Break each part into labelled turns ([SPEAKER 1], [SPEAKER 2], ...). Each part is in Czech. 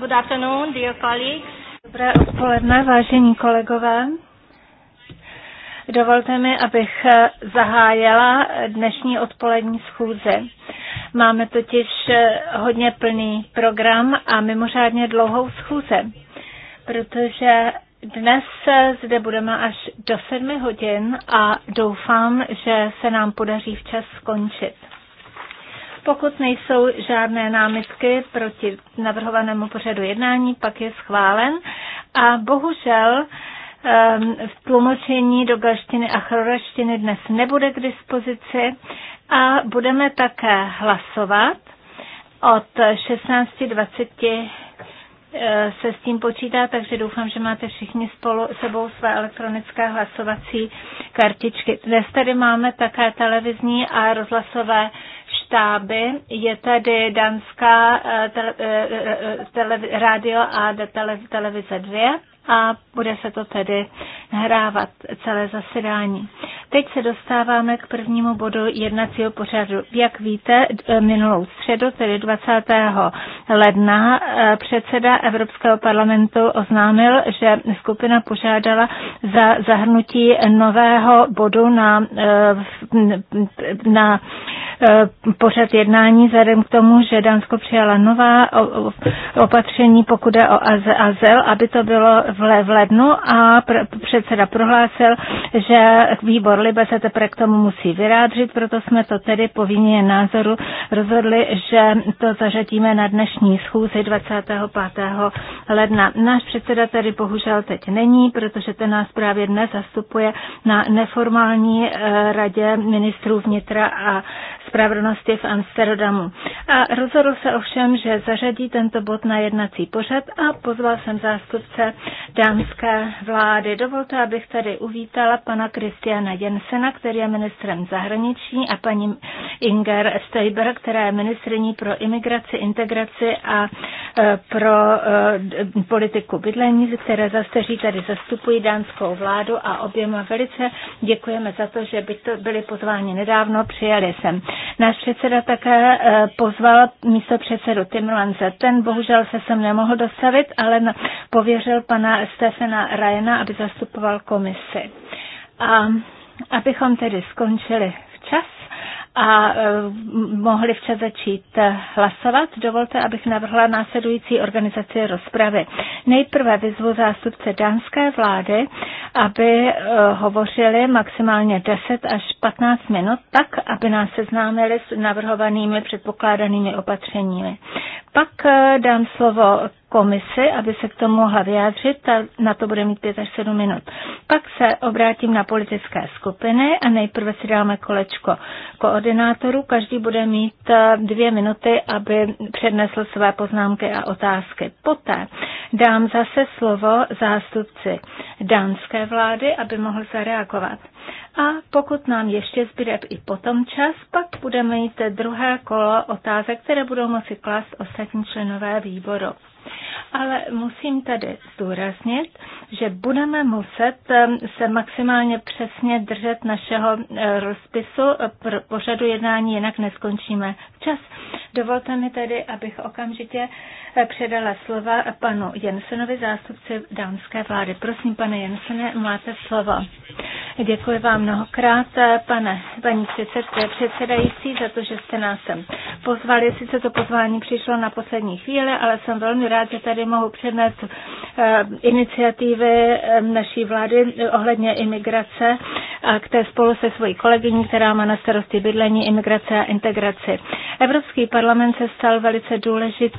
[SPEAKER 1] Good afternoon, dear colleagues. Dobré odpoledne, vážení kolegové. Dovolte mi, abych eh, zahájila eh, dnešní odpolední schůze. Máme totiž eh, hodně plný program a mimořádně dlouhou schůze, protože dnes zde budeme až do sedmi hodin a doufám, že se nám podaří včas skončit. Pokud nejsou žádné námitky proti navrhovanému pořadu jednání, pak je schválen. A bohužel ehm, v tlumočení do galštiny a chroraštiny dnes nebude k dispozici a budeme také hlasovat od 16.20 eh, se s tím počítá, takže doufám, že máte všichni spolu sebou své elektronické hlasovací kartičky. Dnes tady máme také televizní a rozhlasové štáby. Je tady dánská eh, eh, eh, rádio a televize 2 a bude se to tedy hrávat celé zasedání. Teď se dostáváme k prvnímu bodu jednacího pořadu. Jak víte, minulou středu, tedy 20. ledna, předseda Evropského parlamentu oznámil, že skupina požádala za zahrnutí nového bodu na, na Eh, pořad jednání, vzhledem k tomu, že Dánsko přijala nová opatření, pokud je o azyl, aby to bylo v lednu a předseda prohlásil, že výbor Libe se teprve k tomu musí vyrádřit, proto jsme to tedy povinně názoru rozhodli, že to zařadíme na dnešní schůzi 25. ledna. Náš předseda tady bohužel teď není, protože ten nás právě dnes zastupuje na neformální eh, radě ministrů vnitra a spravedlnosti v Amsterdamu. A rozhodl se ovšem, že zařadí tento bod na jednací pořad a pozval jsem zástupce dánské vlády. Dovolte, abych tady uvítala pana Kristiana Jensena, který je ministrem zahraničí a paní Inger Steiber, která je ministriní pro imigraci, integraci a e, pro e, politiku bydlení, které zase tady zastupují dánskou vládu a oběma velice děkujeme za to, že by to byli pozváni nedávno, přijeli jsem. Náš předseda také eh, pozval místo předsedu Timmermanse. Ten bohužel se sem nemohl dostavit, ale pověřil pana Stefana Ryana, aby zastupoval komisi. A abychom tedy skončili včas, a e, mohli včas začít e, hlasovat. Dovolte, abych navrhla následující organizaci rozpravy. Nejprve vyzvu zástupce dánské vlády, aby e, hovořili maximálně 10 až 15 minut, tak, aby nás seznámili s navrhovanými předpokládanými opatřeními. Pak dám slovo komisi, aby se k tomu mohla vyjádřit a na to bude mít 5 až 7 minut. Pak se obrátím na politické skupiny a nejprve si dáme kolečko koordinátorů. Každý bude mít eh, dvě minuty, aby přednesl své poznámky a otázky. Poté dám zase slovo zástupci dánské vlády, aby mohl zareagovat. A pokud nám ještě zbyde i potom čas, pak budeme mít druhé kolo otázek, které budou moci klást ostatní členové výboru. Ale musím tady zdůraznit, že budeme muset ehm, se maximálně přesně držet našeho eh, rozpisu eh, pro pořadu jednání, jinak neskončíme včas. Dovolte mi tedy, abych okamžitě eh, předala slova panu Jensenovi, zástupci dánské vlády. Prosím, pane Jensene, máte slovo. Děkuji vám mnohokrát, pane, paní předsedající, za to, že jste nás sem pozvali. Sice to pozvání přišlo na poslední chvíli, ale jsem velmi rád, že tady mohu přednést eh, iniciativy eh, naší vlády ohledně imigrace a k té spolu se svojí kolegyní, která má na starosti bydlení, imigrace a integraci. Evropský parlament se stal velice důležitým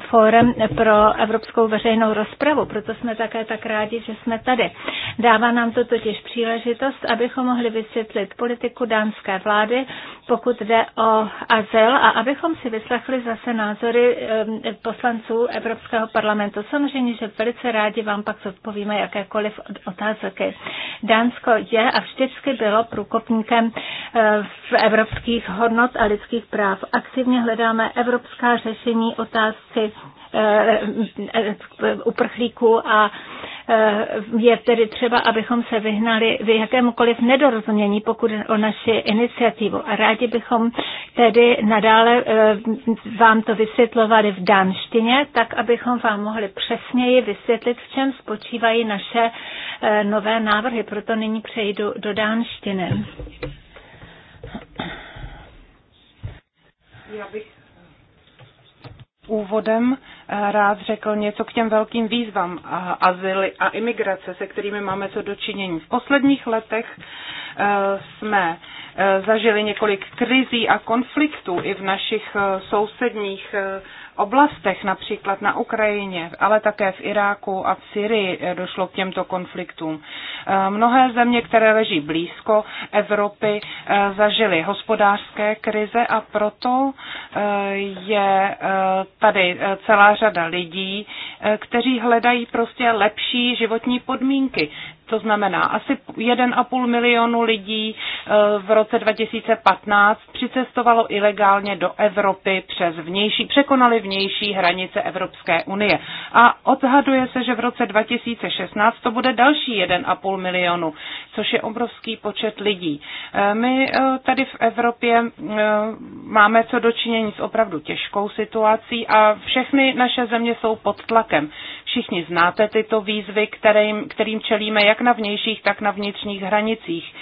[SPEAKER 1] fórem pro evropskou veřejnou rozpravu, proto jsme také tak rádi, že jsme tady. Dává nám to totiž příležitost, abychom mohli vysvětlit politiku dánské vlády, pokud jde o azyl a abychom si vyslechli zase názory eh, poslanců Evropské Evropského parlamentu. Samozřejmě, že velice rádi vám pak zodpovíme jakékoliv otázky. Dánsko je a vždycky bylo průkopníkem eh, v evropských hodnot a lidských práv. Aktivně hledáme evropská řešení otázky Eh, eh, uprchlíků a eh, je tedy třeba, abychom se vyhnali v jakémukoliv nedorozumění, pokud o naši iniciativu. A rádi bychom tedy nadále vám to vysvětlovali v dánštině, tak abychom vám mohli přesněji vysvětlit, v čem spočívají naše nové návrhy. Proto nyní přejdu do dánštiny.
[SPEAKER 2] Já bych úvodem eh, rád řekl něco k těm velkým výzvám azyly a imigrace, se kterými máme co dočinění. V posledních letech eh, jsme eh, zažili několik krizí a konfliktů i v našich sousedních oblastech, například na Ukrajině, ale také v Iráku a v Syrii eh, došlo k těmto konfliktům. Eh, mnohé země, které leží blízko Evropy, eh, zažily hospodářské krize a proto je tady celá řada lidí, kteří hledají prostě lepší životní podmínky. To znamená asi 1,5 milionu lidí eh, v roce 2015 přicestovalo ilegálně do Evropy přes vnější, překonali vnější hranice Evropské unie. A odhaduje se, že v roce 2016 to bude další 1,5 milionu, což je obrovský počet lidí. Eh, my eh, tady v Evropě máme co dočinění s opravdu těžkou situací a všechny naše země jsou pod tlakem. Všichni znáte tyto výzvy, kterým, kterým čelíme jak na vnějších, tak na vnitřních hranicích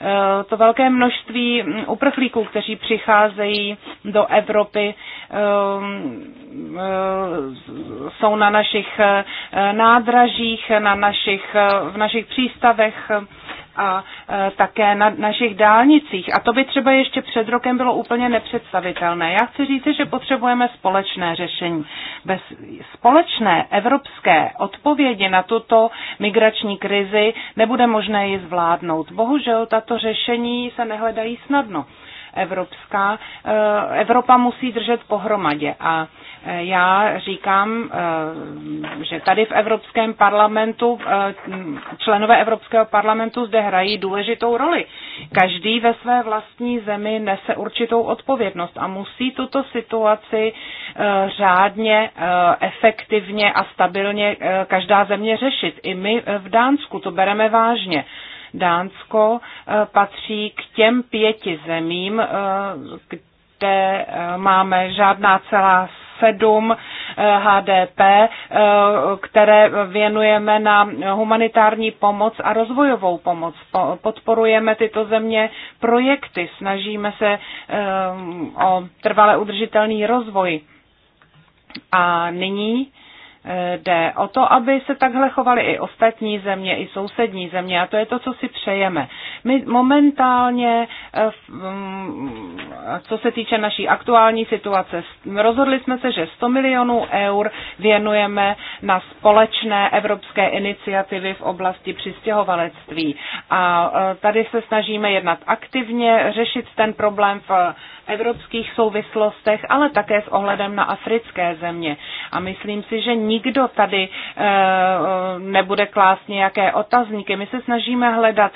[SPEAKER 2] e, to velké množství uprchlíků, kteří přicházejí do Evropy, e, e, jsou na našich nádražích, na našich, v našich přístavech a e, také na našich dálnicích. A to by třeba ještě před rokem bylo úplně nepředstavitelné. Já chci říct, že potřebujeme společné řešení. Bez společné evropské odpovědi na tuto migrační krizi nebude možné ji zvládnout. Bohužel tato řešení se nehledají snadno evropská. Eh, Evropa musí držet pohromadě a eh, já říkám, eh, že tady v Evropském parlamentu, členové Evropského parlamentu zde hrají důležitou roli. Každý ve své vlastní zemi nese určitou odpovědnost a musí tuto situaci řádně, efektivně a stabilně každá země řešit. I my v Dánsku to bereme vážně. Dánsko eh, patří k těm pěti zemím, eh, kde eh, máme žádná celá sedm HDP, které věnujeme na humanitární pomoc a rozvojovou pomoc. Podporujeme tyto země projekty, snažíme se o trvale udržitelný rozvoj. A nyní Eh, jde o to, aby se takhle chovaly i ostatní země, i sousední země a to je to, co si přejeme. My momentálně, eh, mm, co se týče naší aktuální situace, rozhodli jsme se, že 100 milionů eur věnujeme na společné evropské iniciativy v oblasti přistěhovalectví. A eh, tady se snažíme jednat aktivně, řešit ten problém v evropských souvislostech, ale také s ohledem na africké země. A myslím si, že nikdo tady eh, nebude klást nějaké otazníky. My se snažíme hledat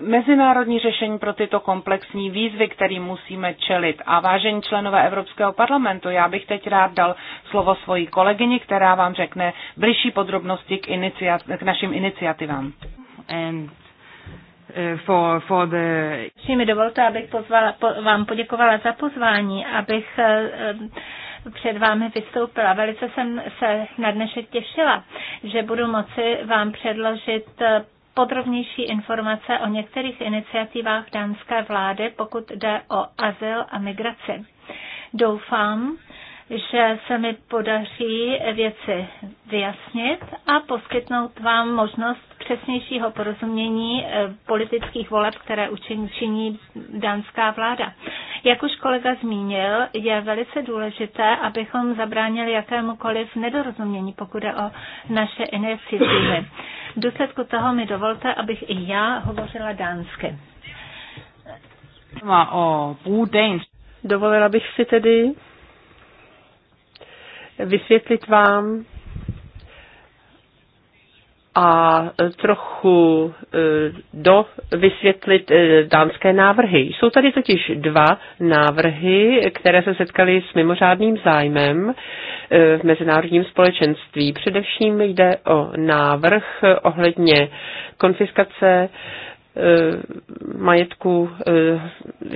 [SPEAKER 2] mezinárodní řešení pro tyto komplexní výzvy, kterým musíme čelit. A vážení členové Evropského parlamentu, já bych teď rád dal slovo svojí kolegyni, která vám řekne bližší podrobnosti k, iniciat- k našim iniciativám. And Eh, for, for the... mi dovolte, abych pozvala, po, vám poděkovala
[SPEAKER 1] za pozvání, abych uh, před vámi vystoupila. Velice jsem se na dnešek těšila, že budu moci vám předložit eh, podrobnější informace o některých iniciativách dánské vlády, pokud jde o azyl a migraci. Doufám, že se mi podaří věci vyjasnit a poskytnout vám možnost přesnějšího porozumění eh, politických voleb, které učiní, dánská vláda. Jak už kolega zmínil, je velice důležité, abychom zabránili jakémukoliv nedorozumění, pokud je o naše iniciativy. V důsledku toho mi dovolte, abych i
[SPEAKER 3] já hovořila dánsky. Dovolila bych si tedy vysvětlit vám a trochu e, do vysvětlit e, dánské návrhy. Jsou tady totiž dva návrhy, které se setkaly s mimořádným zájmem e, v mezinárodním společenství. Především jde o návrh ohledně konfiskace Eh, majetku eh,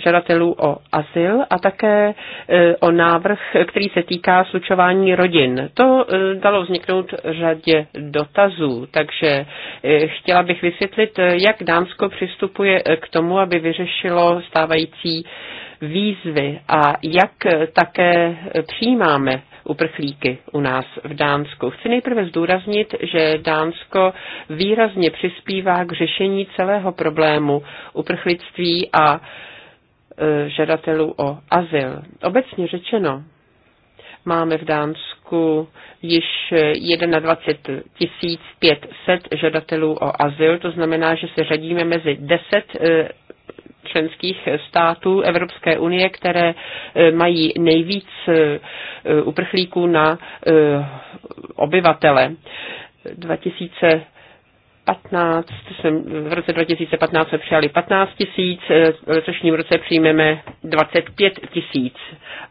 [SPEAKER 3] žadatelů o azyl a také eh, o návrh, který se týká slučování rodin. To dalo vzniknout řadě dotazů, takže chtěla bych vysvětlit, jak Dánsko přistupuje k tomu, aby vyřešilo stávající výzvy a jak také přijímáme uprchlíky u nás v Dánsku. Chci nejprve zdůraznit, že Dánsko výrazně přispívá k řešení celého problému uprchlictví a e, žadatelů o azyl. Obecně řečeno, máme v Dánsku již 21 500 žadatelů o azyl, to znamená, že se řadíme mezi 10 členských států Evropské unie, které e, mají nejvíc e, e, uprchlíků na obyvatele. 2000 15, jsem, v roce 2015 jsme přijali 15 tisíc, eh, v letošním roce přijmeme 25 tisíc.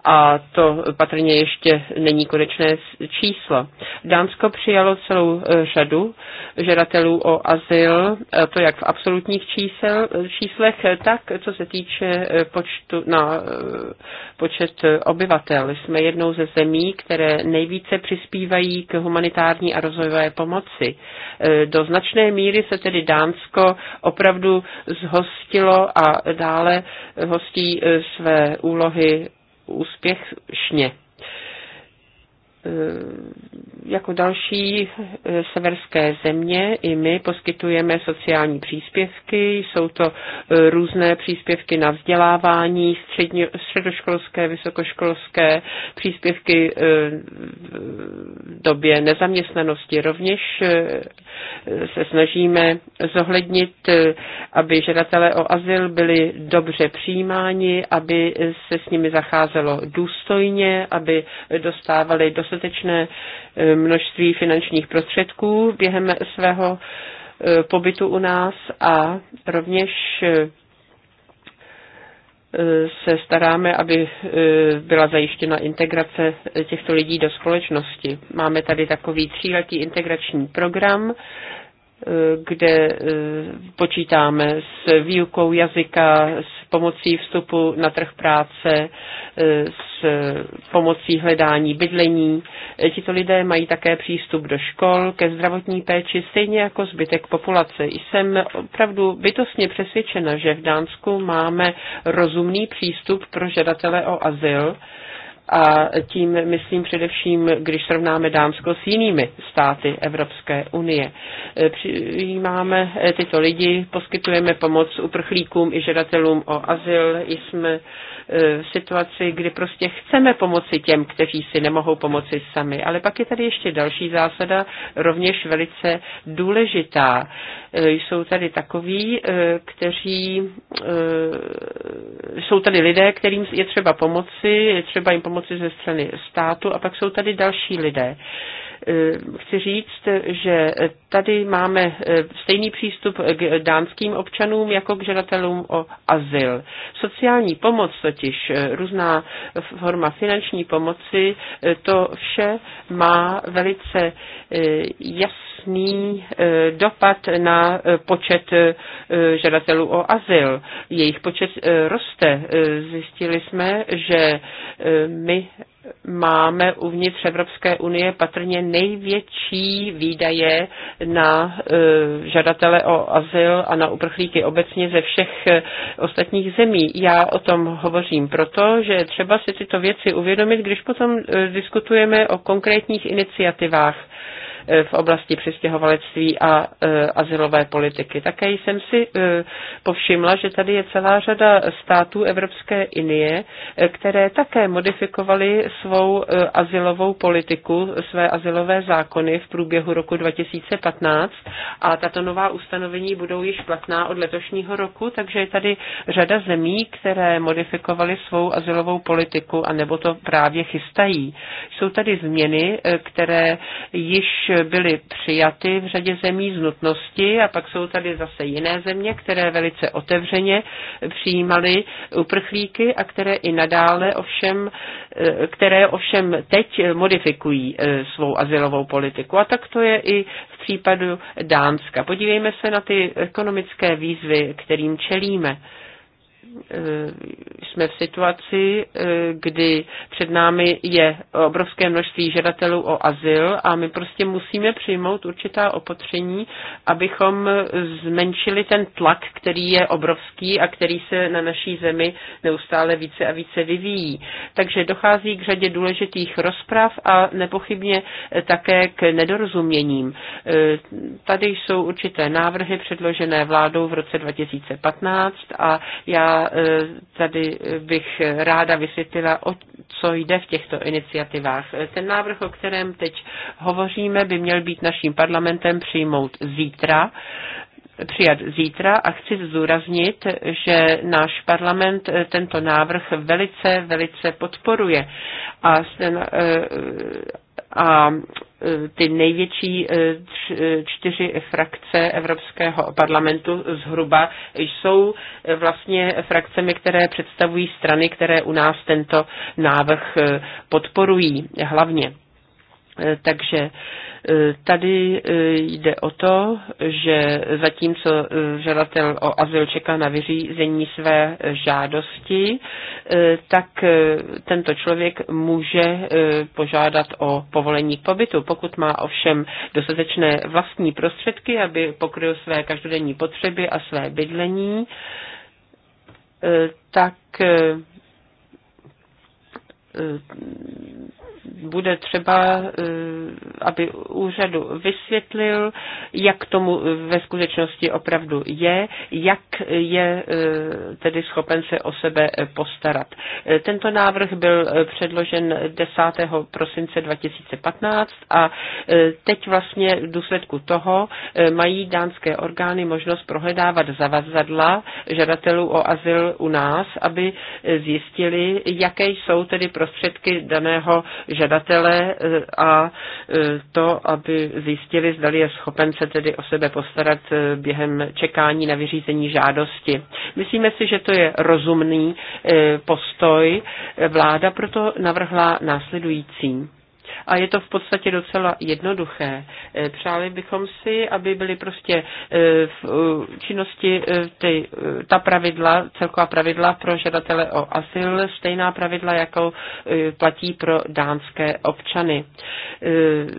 [SPEAKER 3] A to patrně ještě není konečné číslo. Dánsko přijalo celou eh, řadu žadatelů o azyl, eh, to jak v absolutních čísel, číslech, tak co se týče počtu na počet obyvatel. Jsme jednou ze zemí, které nejvíce přispívají k humanitární a rozvojové pomoci. Do značné míry se tedy Dánsko opravdu zhostilo a dále hostí e, své úlohy úspěšně. Eh, jako další eh, severské země i my poskytujeme sociální příspěvky. Jsou to eh, různé příspěvky na vzdělávání, středně, středoškolské, vysokoškolské, příspěvky v době nezaměstnanosti. Rovněž se snažíme zohlednit, aby žadatelé o azyl byli dobře přijímáni, aby se s nimi zacházelo důstojně, aby dostávali dostatečně dostatečné eh, množství finančních prostředků během svého eh, pobytu u nás a rovněž eh, se staráme, aby byla zajištěna integrace těchto lidí do společnosti. Máme tady takový tříletý integrační program, kde počítáme s výukou jazyka, s pomocí vstupu na trh práce, e, s pomocí hledání bydlení. E, tito lidé mají také přístup do škol, ke zdravotní péči, stejně jako zbytek populace. Jsem opravdu bytostně přesvědčena, že v Dánsku máme rozumný přístup pro žadatele o azyl, a tím myslím především, když srovnáme Dánsko s jinými státy Evropské unie. Přijímáme tyto lidi, poskytujeme pomoc uprchlíkům i žadatelům o azyl, jsme E, situaci, kdy prostě chceme pomoci těm, kteří si nemohou pomoci sami. Ale pak je tady ještě další zásada, rovněž velice důležitá. E, jsou tady takoví, e, kteří jsou tady lidé, kterým je třeba pomoci, je třeba jim pomoci ze strany státu a pak jsou tady další lidé chci říct, že tady máme e, stejný přístup k dánským občanům jako k žadatelům o azyl. Sociální pomoc totiž, e, různá forma finanční pomoci, e, to vše má velice jasný jasný eh, dopad na eh, počet eh, žadatelů o azyl. Jejich počet roste. Zjistili jsme, že my máme uvnitř Evropské unie patrně největší výdaje na žadatele o azyl a na uprchlíky obecně ze všech ostatních zemí. Já o tom hovořím proto, že třeba si tyto věci uvědomit, když potom diskutujeme o konkrétních iniciativách Eh, v oblasti přistěhovalectví a eh, azylové politiky. Také jsem si eh, povšimla, že tady je celá řada států Evropské unie, které také modifikovaly svou azylovou politiku, své azylové zákony v průběhu roku 2015 a tato nová ustanovení budou již platná od letošního roku, takže je tady řada zemí, které modifikovaly svou azylovou politiku a nebo to právě chystají. Jsou tady změny, které již byly přijaty v řadě zemí z nutnosti a pak jsou tady zase jiné země, které velice otevřeně přijímaly uprchlíky a které i nadále ovšem, eh, které ovšem teď modifikují eh, svou asilovou politiku. A tak to je i v případu Dánska. Podívejme se na ty ekonomické výzvy, kterým čelíme. Eh, jsme v situaci, eh, kdy před námi je obrovské množství žadatelů o azyl a my prostě musíme přijmout určitá opatření, abychom zmenšili ten tlak, který je obrovský a který se na naší zemi neustále více a více vyvíjí. Takže dochází k řadě důležitých rozprav a nepochybně také k nedorozuměním. Eh, tady jsou určité návrhy předložené vládou v roce 2015 a já E, tady bych ráda vysvětlila, o co jde v těchto iniciativách. E, ten návrh, o kterém teď hovoříme, by měl být naším parlamentem přijmout zítra přijat zítra a chci zdůraznit, že náš parlament e, tento návrh velice, velice podporuje. A, ten, a e, ty největší e, e, čtyři frakce Evropského parlamentu zhruba jsou vlastně frakcemi, které představují strany, které u nás tento návrh podporují hlavně. Eh, takže eh, tady eh, jde o to, že zatímco žadatel o azyl čeká na vyřízení své žádosti, tak tento člověk může požádat o povolení k pobytu. Pokud má ovšem dostatečné vlastní prostředky, aby pokryl své každodenní potřeby a své bydlení, tak Eh, bude třeba, eh, aby úřadu vysvětlil, jak tomu ve skutečnosti opravdu je, jak je eh, tedy schopen se o sebe postarat. Tento návrh byl předložen 10. prosince 2015 a teď vlastně v důsledku toho mají dánské orgány možnost prohledávat zavazadla žadatelů o azyl u nás, aby zjistili, jaké jsou tedy pro prostředky daného žadatele e, a e, to, aby zjistili, zda je schopen se tedy o sebe postarat e, během čekání na vyřízení žádosti. Myslíme si, že to je rozumný postoj. Vláda proto navrhla následující a je to v podstatě docela jednoduché. Eh, přáli bychom si, aby byly prostě eh, v eh, činnosti ty, ta pravidla, celková pravidla pro žadatele o asyl, stejná pravidla, jako platí pro dánské občany.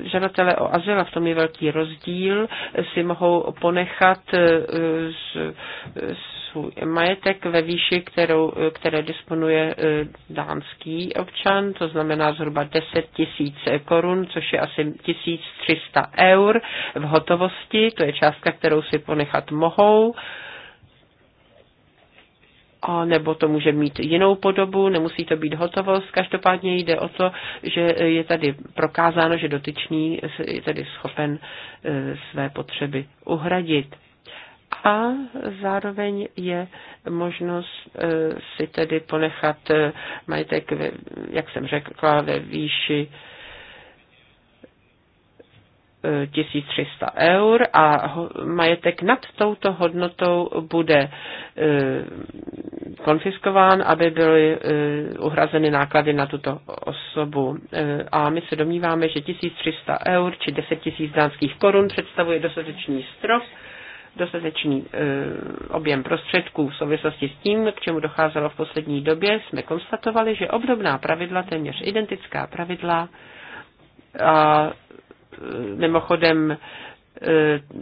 [SPEAKER 3] Žadatele o azyl, a v tom je velký rozdíl, si mohou ponechat z, z svůj majetek ve výši, kterou, které disponuje e, dánský občan, to znamená zhruba 10 tisíc korun, což je asi 1300 eur v hotovosti, to je částka, kterou si ponechat mohou a nebo to může mít jinou podobu, nemusí to být hotovost. Každopádně jde o to, že je tady prokázáno, že dotyčný je tady schopen e, své potřeby uhradit a zároveň je možnost eh, si tedy ponechat eh, majetek, jak jsem řekla, ve výši 1300 eh, eur a majetek nad touto hodnotou bude konfiskován, aby byly uhrazeny náklady na tuto osobu. A my se domníváme, že 1300 eur či 10 000 dánských korun představuje dostatečný strop dostatečný e, objem prostředků. V souvislosti s tím, k čemu docházelo v poslední době, jsme konstatovali, že obdobná pravidla, téměř identická pravidla, a e, mimochodem e,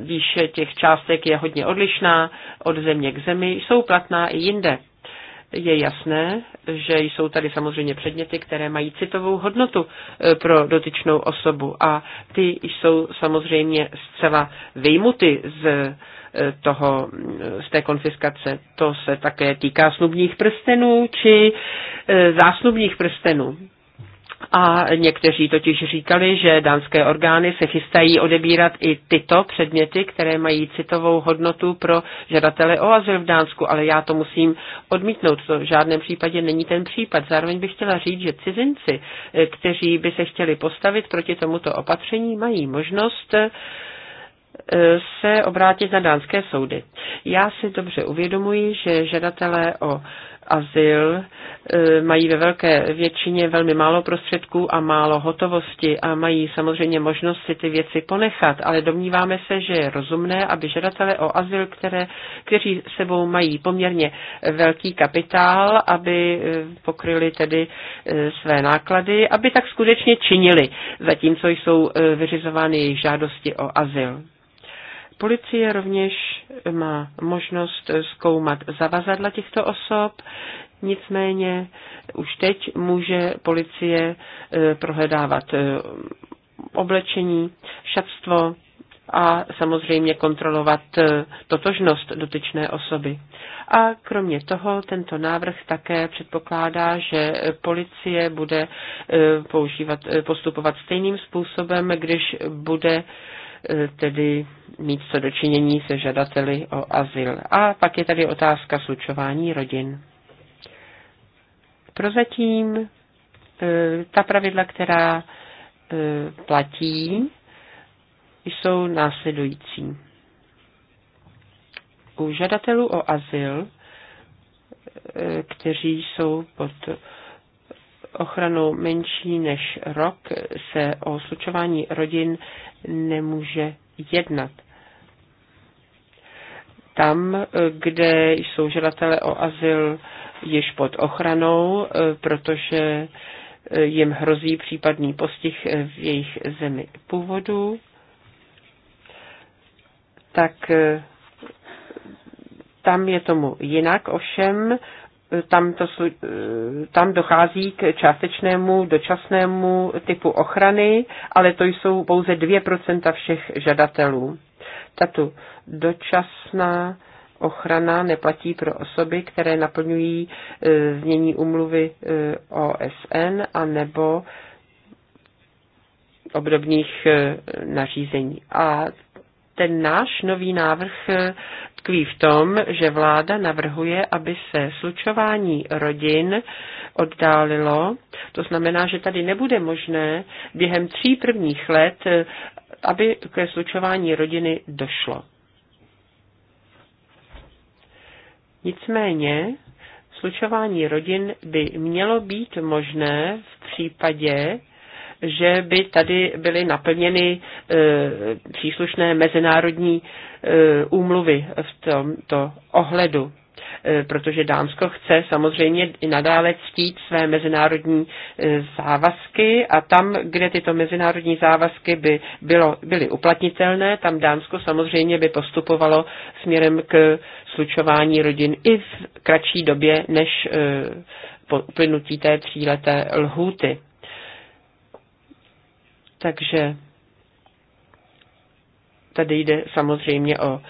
[SPEAKER 3] výše těch částek je hodně odlišná od země k zemi, jsou platná i jinde. Je jasné, že jsou tady samozřejmě předměty, které mají citovou hodnotu pro dotyčnou osobu a ty jsou samozřejmě zcela vyjmuty z toho, z té konfiskace. To se také týká snubních prstenů či e, zásnubních prstenů. A někteří totiž říkali, že dánské orgány se chystají odebírat i tyto předměty, které mají citovou hodnotu pro žadatele o azyl v Dánsku, ale já to musím odmítnout. To v žádném případě není ten případ. Zároveň bych chtěla říct, že cizinci, e, kteří by se chtěli postavit proti tomuto opatření, mají možnost uh, E, se obrátit na dánské soudy. Já si dobře uvědomuji, že žadatelé o azyl e, mají ve velké většině velmi málo prostředků a málo hotovosti a mají samozřejmě možnost si ty věci ponechat, ale domníváme se, že je rozumné, aby žadatelé o azyl, které, kteří sebou mají poměrně velký kapitál, aby e, pokryli tedy své náklady, aby tak skutečně činili, zatímco jsou vyřizovány jejich žádosti o azyl. Policie rovněž má možnost zkoumat zavazadla těchto osob, nicméně už teď může policie eh, prohledávat eh, oblečení, šatstvo a samozřejmě kontrolovat eh, totožnost dotyčné osoby. A kromě toho tento návrh také předpokládá, že policie bude používat, postupovat stejným způsobem, když bude tedy mít co dočinění se žadateli o azyl. A pak je tady otázka slučování rodin. Prozatím e, ta pravidla, která e, platí, jsou následující. U žadatelů o azyl, e, kteří jsou pod ochranu menší než rok se o slučování rodin nemůže jednat. Tam, kde jsou žadatelé o azyl již pod ochranou, protože jim hrozí případný postih v jejich zemi původu, tak tam je tomu jinak, ovšem tam, to, eh, tam dochází k částečnému, dočasnému typu ochrany, ale to jsou pouze 2% všech žadatelů. Tato dočasná ochrana neplatí pro osoby, které naplňují eh, znění umluvy eh, OSN a nebo obdobných nařízení. A ten náš nový návrh eh, tkví v tom, že vláda navrhuje, aby se slučování rodin oddálilo. To znamená, že tady nebude možné během tří prvních let, eh, aby ke slučování rodiny došlo. Nicméně slučování rodin by mělo být možné v případě, že by tady byly naplněny e, příslušné mezinárodní e, úmluvy v tomto ohledu e, protože Dánsko chce samozřejmě i nadále ctít své mezinárodní závazky a tam, kde tyto mezinárodní závazky by bylo, byly uplatnitelné, tam Dánsko samozřejmě by postupovalo směrem k slučování rodin i v kratší době než po uplynutí té tříleté lhůty. Takže tady jde samozřejmě o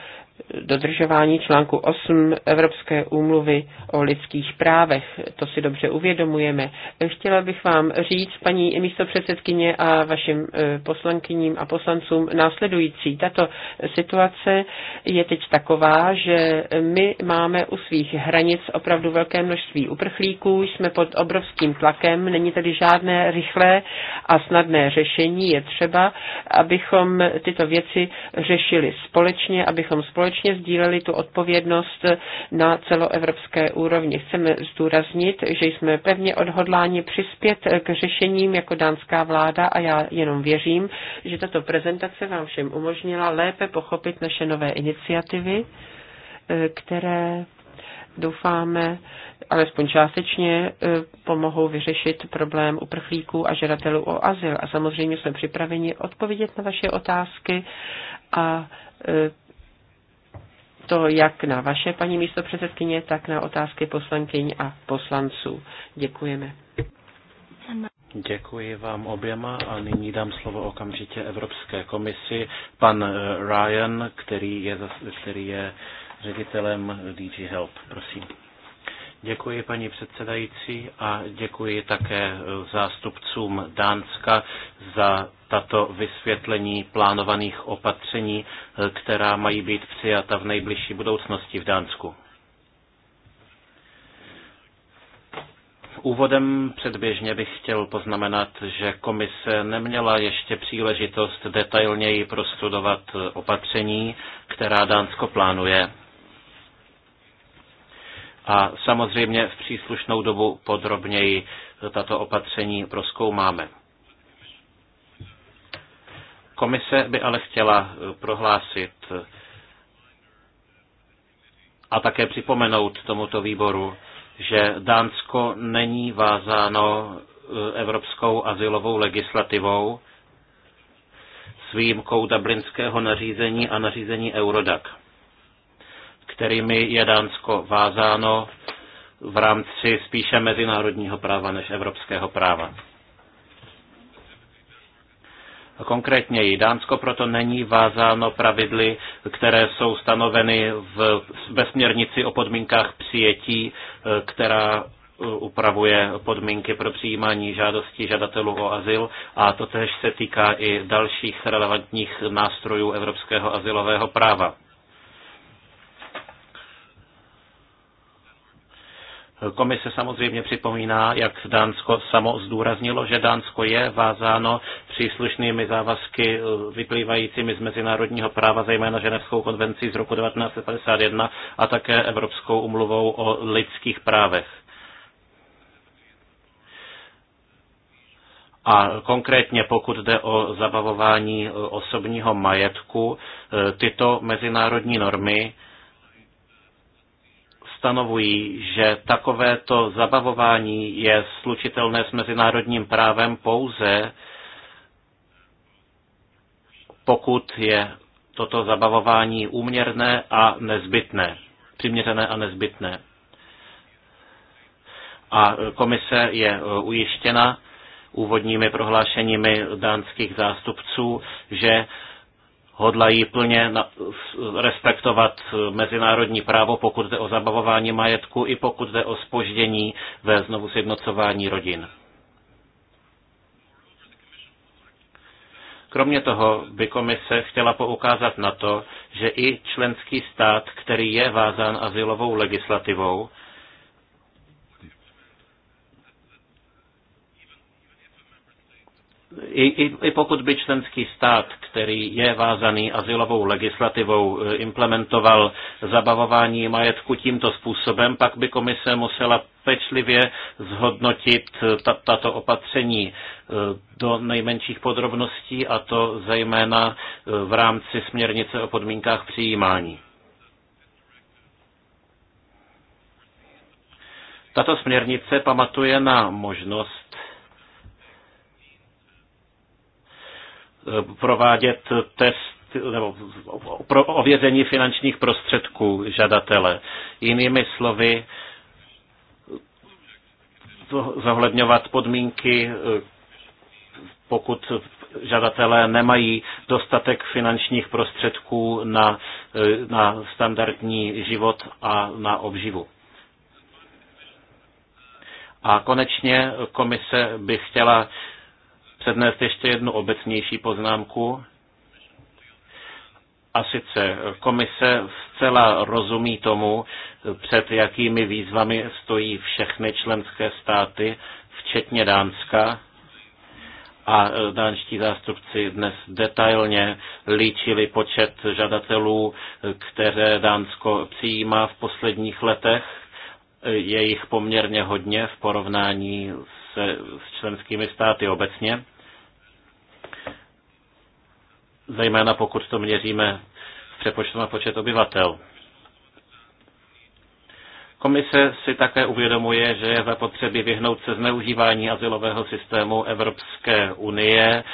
[SPEAKER 3] dodržování článku 8 Evropské úmluvy o lidských právech. To si dobře uvědomujeme. Chtěla bych vám říct, paní místopředsedkyně a vašim eh, poslankyním a poslancům následující. Tato situace je teď taková, že my máme u svých hranic opravdu velké množství uprchlíků, jsme pod obrovským tlakem, není tedy žádné rychlé a snadné řešení. Je třeba, abychom tyto věci řešili společně, abychom společně společně sdíleli tu odpovědnost na celoevropské úrovni. Chceme zdůraznit, že jsme pevně odhodláni přispět k řešením jako dánská vláda a já jenom věřím, že tato prezentace vám všem umožnila lépe pochopit naše nové iniciativy, které doufáme, alespoň částečně pomohou vyřešit problém uprchlíků a žadatelů o azyl. A samozřejmě jsme připraveni odpovědět na vaše otázky a to jak na vaše paní místo předsedkyně, tak na otázky poslankyň a poslanců. Děkujeme.
[SPEAKER 4] Děkuji vám oběma a nyní dám slovo okamžitě Evropské komisi. Pan eh, Ryan, který je, který je ředitelem DG Help, prosím. Děkuji paní předsedající a děkuji také eh, zástupcům Dánska za tato vysvětlení plánovaných opatření, eh, která mají být přijata v nejbližší budoucnosti v Dánsku. Úvodem předběžně bych chtěl poznamenat, že komise neměla ještě příležitost detailněji prostudovat eh, opatření, která Dánsko plánuje a samozřejmě v příslušnou dobu podrobněji tato opatření proskoumáme. Komise by ale chtěla eh, prohlásit a také připomenout tomuto výboru, že Dánsko není vázáno eh, evropskou asilovou legislativou s výjimkou dublinského nařízení a nařízení Eurodac kterými je Dánsko vázáno v rámci spíše mezinárodního práva než evropského práva. Konkrétněji, Dánsko proto není vázáno pravidly, které jsou stanoveny v besměrnici o podmínkách přijetí, e, která e, upravuje podmínky pro přijímání žádostí žadatelů o azyl a to tež se týká i dalších relevantních nástrojů evropského azylového práva. Komise samozřejmě připomíná, jak Dánsko samo zdůraznilo, že Dánsko je vázáno příslušnými závazky eh, vyplývajícími z mezinárodního práva, zejména Ženevskou konvencí z roku 1951 a také Evropskou umluvou o lidských právech. A konkrétně pokud jde o zabavování eh, osobního majetku, eh, tyto mezinárodní normy stanovují, že takovéto zabavování je slučitelné s mezinárodním právem pouze, pokud je toto zabavování úměrné a nezbytné, přiměřené a nezbytné. A komise je e, ujištěna úvodními prohlášeními dánských zástupců, že hodlají plně respektovat mezinárodní právo, pokud jde o zabavování majetku i pokud jde o spoždění ve znovu sjednocování rodin. Kromě toho by komise chtěla poukázat na to, že i členský stát, který je vázán asilovou legislativou, i, i, I pokud by členský stát, který je vázaný asilovou legislativou, e, implementoval zabavování majetku tímto způsobem, pak by komise musela pečlivě zhodnotit e, tato opatření e, do nejmenších podrobností, a to zejména v rámci směrnice o podmínkách přijímání. Tato směrnice pamatuje na možnost, provádět test nebo pro ověření finančních prostředků žadatele. Jinými slovy, zohledňovat podmínky, pokud žadatelé nemají dostatek finančních prostředků na, na standardní život a na obživu. A konečně komise by chtěla přednést ještě jednu obecnější poznámku. A sice komise zcela rozumí tomu, před jakými výzvami stojí všechny členské státy, včetně Dánska. A dánští zástupci dnes detailně líčili počet žadatelů, které Dánsko přijímá v posledních letech. Je jich poměrně hodně v porovnání s se s členskými státy obecně, zejména pokud to měříme v přepočtu na počet obyvatel. Komise si také uvědomuje, že je zapotřebí vyhnout se zneužívání asilového systému Evropské unie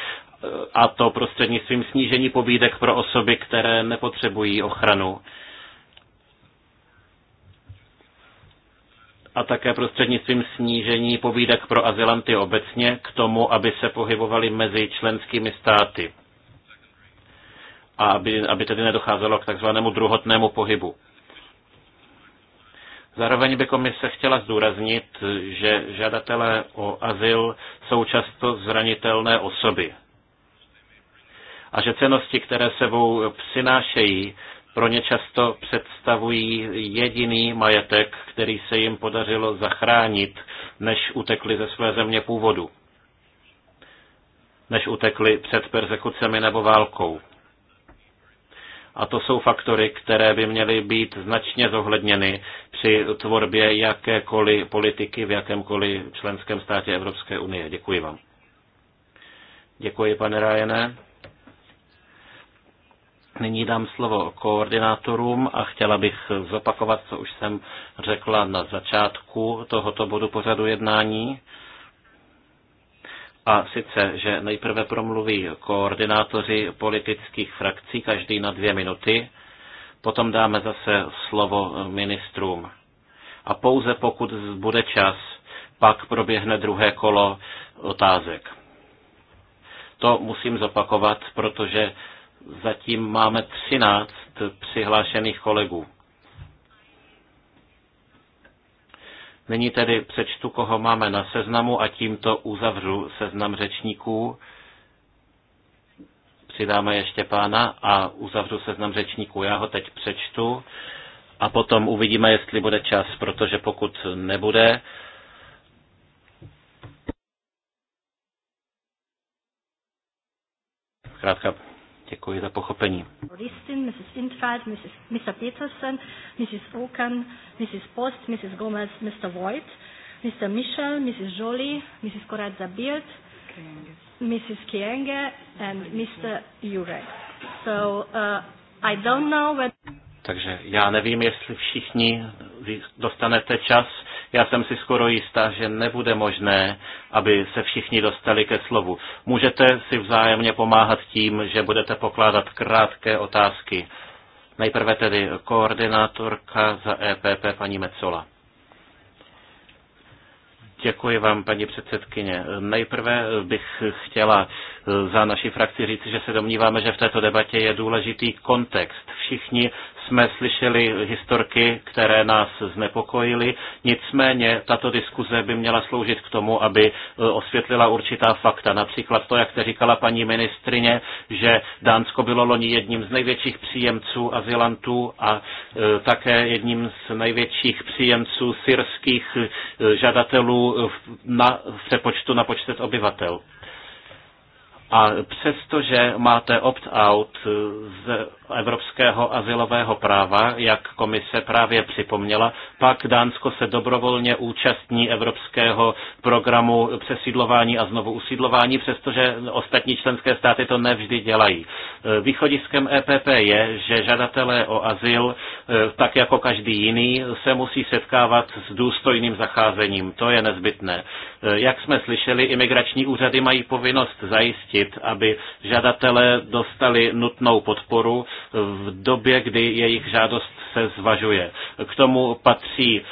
[SPEAKER 4] a to prostřednictvím snížení pobídek pro osoby, které nepotřebují ochranu a také prostřednictvím snížení pobídek pro azylanty obecně k tomu, aby se pohybovali mezi členskými státy a aby, aby tedy nedocházelo k takzvanému druhotnému pohybu. Zároveň by komise chtěla zdůraznit, že žadatelé o azyl jsou často zranitelné osoby a že cenosti, které sebou přinášejí, pro ně často představují jediný majetek, který se jim podařilo zachránit, než utekli ze své země původu, než utekli před persekucemi nebo válkou. A to jsou faktory, které by měly být značně zohledněny při tvorbě jakékoliv politiky v jakémkoliv členském státě Evropské unie. Děkuji vám. Děkuji, pane Rájené. Nyní dám slovo koordinátorům a chtěla bych zopakovat, co už jsem řekla na začátku tohoto bodu pořadu jednání. A sice, že nejprve promluví koordinátoři politických frakcí, každý na dvě minuty, potom dáme zase slovo ministrům. A pouze pokud bude čas, pak proběhne druhé kolo otázek. To musím zopakovat, protože Zatím máme 13 přihlášených kolegů. Nyní tedy přečtu, koho máme na seznamu a tímto uzavřu seznam řečníků. Přidáme ještě pána a uzavřu seznam řečníků. Já ho teď přečtu a potom uvidíme, jestli bude čas, protože pokud nebude, zkrátka Děkuji za pochopení.
[SPEAKER 1] Mrs. Infeld, Mrs. Mr. Peterson, Mrs. Mrs. Post, Mrs. Gomez, Mr. Voigt, Mr. Michel, Mrs. Mrs. Corazza Mrs. Kienge and Mr. Jurek. So uh, I don't know whether...
[SPEAKER 4] Takže já nevím, jestli všichni dostanete čas. Já jsem si skoro jistá, že nebude možné, aby se všichni dostali ke slovu. Můžete si vzájemně pomáhat tím, že budete pokládat krátké otázky. Nejprve tedy koordinátorka za EPP paní Mecola. Děkuji vám, paní předsedkyně. Nejprve bych chtěla eh, za naši frakci říct, že se domníváme, že v této debatě je důležitý kontext. Všichni jsme slyšeli historky, které nás znepokojily. Nicméně tato diskuze by měla sloužit k tomu, aby e, osvětlila určitá fakta. Například to, jak jste říkala paní ministrině, že Dánsko bylo loni jedním z největších příjemců azylantů a e, také jedním z největších příjemců syrských e, žadatelů na přepočtu na počet obyvatel. A přestože máte opt-out z evropského asilového práva, jak komise právě připomněla, pak Dánsko se dobrovolně účastní evropského programu přesídlování a znovu usídlování, přestože ostatní členské státy to nevždy dělají. Východiskem EPP je, že žadatelé o azyl, tak jako každý jiný, se musí setkávat s důstojným zacházením. To je nezbytné. Jak jsme slyšeli, imigrační úřady mají povinnost zajistit, zajistit, aby žadatelé dostali nutnou podporu v době, kdy jejich žádost se zvažuje. K tomu patří e,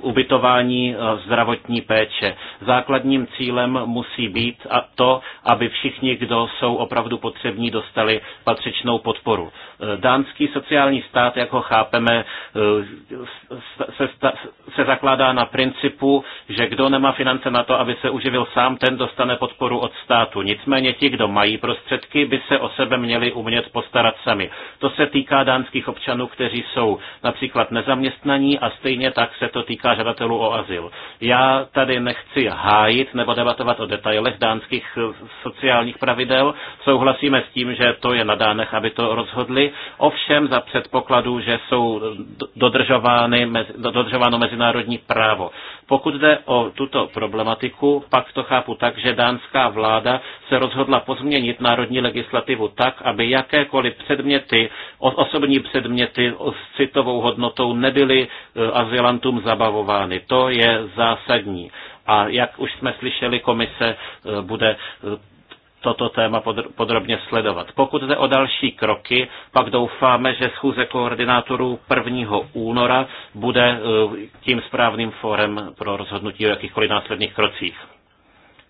[SPEAKER 4] ubytování zdravotní péče. Základním cílem musí být to, aby všichni, kdo jsou opravdu potřební, dostali patřičnou podporu. Dánský sociální stát, jak ho chápeme, eh, se, se zakládá na principu, že kdo nemá finance na to, aby se uživil sám, ten dostane podporu od státu. Nicméně ti, kdo mají prostředky, by se o sebe měli umět postarat sami. To se týká dánských občanů, kteří jsou například nezaměstnaní a stejně tak se to týká žadatelů o azyl. Já tady nechci hájit nebo debatovat o detailech dánských eh, sociálních pravidel. Souhlasíme s tím, že to je na Dánech, aby to rozhodli, ovšem za předpokladu, že jsou dodržovány, dodržováno mezinárodní právo. Pokud jde o tuto problematiku, pak to chápu tak, že dánská vláda se rozhodla pozměnit národní legislativu tak, aby jakékoliv předměty, osobní předměty s citovou hodnotou nebyly e, azylantům zabavovány. To je zásadní. A jak už jsme slyšeli, komise e, bude e, toto téma podrobně sledovat. Pokud jde o další kroky, pak doufáme, že schůze koordinátorů 1. února bude eh, tím správným fórem pro rozhodnutí o jakýchkoliv následných krocích.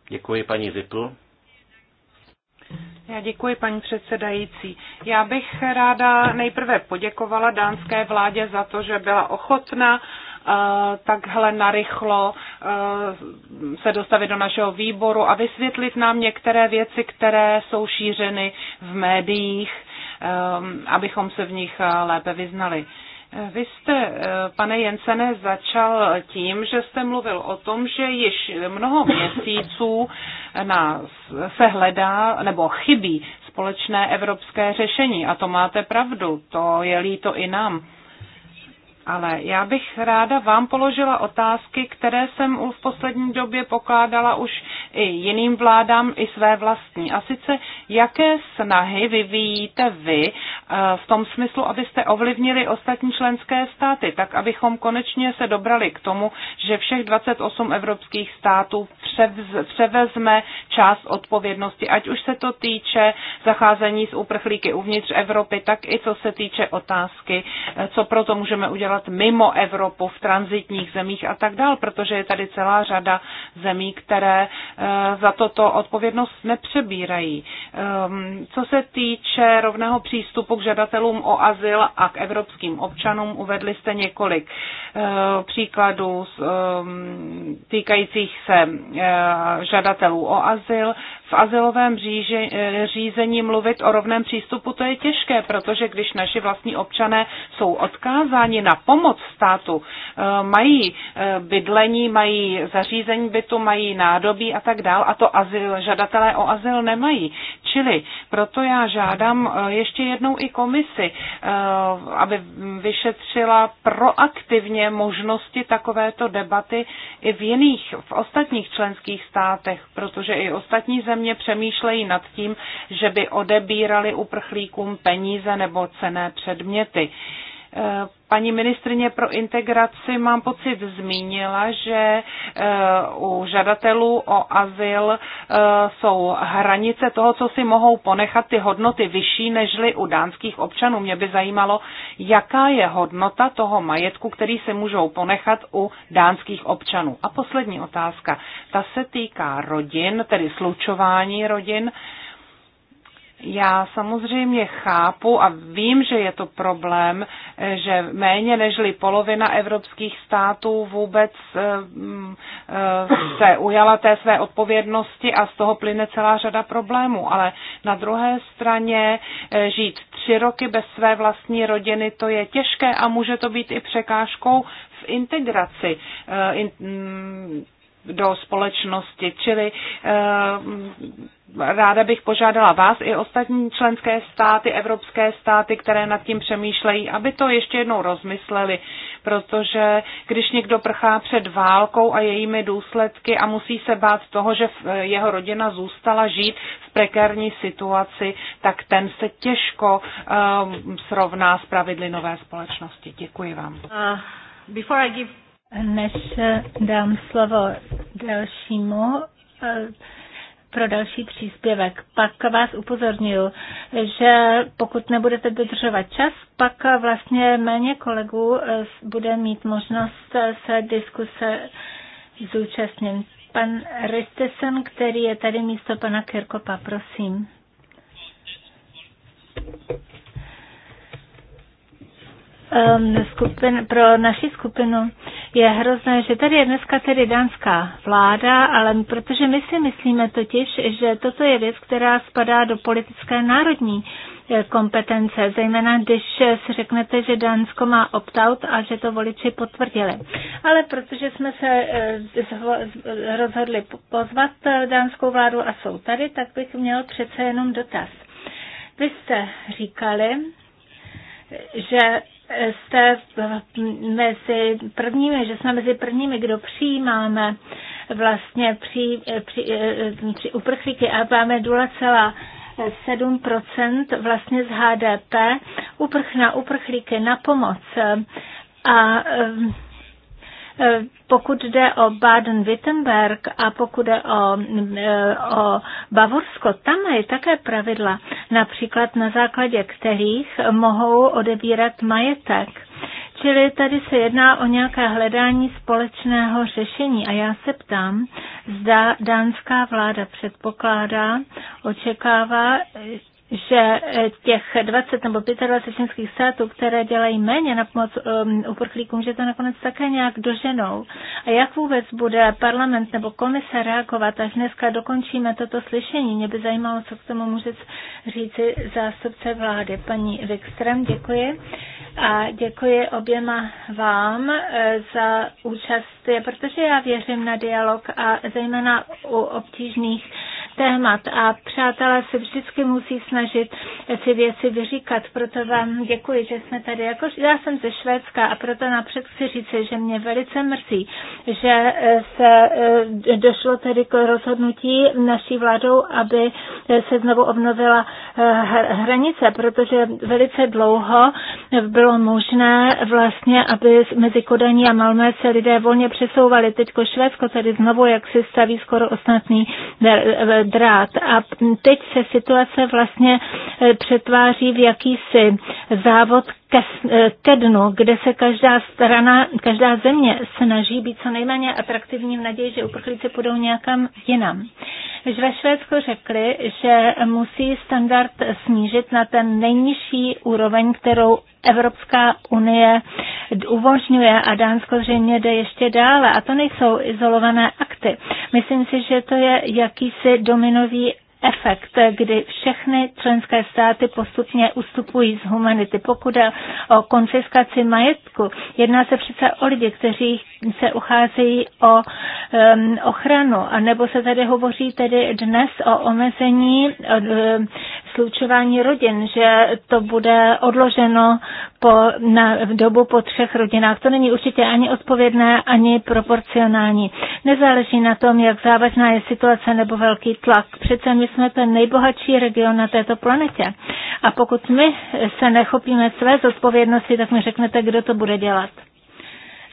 [SPEAKER 4] Děkuji paní Zipl.
[SPEAKER 2] Já děkuji, paní předsedající. Já bych ráda nejprve poděkovala dánské vládě za to, že byla ochotna uh, Eh, takhle narychlo eh, se dostavit do našeho výboru a vysvětlit nám některé věci, které jsou šířeny v médiích, eh, abychom se v nich lépe vyznali. Vy jste, pane Jensene, začal tím, že jste mluvil o tom, že již mnoho měsíců nás se hledá nebo chybí společné evropské řešení. A to máte pravdu, to je líto i nám ale já bych ráda vám položila otázky, které jsem v poslední době pokládala už i jiným vládám, i své vlastní. A sice, jaké snahy vyvíjíte vy v tom smyslu, abyste ovlivnili ostatní členské státy, tak abychom konečně se dobrali k tomu, že všech 28 evropských států převz, převezme část odpovědnosti, ať už se to týče zacházení s uprchlíky uvnitř Evropy, tak i co se týče otázky, eh, co proto můžeme udělat mimo Evropu, v transitních zemích a tak dál, protože je tady celá řada zemí, které eh, za toto odpovědnost nepřebírají. Ehm, co se týče rovného přístupu k žadatelům o azyl a k evropským občanům. Uvedli jste několik eh, příkladů ehm, týkajících se eh, žadatelů o azyl. V azylovém eh, řízení mluvit o rovném přístupu to je těžké, protože když naši vlastní občané jsou odkázáni na pomoc státu, mají bydlení, mají zařízení bytu, mají nádobí a tak dál a to azyl, žadatelé o azyl nemají. Čili proto já žádám ještě jednou i komisi, eh, aby vyšetřila proaktivně možnosti takovéto debaty i v jiných, v ostatních členských státech, protože i ostatní země přemýšlejí nad tím, že by odebírali uprchlíkům peníze nebo cené předměty. Uh, Paní ministrině pro integraci, mám pocit, zmínila, že eh, u žadatelů o azyl eh, jsou hranice toho, co si mohou ponechat ty hodnoty vyšší nežli u dánských občanů. Mě by zajímalo, jaká je hodnota toho majetku, který si můžou ponechat u dánských občanů. A poslední otázka, ta se týká rodin, tedy slučování rodin. Já samozřejmě chápu a vím, že je to problém, že méně nežli polovina evropských států vůbec eh, mm, eh, se ujala té své odpovědnosti a z toho plyne celá řada problémů. Ale na druhé straně eh, žít tři roky bez své vlastní rodiny, to je těžké a může to být i překážkou v integraci mm, do společnosti. Čili eh, ráda bych požádala vás i ostatní členské státy, evropské státy, které nad tím přemýšlejí, aby to ještě jednou rozmysleli, protože když někdo prchá před válkou a jejími důsledky a musí se bát toho, že eh, jeho rodina zůstala žít v prekérní situaci, tak ten se těžko e, srovná s pravidly nové společnosti. Děkuji vám. Uh, before I give
[SPEAKER 1] než eh, dám slovo dalšímu, eh, pro další příspěvek. Pak vás upozorňuji, že pokud nebudete dodržovat čas, pak vlastně méně kolegů eh, bude mít možnost se diskuse zúčastnit. Pan Ristesen, který je tady místo pana Kirkopa, prosím. Um, skupin, pro naši skupinu je hrozné, že tady je dneska tedy dánská vláda, ale protože my si myslíme totiž, že toto je věc, která spadá do politické národní eh, kompetence, zejména když si řeknete, že Dánsko má opt-out a že to voliči potvrdili. Ale protože jsme se eh, rozhodli pozvat eh, dánskou vládu a jsou tady, tak bych měl přece jenom dotaz. Vy jste říkali, že jste mezi prvními, že jsme mezi prvními, kdo přijímáme vlastně při, při, při uprchlíky a máme 2,7% vlastně z HDP uprch na uprchlíky na pomoc. A Eh, pokud jde o Baden-Württemberg a pokud jde o, eh, o Bavorsko, tam je také pravidla, například na základě kterých mohou odebírat majetek. Čili tady se jedná o nějaké hledání společného řešení a já se ptám, zda dánská vláda předpokládá, očekává, že eh, těch 20 nebo 25 členských států, které dělají méně na pomoc um, uprchlíkům, že to nakonec také nějak doženou. A jak vůbec bude parlament nebo komise reagovat, až dneska dokončíme toto slyšení? Mě by zajímalo, co k tomu může říci zástupce vlády. Paní Wikström, děkuji. A děkuji oběma vám eh, za účast, protože já věřím na dialog a zejména u obtížných témat a přátelé se vždycky musí snažit si věci vyříkat. Proto vám děkuji, že jsme tady. Jako, já jsem ze Švédska a proto napřed chci říct, že mě velice mrzí, že eh, se eh, došlo tedy k rozhodnutí naší vládou, aby eh, se znovu obnovila hranice, protože velice dlouho bylo možné vlastně, aby mezi Kodaní a Malmé se lidé volně přesouvali. Teď Švédsko tady znovu, jak se staví skoro ostatní drát. A teď se situace vlastně e, přetváří v jakýsi závod ke, e, ke dnu, kde se každá strana, každá země snaží být co nejméně atraktivní v naději, že uprchlíci půjdou nějakam jinam. Ve Švédsku řekli, že musí standard snížit na ten nejnižší úroveň, kterou Evropská unie uvožňuje a Dánsko zřejmě jde ještě dále. A to nejsou izolované akty. Myslím si, že to je jakýsi dominový efekt, kdy všechny členské státy postupně ustupují z humanity. Pokud je o konfiskaci majetku, jedná se přece o lidi, kteří se ucházejí o um, ochranu, a nebo se tady hovoří tedy dnes o omezení um, slučování rodin, že to bude odloženo po, na dobu po třech rodinách. To není určitě ani odpovědné, ani proporcionální. Nezáleží na tom, jak závažná je situace nebo velký tlak. Přece my jsme ten nejbohatší region na této planetě. A pokud my se nechopíme své zodpovědnosti, tak mi řeknete, kdo to bude dělat.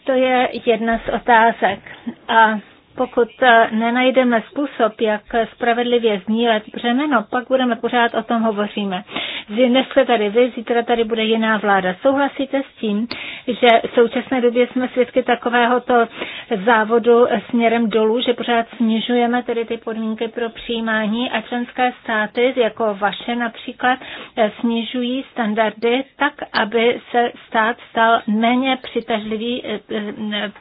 [SPEAKER 1] To je jedna z otázek. A pokud e, nenajdeme způsob, jak spravedlivě znílet břemeno, pak budeme pořád o tom hovoříme. Dneska tady vy, zítra tady bude jiná vláda. Souhlasíte s tím, že v současné době jsme svědky takovéhoto závodu směrem dolů, že pořád snižujeme tedy ty podmínky pro přijímání a členské státy, jako vaše například, e, snižují standardy tak, aby se stát stal méně přitažlivý e,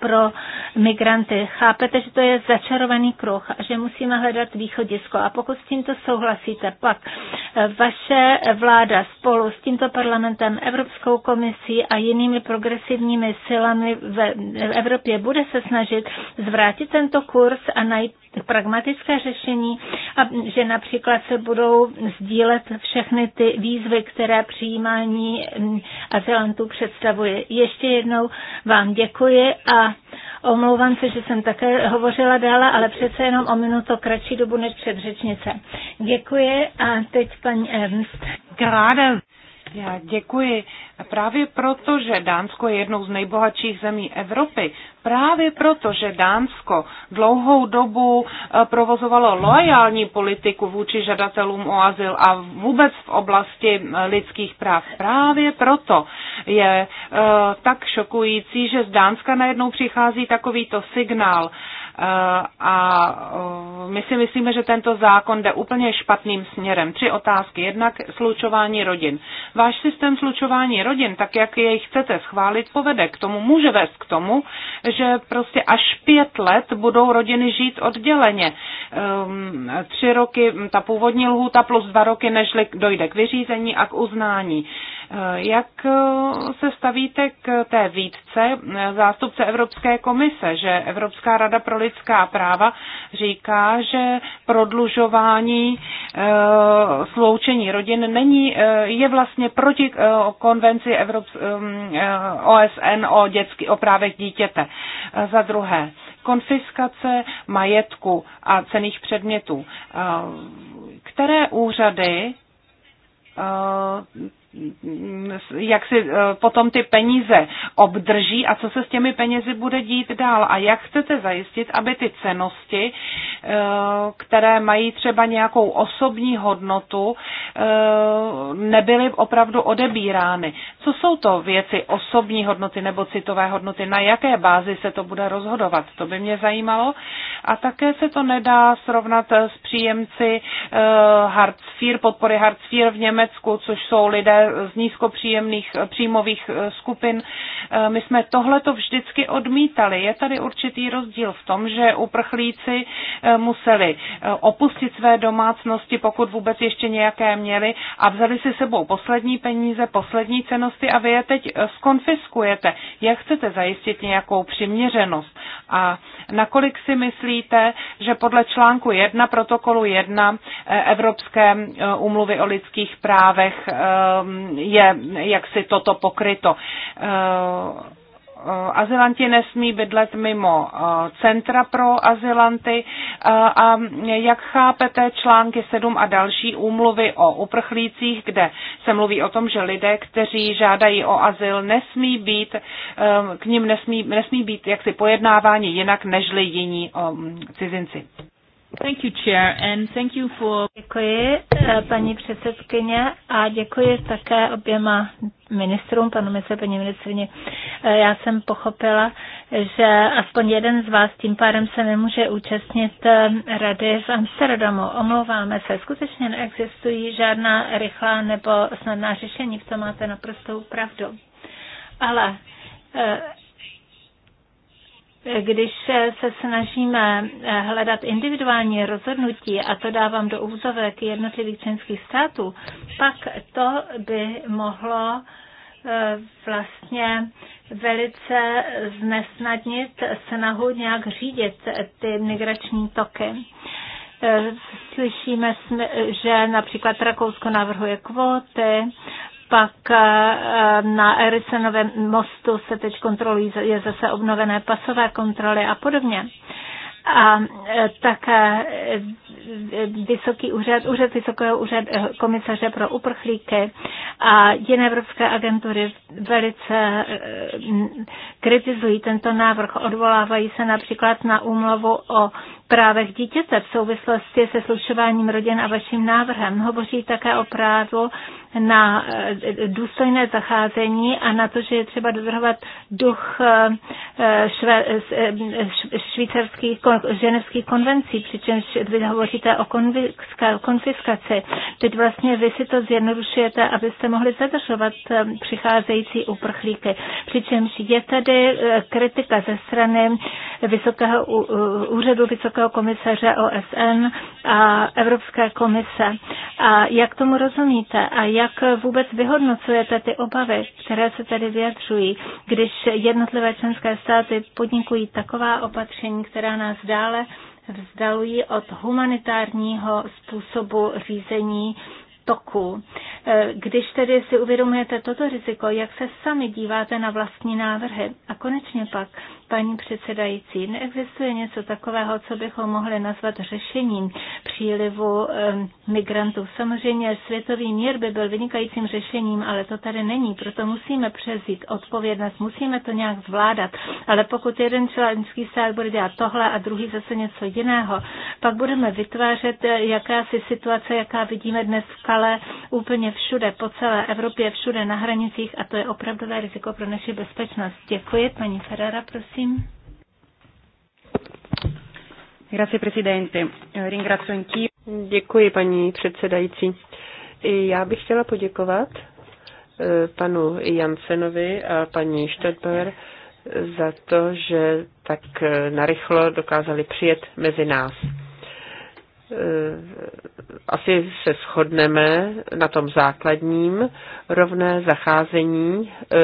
[SPEAKER 1] pro migranty. Chápete, že to je je začarovaný kruh a že musíme hledat východisko. A pokud s tímto souhlasíte, pak eh, vaše vláda spolu s tímto parlamentem, Evropskou komisí a jinými progresivními silami v Evropě bude se snažit zvrátit tento kurz a najít pragmatické řešení, a že například se budou sdílet všechny ty výzvy, které přijímání mm, azylantů představuje. Ještě jednou vám děkuji a omlouvám se, že jsem také hovořila dále, ale přece jenom o minuto kratší
[SPEAKER 2] dobu než předřečnice. Děkuji a teď paní Ernst. Gerade já děkuji. Právě proto, že Dánsko je jednou z nejbohatších zemí Evropy, právě proto, že Dánsko dlouhou dobu eh, provozovalo loajální politiku vůči žadatelům o azyl a vůbec v oblasti eh, lidských práv, právě proto je eh, tak šokující, že z Dánska najednou přichází takovýto signál a my si myslíme, že tento zákon jde úplně špatným směrem. Tři otázky. Jednak slučování rodin. Váš systém slučování rodin, tak jak jej chcete schválit, povede k tomu, může vést k tomu, že prostě až pět let budou rodiny žít odděleně. Ehm, tři roky, ta původní lhůta plus dva roky, než dojde k vyřízení a k uznání. Jak eh, se stavíte k té výtce eh, zástupce Evropské komise, že Evropská rada pro lidská práva říká, že prodlužování eh, sloučení rodin není, je vlastně proti konvenci Evrops- OSN mm, o, dětsky, o právech dítěte. Za druhé, konfiskace majetku a cených předmětů. Které úřady jak si eh, potom ty peníze obdrží a co se s těmi penězi bude dít dál a jak chcete zajistit, aby ty cenosti, eh, které mají třeba nějakou osobní hodnotu, eh, nebyly opravdu odebírány. Co jsou to věci osobní hodnoty nebo citové hodnoty, na jaké bázi se to bude rozhodovat, to by mě zajímalo. A také se to nedá srovnat s příjemci Hartz podpory Hartz v Německu, což jsou lidé z nízkopříjemných eh, příjmových eh, skupin. Eh, my jsme tohleto vždycky odmítali. Je tady určitý rozdíl v tom, že uprchlíci museli opustit své domácnosti, pokud vůbec ještě nějaké měli, a vzali si sebou poslední peníze, poslední cenosti a vy je teď skonfiskujete. Jak chcete zajistit nějakou přiměřenost? A nakolik si myslíte, že podle článku 1 protokolu 1 Evropské umluvy o lidských právech je jaksi toto pokryto. Eh, eh, azylanti nesmí bydlet mimo eh, centra pro azylanty a jak chápete články 7 a další úmluvy o uprchlících, kde se mluví o tom, že lidé, kteří žádají o azyl, nesmí být, k ním nesmí, nesmí být jaksi pojednávání jinak nežli jiní cizinci. Thank you,
[SPEAKER 1] Chair, and thank you for... Děkuji, eh, paní předsedkyně, a děkuji také oběma ministrům, panu ministru, paní ministrině. Eh, já jsem pochopila, že aspoň jeden z vás tím pádem se nemůže účastnit eh, rady v Amsterdamu. Omlouváme se, skutečně neexistují žádná rychlá nebo snadná řešení, v tom máte naprostou pravdu. Ale když se snažíme eh, hledat individuální rozhodnutí, a to dávám do úzovek jednotlivých členských států, pak to by mohlo eh, vlastně velice znesnadnit snahu nějak řídit ty migrační toky. Eh, slyšíme, že například Rakousko navrhuje kvóty pak eh, na Erisenovém mostu se teď kontrolují, je zase obnovené pasové kontroly a podobně. A eh, tak eh, vysoký úřad, úřad Vysokého úřad komisaře pro uprchlíky a jiné evropské agentury velice kritizují tento návrh. Odvolávají se například na úmluvu o právech dítěte v souvislosti se slušováním rodin a vaším návrhem. Hovoří také o právu na eh, důstojné zacházení a na to, že je třeba dodržovat duch eh, eh, švýcarských ženevských konvencí, přičemž vy hovoříte o konfiskaci. Teď vlastně vy si to zjednodušujete, abyste mohli zadržovat přicházející uprchlíky. Přičemž je tady kritika ze strany Vysokého úřadu Vysokého vysokého komisaře OSN a Evropské komise. A jak tomu rozumíte a jak vůbec vyhodnocujete ty obavy, které se tady vyjadřují, když jednotlivé členské státy podnikují taková opatření, která nás dále vzdalují od humanitárního způsobu řízení toku. E, když tedy si uvědomujete toto riziko, jak se sami díváte na vlastní návrhy? A konečně pak, paní předsedající, neexistuje něco takového, co bychom mohli nazvat řešením přílivu migrantů. Samozřejmě světový mír by byl vynikajícím řešením, ale to tady není, proto musíme přezít odpovědnost, musíme to nějak zvládat. Ale pokud jeden členský stát bude dělat tohle a druhý zase něco jiného, pak budeme vytvářet eh, jakási situace, jaká vidíme dneska ale úplně všude, po celé Evropě, všude na hranicích a to je opravdové riziko pro naši bezpečnost. Děkuji, paní Ferrara,
[SPEAKER 3] prosím. Grazie, presidente. Ringrazio Děkuji, paní předsedající. Já bych chtěla poděkovat eh, panu Jansenovi a paní Stadbauer za to, že tak eh, narychlo dokázali přijet mezi nás. Eh, asi se shodneme na tom základním rovné zacházení eh,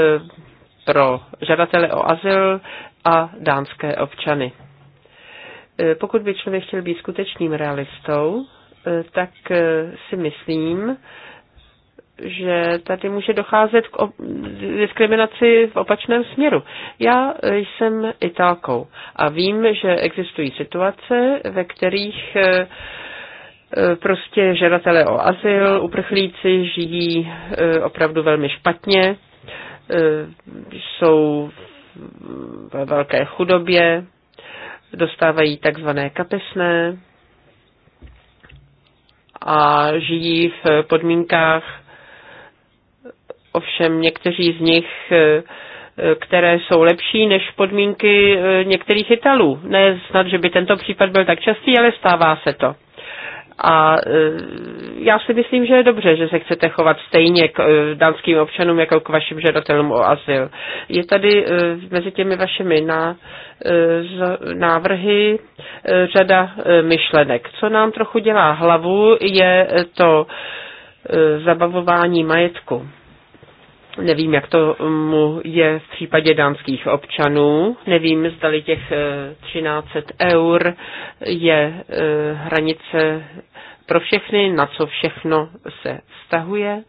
[SPEAKER 3] pro žadatele o azyl a dánské občany. Eh, pokud by člověk chtěl být skutečným realistou, tak si myslím, že tady může docházet k diskriminaci v opačném směru. Já jsem Itálkou a vím, že existují situace, ve kterých eh, eh, prostě žadatelé o azyl, uprchlíci žijí eh, opravdu velmi špatně, jsou ve velké chudobě, dostávají takzvané kapesné a žijí v podmínkách Ovšem někteří z nich eh, eh, které jsou lepší než podmínky eh, některých Italů. Ne snad, že by tento případ byl tak častý, ale stává se to. A já si myslím, že je dobře, že se chcete chovat stejně k dánským občanům jako k vašim žadatelům o azyl. Je tady mezi těmi vašimi návrhy řada myšlenek. Co nám trochu dělá hlavu, je to zabavování majetku. Nevím, jak to mu je v případě dánských občanů. Nevím, zdali těch 13 eh, eur je eh, hranice pro všechny, na co všechno se vztahuje.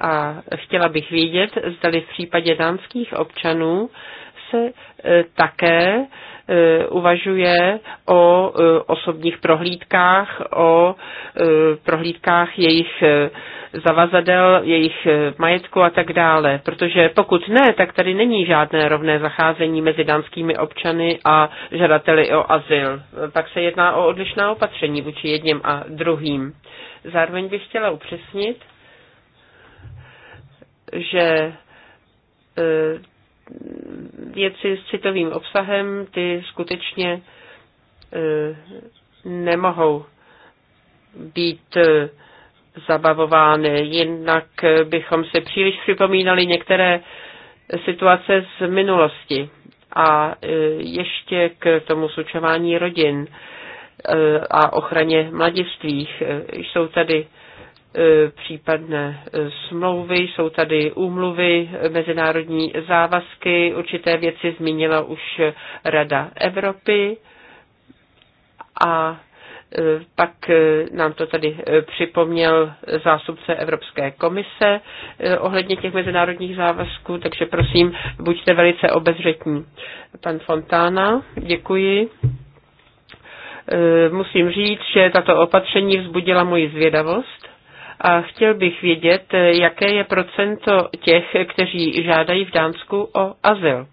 [SPEAKER 3] A chtěla bych vědět, zdali v případě dánských občanů se eh, také E, uvažuje o e, osobních prohlídkách, o e, prohlídkách jejich zavazadel, jejich majetku a tak dále. Protože pokud ne, tak tady není žádné rovné zacházení mezi dánskými občany a žadateli o azyl. Pak se jedná o odlišná opatření vůči jedním a druhým. Zároveň bych chtěla upřesnit, že věci s citovým obsahem, ty skutečně e, nemohou být e, zabavovány. Jinak bychom si příliš připomínali některé situace z minulosti. A e, ještě k tomu slučování rodin a ochraně mladistvých jsou tady E, případné e, smlouvy, jsou tady úmluvy, mezinárodní závazky, určité věci zmínila už Rada Evropy a e, pak nám to tady připomněl zástupce Evropské komise ohledně těch mezinárodních závazků, takže prosím, buďte velice obezřetní. Pan Fontána, děkuji. Musím říct, že tato opatření vzbudila moji zvědavost a chtěl bych vědět, eh, jaké je procento těch, kteří žádají v Dánsku o azyl.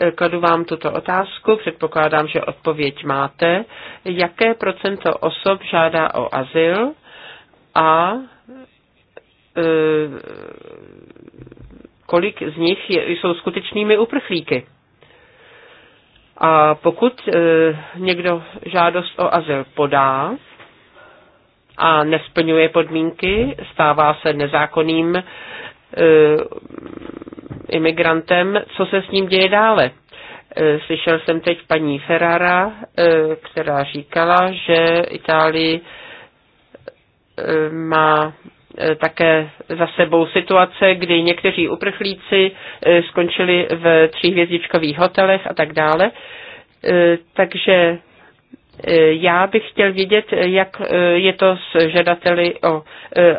[SPEAKER 3] Eh, kladu vám tuto otázku, předpokládám, že odpověď máte. Jaké procento osob žádá o azyl a eh, kolik z nich jsou skutečnými uprchlíky? A pokud někdo žádost o azyl podá, a nesplňuje podmínky, stává se nezákonným e, imigrantem, co se s ním děje dále. E, slyšel jsem teď paní Ferrara, e, která říkala, že Itálii e, má e, také za sebou situace, kdy někteří uprchlíci e, skončili v tříhvězdičkových hotelech a tak dále. E, takže Eh, já bych chtěl vědět, eh, jak eh, je to s žadateli o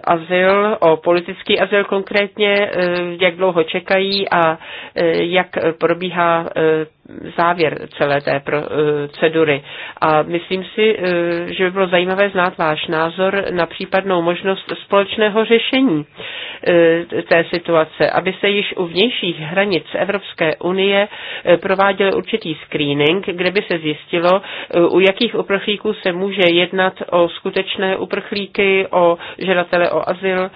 [SPEAKER 3] azyl, o politický azyl konkrétně, jak dlouho čekají a jak probíhá závěr celé té procedury. Eh, a myslím si, eh, že by bylo zajímavé znát váš názor na případnou možnost společného řešení eh, té situace, aby se již u vnějších hranic Evropské unie prováděl určitý screening, kde by se zjistilo, u jakých uprchlíků se může jednat o skutečné uprchlíky, o žadatele o azyl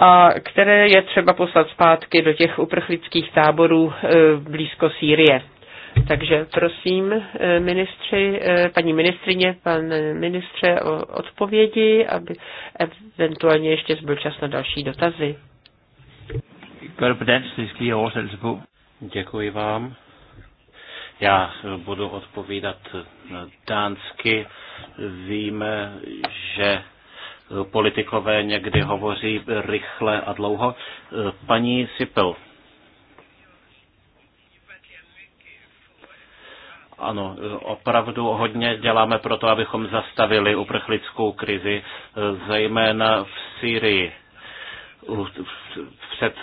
[SPEAKER 3] a které je třeba poslat zpátky do těch uprchlických táborů blízko Sýrie. Takže prosím, eh, ministři, eh, paní ministrině, pan ministře o odpovědi, aby eventuálně ještě zbyl čas na další dotazy.
[SPEAKER 4] Děkuji vám. Já budu odpovídat eh, dánsky. Víme, že politikové někdy hovoří rychle a dlouho. Paní Sipel, Ano, opravdu hodně děláme pro to, abychom zastavili uprchlickou krizi, zejména v Syrii. Před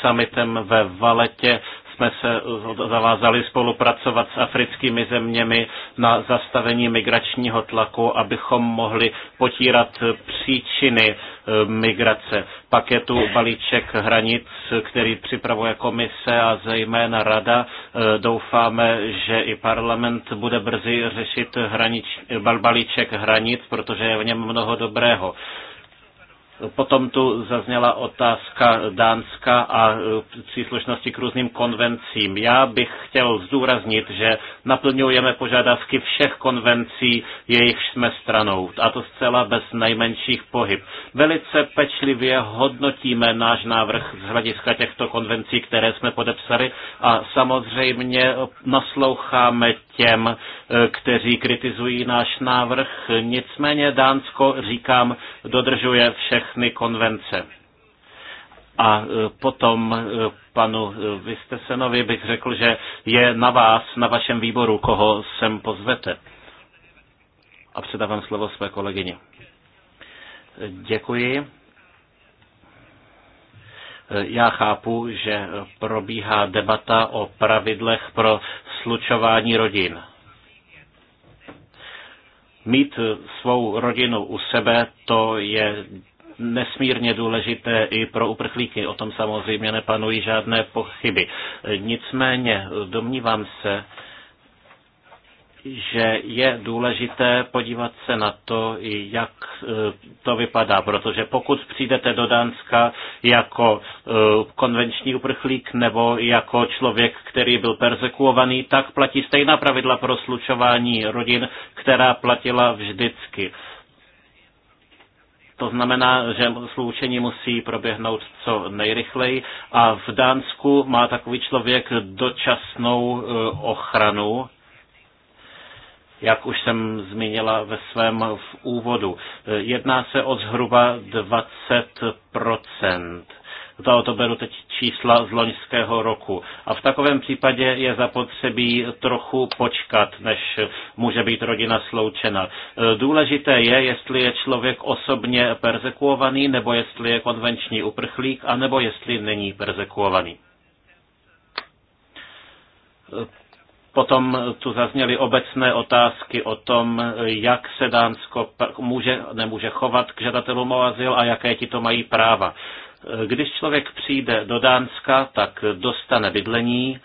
[SPEAKER 4] summitem ve Valetě jsme se zavázali spolupracovat s africkými zeměmi na zastavení migračního tlaku, abychom mohli potírat příčiny migrace. Pak je tu balíček hranic, který připravuje komise a zejména rada. E, doufáme, že i parlament bude brzy řešit hranič, balíček hranic, protože je v něm mnoho dobrého. Potom tu zazněla otázka Dánska a e, příslušnosti k různým konvencím. Já bych chtěl zdůraznit, že naplňujeme požadavky všech konvencí, jejich jsme stranou, a to zcela bez nejmenších pohyb. Velice pečlivě hodnotíme náš návrh z hlediska těchto konvencí, které jsme podepsali a samozřejmě nasloucháme těm, eh, kteří kritizují náš návrh. Nicméně Dánsko, říkám, dodržuje všechny konvence. A eh, potom eh, panu Vistesenovi bych řekl, že je na vás, na vašem výboru, koho sem pozvete. A předávám slovo své kolegyně. Děkuji. Já chápu, že probíhá debata o pravidlech pro slučování rodin. Mít svou rodinu u sebe, to je nesmírně důležité i pro uprchlíky. O tom samozřejmě nepanují žádné pochyby. Nicméně domnívám se, že je důležité podívat se na to, jak e, to vypadá, protože pokud přijdete do Dánska jako e, konvenční uprchlík nebo jako člověk, který byl persekuovaný, tak platí stejná pravidla pro slučování rodin, která platila vždycky. To znamená, že sloučení musí proběhnout co nejrychleji a v Dánsku má takový člověk dočasnou e, ochranu jak už jsem zmínila ve svém v úvodu. Jedná se o zhruba 20%. To, to beru teď čísla z loňského roku. A v takovém případě je zapotřebí trochu počkat, než může být rodina sloučena. Důležité je, jestli je člověk osobně persekuovaný, nebo jestli je konvenční uprchlík, anebo jestli není persekuovaný Potom tu zazněly obecné otázky o tom, jak se Dánsko může, nemůže chovat k žadatelům o azyl a jaké ti to mají práva. Když člověk přijde do Dánska, tak dostane bydlení,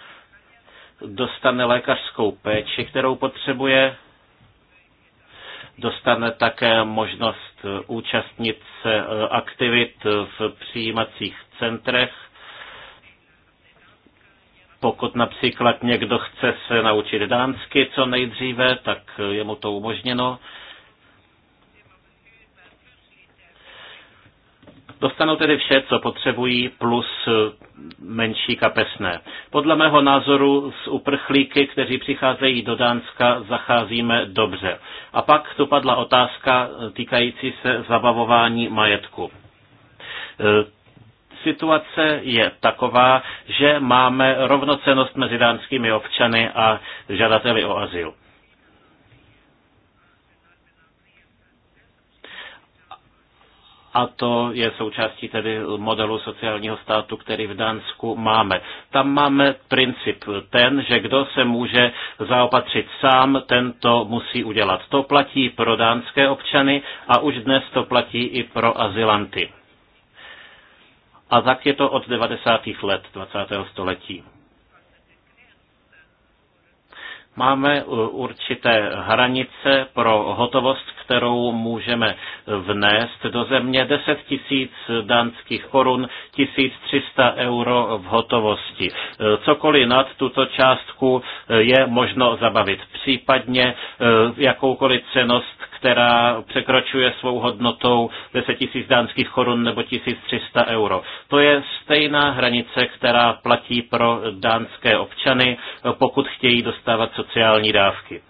[SPEAKER 4] dostane lékařskou péči, kterou potřebuje, dostane také možnost účastnit se e, aktivit v přijímacích centrech, pokud například někdo chce se naučit dánsky co nejdříve, tak je mu to umožněno. Dostanou tedy vše, co potřebují, plus menší kapesné. Podle mého názoru s uprchlíky, kteří přicházejí do Dánska, zacházíme dobře. A pak tu padla otázka týkající se zabavování majetku situace je taková, že máme rovnocenost mezi dánskými občany a žadateli o azyl. a to je součástí tedy modelu sociálního státu, který v Dánsku máme. Tam máme princip ten, že kdo se může zaopatřit sám, ten to musí udělat. To platí pro dánské občany a už dnes to platí i pro azylanty. A tak je to od 90. let 20. století. Máme uh, určité hranice pro hotovost, kterou můžeme vnést do země 10 tisíc dánských korun, 1300 euro v hotovosti. Cokoliv nad tuto částku je možno zabavit, případně eh, jakoukoliv cenost, která překračuje svou hodnotou 10 tisíc dánských korun nebo 1300 euro. To je stejná hranice, která platí pro dánské občany, eh, pokud chtějí dostávat sociální dávky.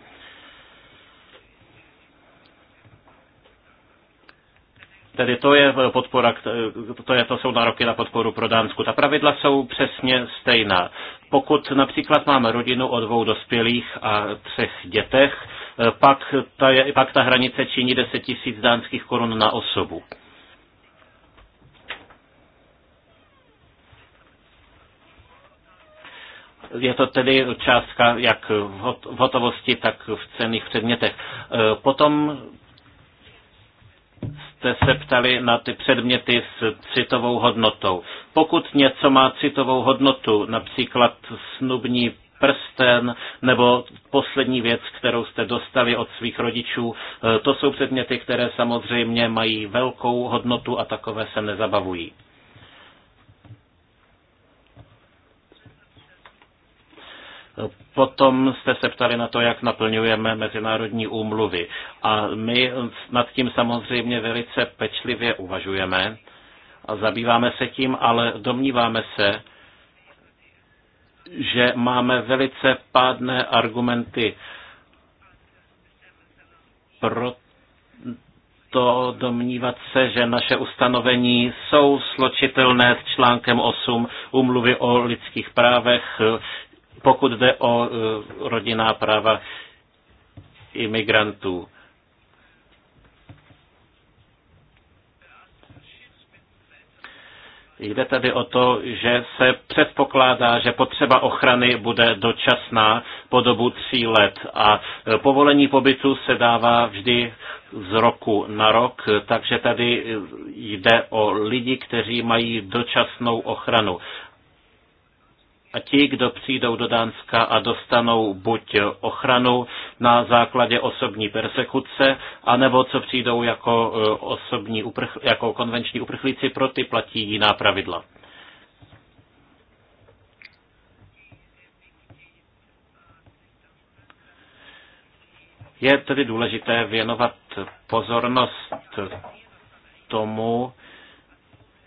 [SPEAKER 4] Tedy to je podpora, to, je, to jsou nároky na podporu pro Dánsku. Ta pravidla jsou přesně stejná. Pokud například máme rodinu o dvou dospělých a třech dětech, pak ta, je, pak ta hranice činí 10 tisíc dánských korun na osobu. je to tedy částka jak v hotovosti, tak v cených předmětech. Potom jste se ptali na ty předměty s citovou hodnotou. Pokud něco má citovou hodnotu, například snubní prsten nebo poslední věc, kterou jste dostali od svých rodičů, eh, to jsou předměty, které samozřejmě mají velkou hodnotu a takové se nezabavují. Potom jste se ptali na to, jak naplňujeme mezinárodní úmluvy. A my nad tím samozřejmě velice pečlivě uvažujeme a zabýváme se tím, ale domníváme se, že máme velice pádné argumenty pro to domnívat se, že naše ustanovení jsou sločitelné s článkem 8 umluvy o lidských právech, pokud jde o e, rodinná práva imigrantů. Jde tedy o to, že se předpokládá, že potřeba ochrany bude dočasná po dobu tří let a e, povolení pobytu se dává vždy z roku na rok, takže tady e, jde o lidi, kteří mají dočasnou ochranu a ti, kdo přijdou do Dánska a dostanou buď ochranu na základě osobní persekuce, anebo co přijdou jako, e, osobní uprch, jako konvenční uprchlíci, pro ty platí jiná pravidla. Je tedy důležité věnovat pozornost tomu,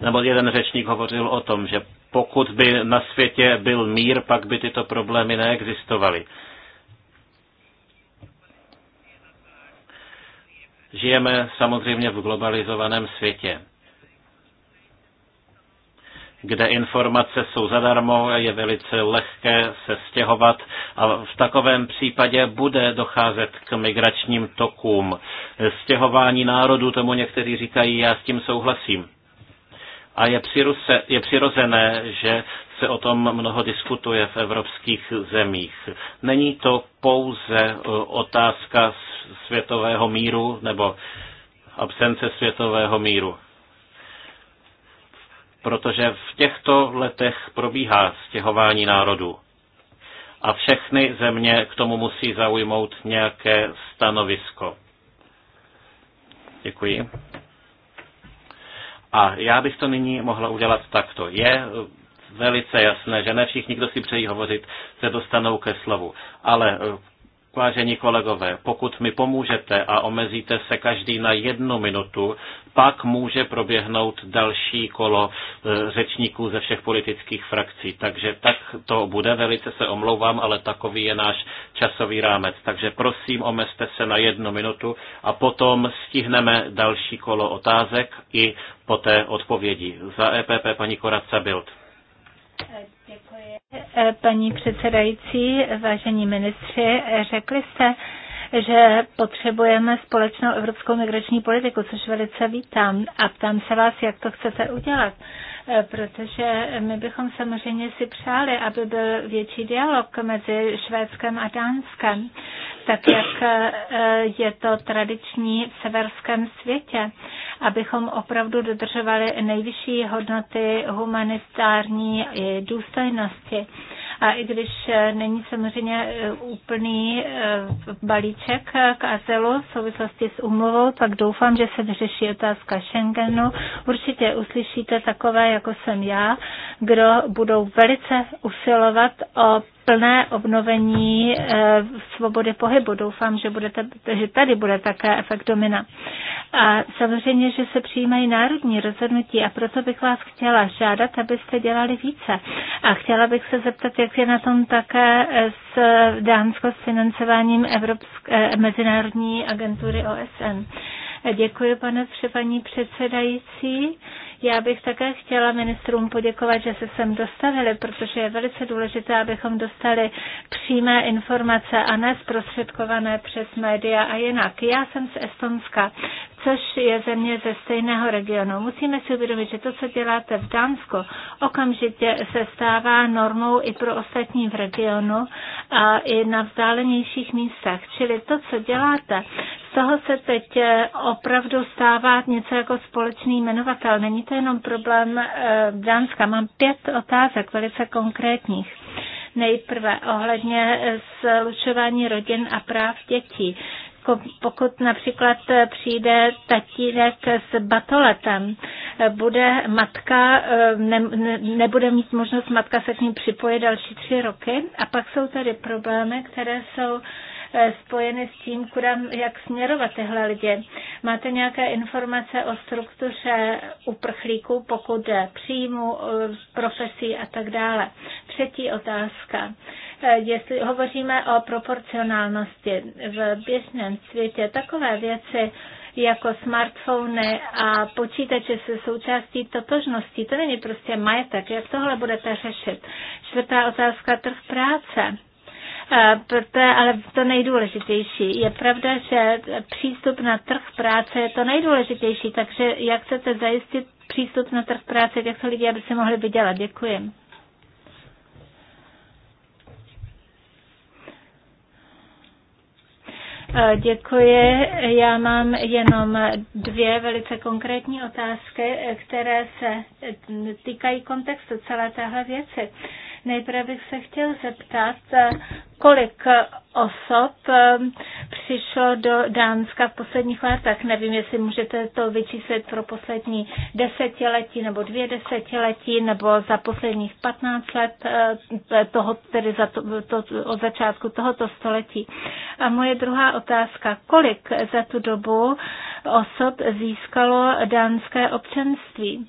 [SPEAKER 4] nebo jeden řečník hovořil o tom, že pokud by na světě byl mír, pak by tyto problémy neexistovaly. Žijeme samozřejmě v globalizovaném světě, kde informace jsou zadarmo a je velice lehké se stěhovat a v takovém případě bude docházet k migračním tokům. Stěhování národů, tomu někteří říkají, já s tím souhlasím a je, přiruse, je přirozené, že se o tom mnoho diskutuje v evropských zemích. Není to pouze e, otázka světového míru nebo absence světového míru. Protože v těchto letech probíhá stěhování národů. A všechny země k tomu musí zaujmout nějaké stanovisko. Děkuji. A já bych to nyní mohla udělat takto. Je eh, velice jasné, že ne všichni, kdo si přejí hovořit, se dostanou ke slovu. Ale eh, Vážení kolegové, pokud mi pomůžete a omezíte se každý na jednu minutu, pak může proběhnout další kolo e, řečníků ze všech politických frakcí. Takže tak to bude, velice se omlouvám, ale takový je náš časový rámec. Takže prosím, omezte se na jednu minutu a potom stihneme další kolo otázek i poté odpovědí. Za EPP paní Koradca Bild.
[SPEAKER 1] Děkuji, paní předsedající, vážení ministři. Řekli jste, že potřebujeme společnou evropskou migrační politiku, což velice vítám. A ptám se vás, jak to chcete udělat protože my bychom samozřejmě si přáli, aby byl větší dialog mezi Švédskem a Dánskem tak jak eh, je to tradiční v severském světě, abychom opravdu dodržovali nejvyšší hodnoty humanitární důstojnosti. A i když eh, není samozřejmě eh, úplný balíček k azylu v souvislosti s umluvou, tak doufám, že se vyřeší otázka Schengenu. Určitě uslyšíte takové, jako jsem já, kdo budou velice usilovat o plné obnovení eh, svobody pohybu. Doufám, že, budete, že tady bude také efekt domina. A samozřejmě, že se přijímají národní rozhodnutí a proto bych vás chtěla žádat, abyste dělali více. A chtěla bych se zeptat, jak je na tom také s Dánsko s financováním Evropské, eh, Mezinárodní agentury OSN. Děkuji, pane paní předsedající. Já bych také chtěla ministrům poděkovat, že se sem dostavili, protože je velice důležité, abychom dostali přímé informace a ne zprostředkované přes média a jinak. Já jsem z Estonska, což je země ze stejného regionu. Musíme si uvědomit, že to, co děláte v Dánsku, okamžitě se stává normou i pro ostatní v regionu a i na vzdálenějších místech. Čili to, co děláte, z toho se teď opravdu stává něco jako společný jmenovatel. Není to jenom problém eh, Dánska. Mám pět otázek, velice konkrétních. Nejprve ohledně slučování eh, rodin a práv dětí pokud například eh, přijde tatínek s batoletem, bude matka, ne, ne, nebude mít možnost matka se k ním připojit další tři roky. A pak jsou tady problémy, které jsou E, spojeny s tím, kuda, jak směrovat tyhle lidi. Máte nějaké informace o struktuře uprchlíků, pokud jde příjmu, profesí a tak dále. Třetí otázka. E, jestli hovoříme o proporcionálnosti v běžném světě, takové věci, jako smartfony a počítače se součástí totožností. To není prostě majetek. Jak tohle budete řešit? Čtvrtá otázka, trh práce. To eh, je ale to nejdůležitější. Je pravda, že přístup na trh práce je to nejdůležitější, takže jak chcete zajistit přístup na trh práce těchto lidí, aby se mohli vydělat? Děkuji. Eh, děkuji. Já mám jenom dvě velice konkrétní otázky, eh, které se týkají kontextu celé téhle věci. Nejprve bych se chtěl zeptat, kolik osob eh, přišlo do Dánska v posledních letech. Nevím, jestli můžete to vyčíslit pro poslední desetiletí nebo dvě desetiletí nebo za posledních patnáct let eh, toho, tedy za to, to, od začátku tohoto století. A moje druhá otázka, kolik za tu dobu osob získalo dánské občanství?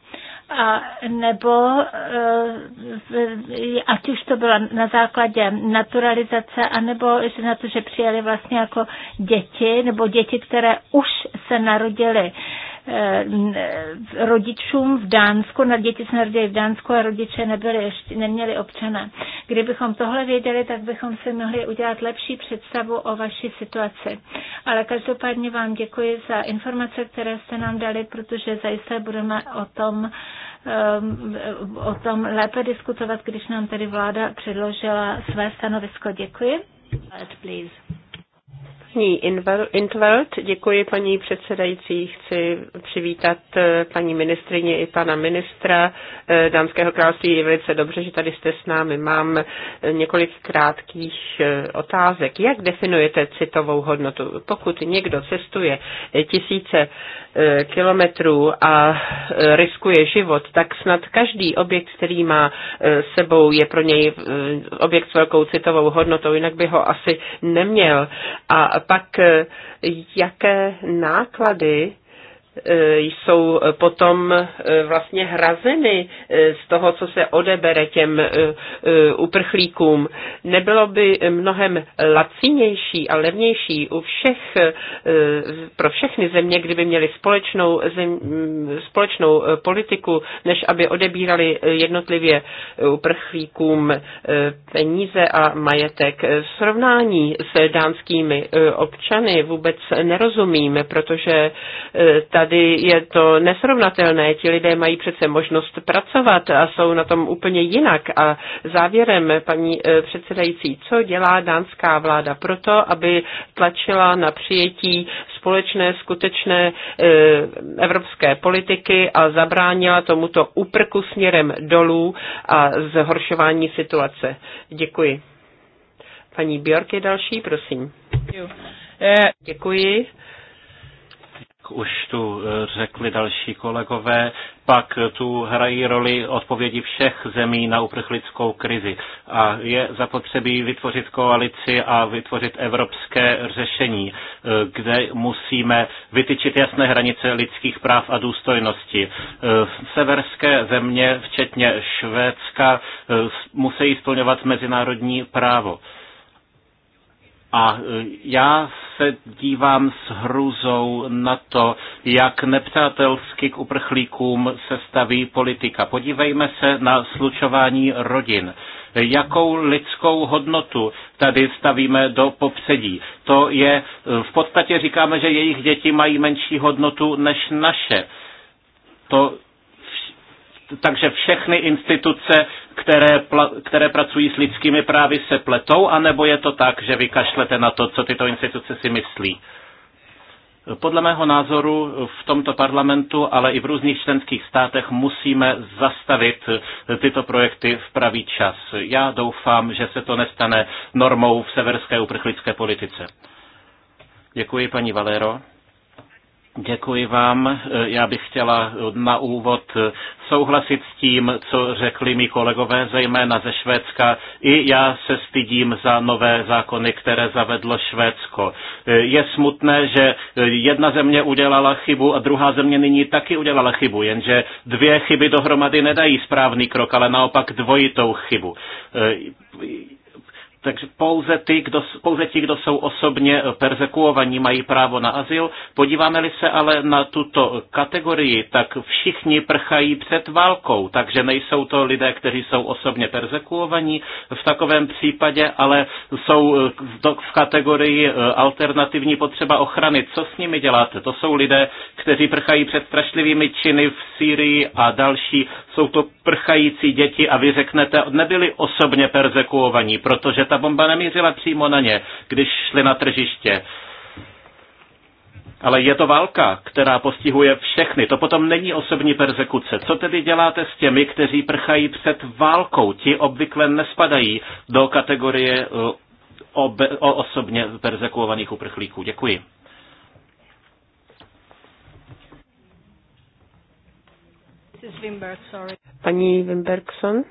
[SPEAKER 1] a nebo eh, ať už to bylo na základě naturalizace, anebo že na to, že přijeli vlastně jako děti, nebo děti, které už se narodily Eh, rodičům v Dánsku, na děti se narodili v Dánsku a rodiče nebyli ještě, neměli občana. Kdybychom tohle věděli, tak bychom si mohli udělat lepší představu o vaší situaci. Ale každopádně vám děkuji za informace, které jste nám dali, protože zajisté budeme o tom eh, o tom lépe diskutovat, když nám tady vláda předložila své stanovisko. Děkuji.
[SPEAKER 3] Please paní Intveld. Děkuji paní předsedající. Chci přivítat eh, paní ministrině i pana ministra eh, Dánského království. Je velice dobře, že tady jste s námi. Mám eh, několik krátkých otázek. Jak definujete citovou hodnotu? Pokud někdo cestuje tisíce kilometrů a riskuje život, tak snad každý objekt, který má sebou, je pro něj objekt s velkou citovou hodnotou, jinak by ho asi neměl. A pak eh, jaké náklady E, jsou potom e, vlastně hrazeny e, z toho, co se odebere těm uprchlíkům. Nebylo by mnohem lacinější a levnější u všech, pro všechny země, kdyby měli společnou, zem, společnou politiku, než aby odebírali jednotlivě uprchlíkům peníze a majetek. Srovnání s dánskými občany vůbec nerozumím, protože ta tady je to nesrovnatelné. Ti lidé mají přece možnost pracovat a jsou na tom úplně jinak. A závěrem, paní eh, předsedající, co dělá dánská vláda proto, aby tlačila na přijetí společné, skutečné eh, evropské politiky a zabránila tomuto úprku směrem dolů a zhoršování situace. Děkuji. Paní Bjork je další, prosím.
[SPEAKER 4] Děkuji jak už tu eh, řekli další kolegové, pak tu hrají roli odpovědi všech zemí na uprchlickou krizi. A je zapotřebí vytvořit koalici a vytvořit evropské řešení, eh, kde musíme vytyčit jasné hranice lidských práv a důstojnosti. Eh, severské země, včetně Švédska, musí splňovat mezinárodní právo. A e, já se dívám s hrůzou na to, jak nepřátelsky k uprchlíkům se staví politika. Podívejme se na slučování rodin. Jakou lidskou hodnotu tady stavíme do popředí? To je, e, v podstatě říkáme, že jejich děti mají menší hodnotu než naše. To takže všechny instituce, které, které pracují s lidskými právy, se pletou, anebo je to tak, že vykašlete na to, co tyto instituce si myslí? Podle mého názoru v tomto parlamentu, ale i v různých členských státech musíme zastavit tyto projekty v pravý čas. Já doufám, že se to nestane normou v severské uprchlické politice. Děkuji, paní Valero. Děkuji vám. E, já bych chtěla na úvod souhlasit s tím, co řekli mi kolegové, zejména ze Švédska. I já se stydím za nové zákony, které zavedlo Švédsko. E, je smutné, že jedna země udělala chybu a druhá země nyní taky udělala chybu, jenže dvě chyby dohromady nedají správný krok, ale naopak dvojitou chybu e, takže pouze, ty, kdo, pouze ti, kdo jsou osobně persekuovaní, mají právo na azyl. Podíváme-li se ale na tuto kategorii, tak všichni prchají před válkou, takže nejsou to lidé, kteří jsou osobně persekuovaní v takovém případě, ale jsou eh, v kategorii eh, alternativní potřeba ochrany. Co s nimi děláte? To jsou lidé, kteří prchají před strašlivými činy v Sýrii a další. Jsou to prchající děti a vy řeknete, nebyli osobně persekuovaní, protože ta ta bomba nemířila přímo na ně, když šli na tržiště. Ale je to válka, která postihuje všechny. To potom není osobní persekuce. Co tedy děláte s těmi, kteří prchají před válkou? Ti obvykle nespadají do kategorie eh, obe, o osobně persekuovaných uprchlíků. Děkuji.
[SPEAKER 3] Paní Wimbergson.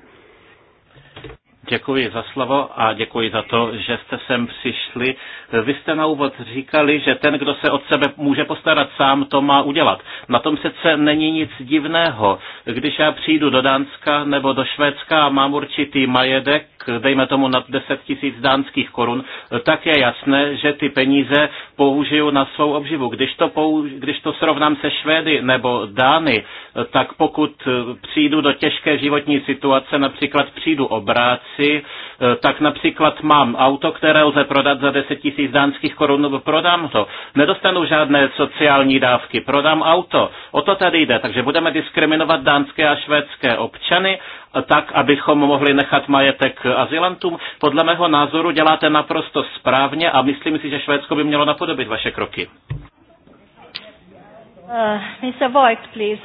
[SPEAKER 4] Děkuji za slovo a děkuji za to, že jste sem přišli. Vy jste na úvod říkali, že ten, kdo se od sebe může postarat sám, to má udělat. Na tom sice není nic divného. Když já přijdu do Dánska nebo do Švédska a mám určitý majedek, dejme tomu nad 10 tisíc dánských korun, tak je jasné, že ty peníze použiju na svou obživu. Když to, použ- když to srovnám se Švédy nebo Dány, tak pokud přijdu do těžké životní situace, například přijdu o práci, věci, eh, tak například mám auto, které lze prodat za 10 tisíc dánských korun, prodám to. Nedostanu žádné sociální dávky, prodám auto. O to tady jde, takže budeme diskriminovat dánské a švédské občany tak, abychom mohli nechat majetek azylantům. Podle mého názoru děláte naprosto správně a myslím si, že Švédsko by mělo napodobit vaše kroky.
[SPEAKER 2] Uh, eh, Mr. Voigt, please.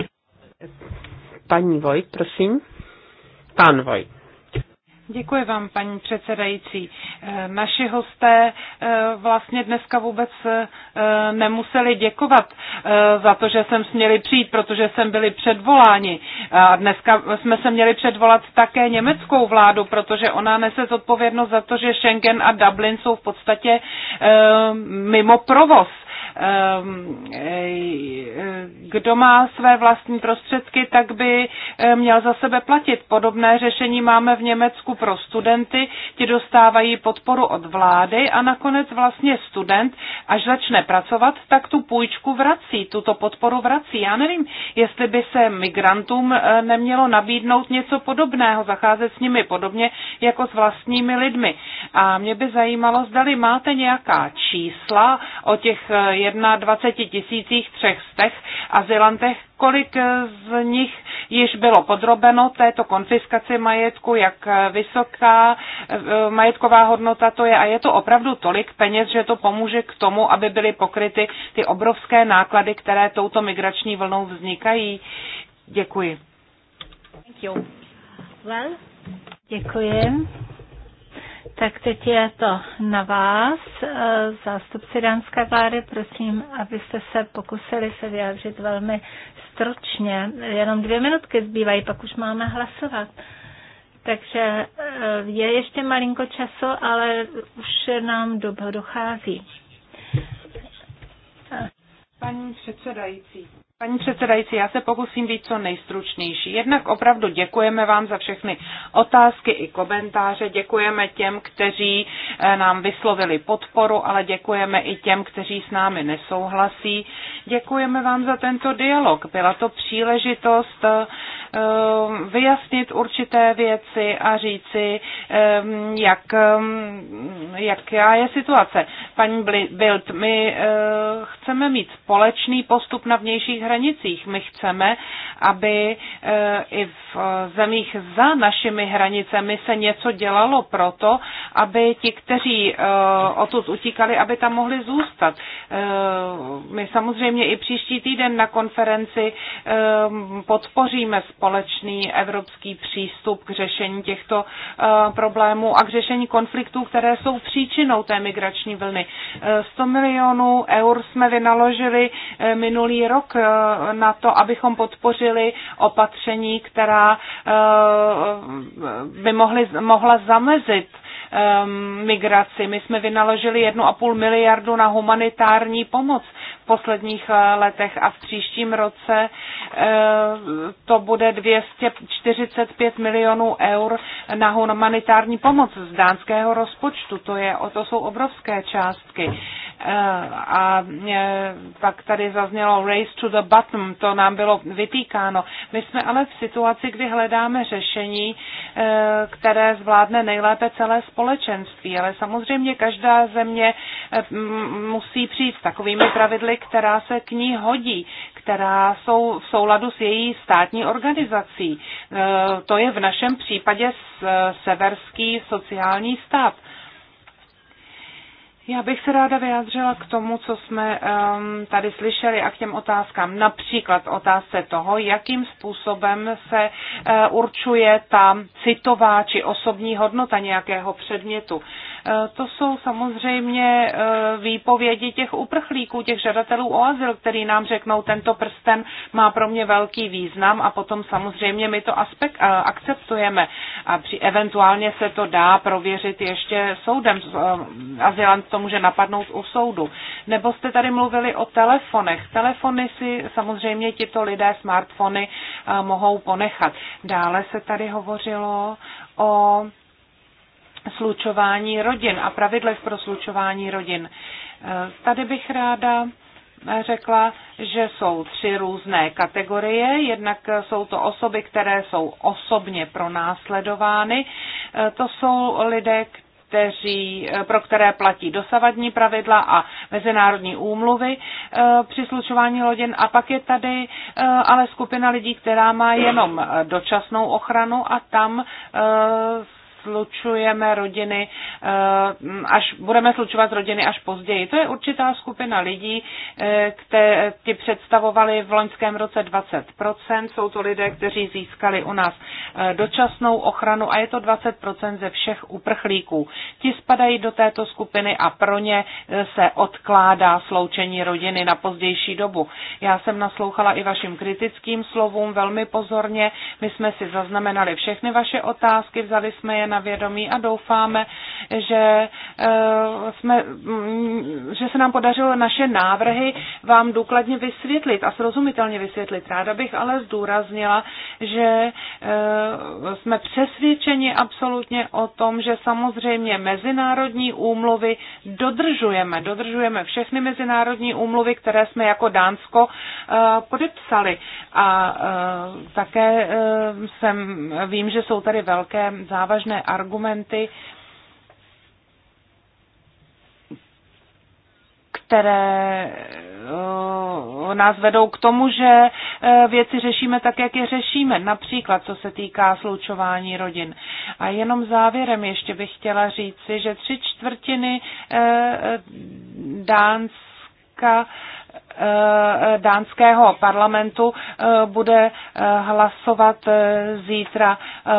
[SPEAKER 3] Paní Vojt, prosím. Pan Vojt.
[SPEAKER 2] Děkuji vám, paní předsedající. Eh, naši hosté eh, vlastně dneska vůbec eh, nemuseli děkovat za to, že jsem směli přijít, protože jsem byli předvoláni. A dneska jsme se měli předvolat také německou vládu, protože ona nese zodpovědnost za to, že Schengen a Dublin jsou v podstatě mimo provoz Ehm, e, e, kdo má své vlastní prostředky, tak by e, měl za sebe platit. Podobné řešení máme v Německu pro studenty, ti dostávají podporu od vlády a nakonec vlastně student, až začne pracovat, tak tu půjčku vrací, tuto podporu vrací. Já nevím, jestli by se migrantům nemělo nabídnout něco podobného, zacházet s nimi podobně jako s vlastními lidmi. A mě by zajímalo, zdali máte nějaká čísla o těch 21 tisících třech stech azylantech, kolik z nich již bylo podrobeno této konfiskaci majetku, jak vysoká eh, majetková hodnota to je a je to opravdu tolik peněz, že to pomůže k tomu, aby byly pokryty ty obrovské náklady, které touto migrační vlnou vznikají. Děkuji. Thank you.
[SPEAKER 1] Well, děkuji. Tak teď je to na vás, eh, zástupci dánské vlády, prosím, abyste se pokusili se vyjádřit velmi stručně. Jenom dvě minutky zbývají, pak už máme hlasovat. Takže eh, je ještě malinko času, ale už nám
[SPEAKER 2] doba dochází. Paní předsedající, Paní předsedající, já se pokusím být co nejstručnější. Jednak opravdu děkujeme vám za všechny otázky i komentáře, děkujeme těm, kteří eh, nám vyslovili podporu, ale děkujeme i těm, kteří s námi nesouhlasí. Děkujeme vám za tento dialog. Byla to příležitost eh, vyjasnit určité věci a říci, eh, jak, jaká je situace. Paní Bild, my chceme mít společný postup na vnějších hranicích hranicích. My chceme, aby eh, i v zemích za našimi hranicemi se něco dělalo proto, aby ti, kteří eh, odtud utíkali, aby tam mohli zůstat. Eh, my samozřejmě i příští týden na konferenci podpoříme společný evropský přístup k řešení těchto problémů a k řešení konfliktů, které jsou příčinou té migrační vlny. 100 milionů eur jsme vynaložili minulý rok Eh, na to, abychom podpořili opatření, která eh, by mohly, mohla zamezit eh, migraci. My jsme vynaložili 1,5 miliardu na humanitární pomoc v posledních eh, letech a v příštím roce eh, to bude 245 milionů eur na humanitární pomoc z dánského rozpočtu. To, je, to jsou obrovské částky. Eh, a pak tady zaznělo race to the bottom, to nám bylo vytýkáno. My jsme ale v situaci, kdy hledáme řešení, které zvládne nejlépe celé společenství. Ale samozřejmě každá země musí přijít s takovými pravidly, sestry, která se k ní hodí, která jsou v souladu s její státní organizací. E, to je v našem případě e, severský sociální stát. Já bych se ráda vyjádřila k tomu, co jsme um, tady slyšeli a k těm otázkám. Například otázce toho, jakým způsobem se uh, určuje ta citová či osobní hodnota nějakého předmětu. Eh, to jsou samozřejmě eh, výpovědi těch uprchlíků, těch žadatelů o azyl, který nám řeknou, tento prsten má pro mě velký význam a potom samozřejmě my to aspekt eh, akceptujeme a při, eventuálně se to dá prověřit ještě soudem. Azylant to může napadnout u soudu. Nebo jste tady mluvili o telefonech. Telefony si samozřejmě tito lidé smartfony mohou ponechat. Dále se tady hovořilo o slučování rodin a pravidlech pro slučování rodin. E, tady bych ráda e, řekla, že jsou tři různé kategorie. Jednak jsou to osoby, které jsou osobně pronásledovány. E, to jsou lidé, kteří, pro které platí dosavadní pravidla a mezinárodní úmluvy při slučování rodin. A pak je tady ale skupina lidí, která má jenom dočasnou ochranu a tam slučujeme rodiny, eh, až budeme slučovat rodiny až později. To je určitá skupina lidí, eh, které ti představovali v loňském roce 20%. Jsou to lidé, kteří získali u nás eh, dočasnou ochranu a je to 20% ze všech uprchlíků. Ti spadají do této skupiny a pro ně se odkládá sloučení rodiny na pozdější dobu. Já jsem naslouchala i vašim kritickým slovům velmi pozorně. My jsme si zaznamenali všechny vaše otázky, vzali jsme je na vědomí a doufáme, že, eh, jsme, mm, že se nám podařilo naše návrhy vám důkladně vysvětlit a srozumitelně vysvětlit. Ráda bych ale zdůraznila, že eh, jsme přesvědčeni absolutně o tom, že samozřejmě mezinárodní úmluvy dodržujeme. Dodržujeme všechny mezinárodní úmluvy, které jsme jako Dánsko eh, podepsali. A také jsem, vím, že jsou tady velké závažné argumenty, které eh, nás vedou k tomu, že eh, věci řešíme tak, jak je řešíme, například co se týká slučování rodin. A jenom závěrem ještě bych chtěla říci, že tři čtvrtiny eh, dánc Dánska, eh, dánského parlamentu eh, bude eh, hlasovat zítra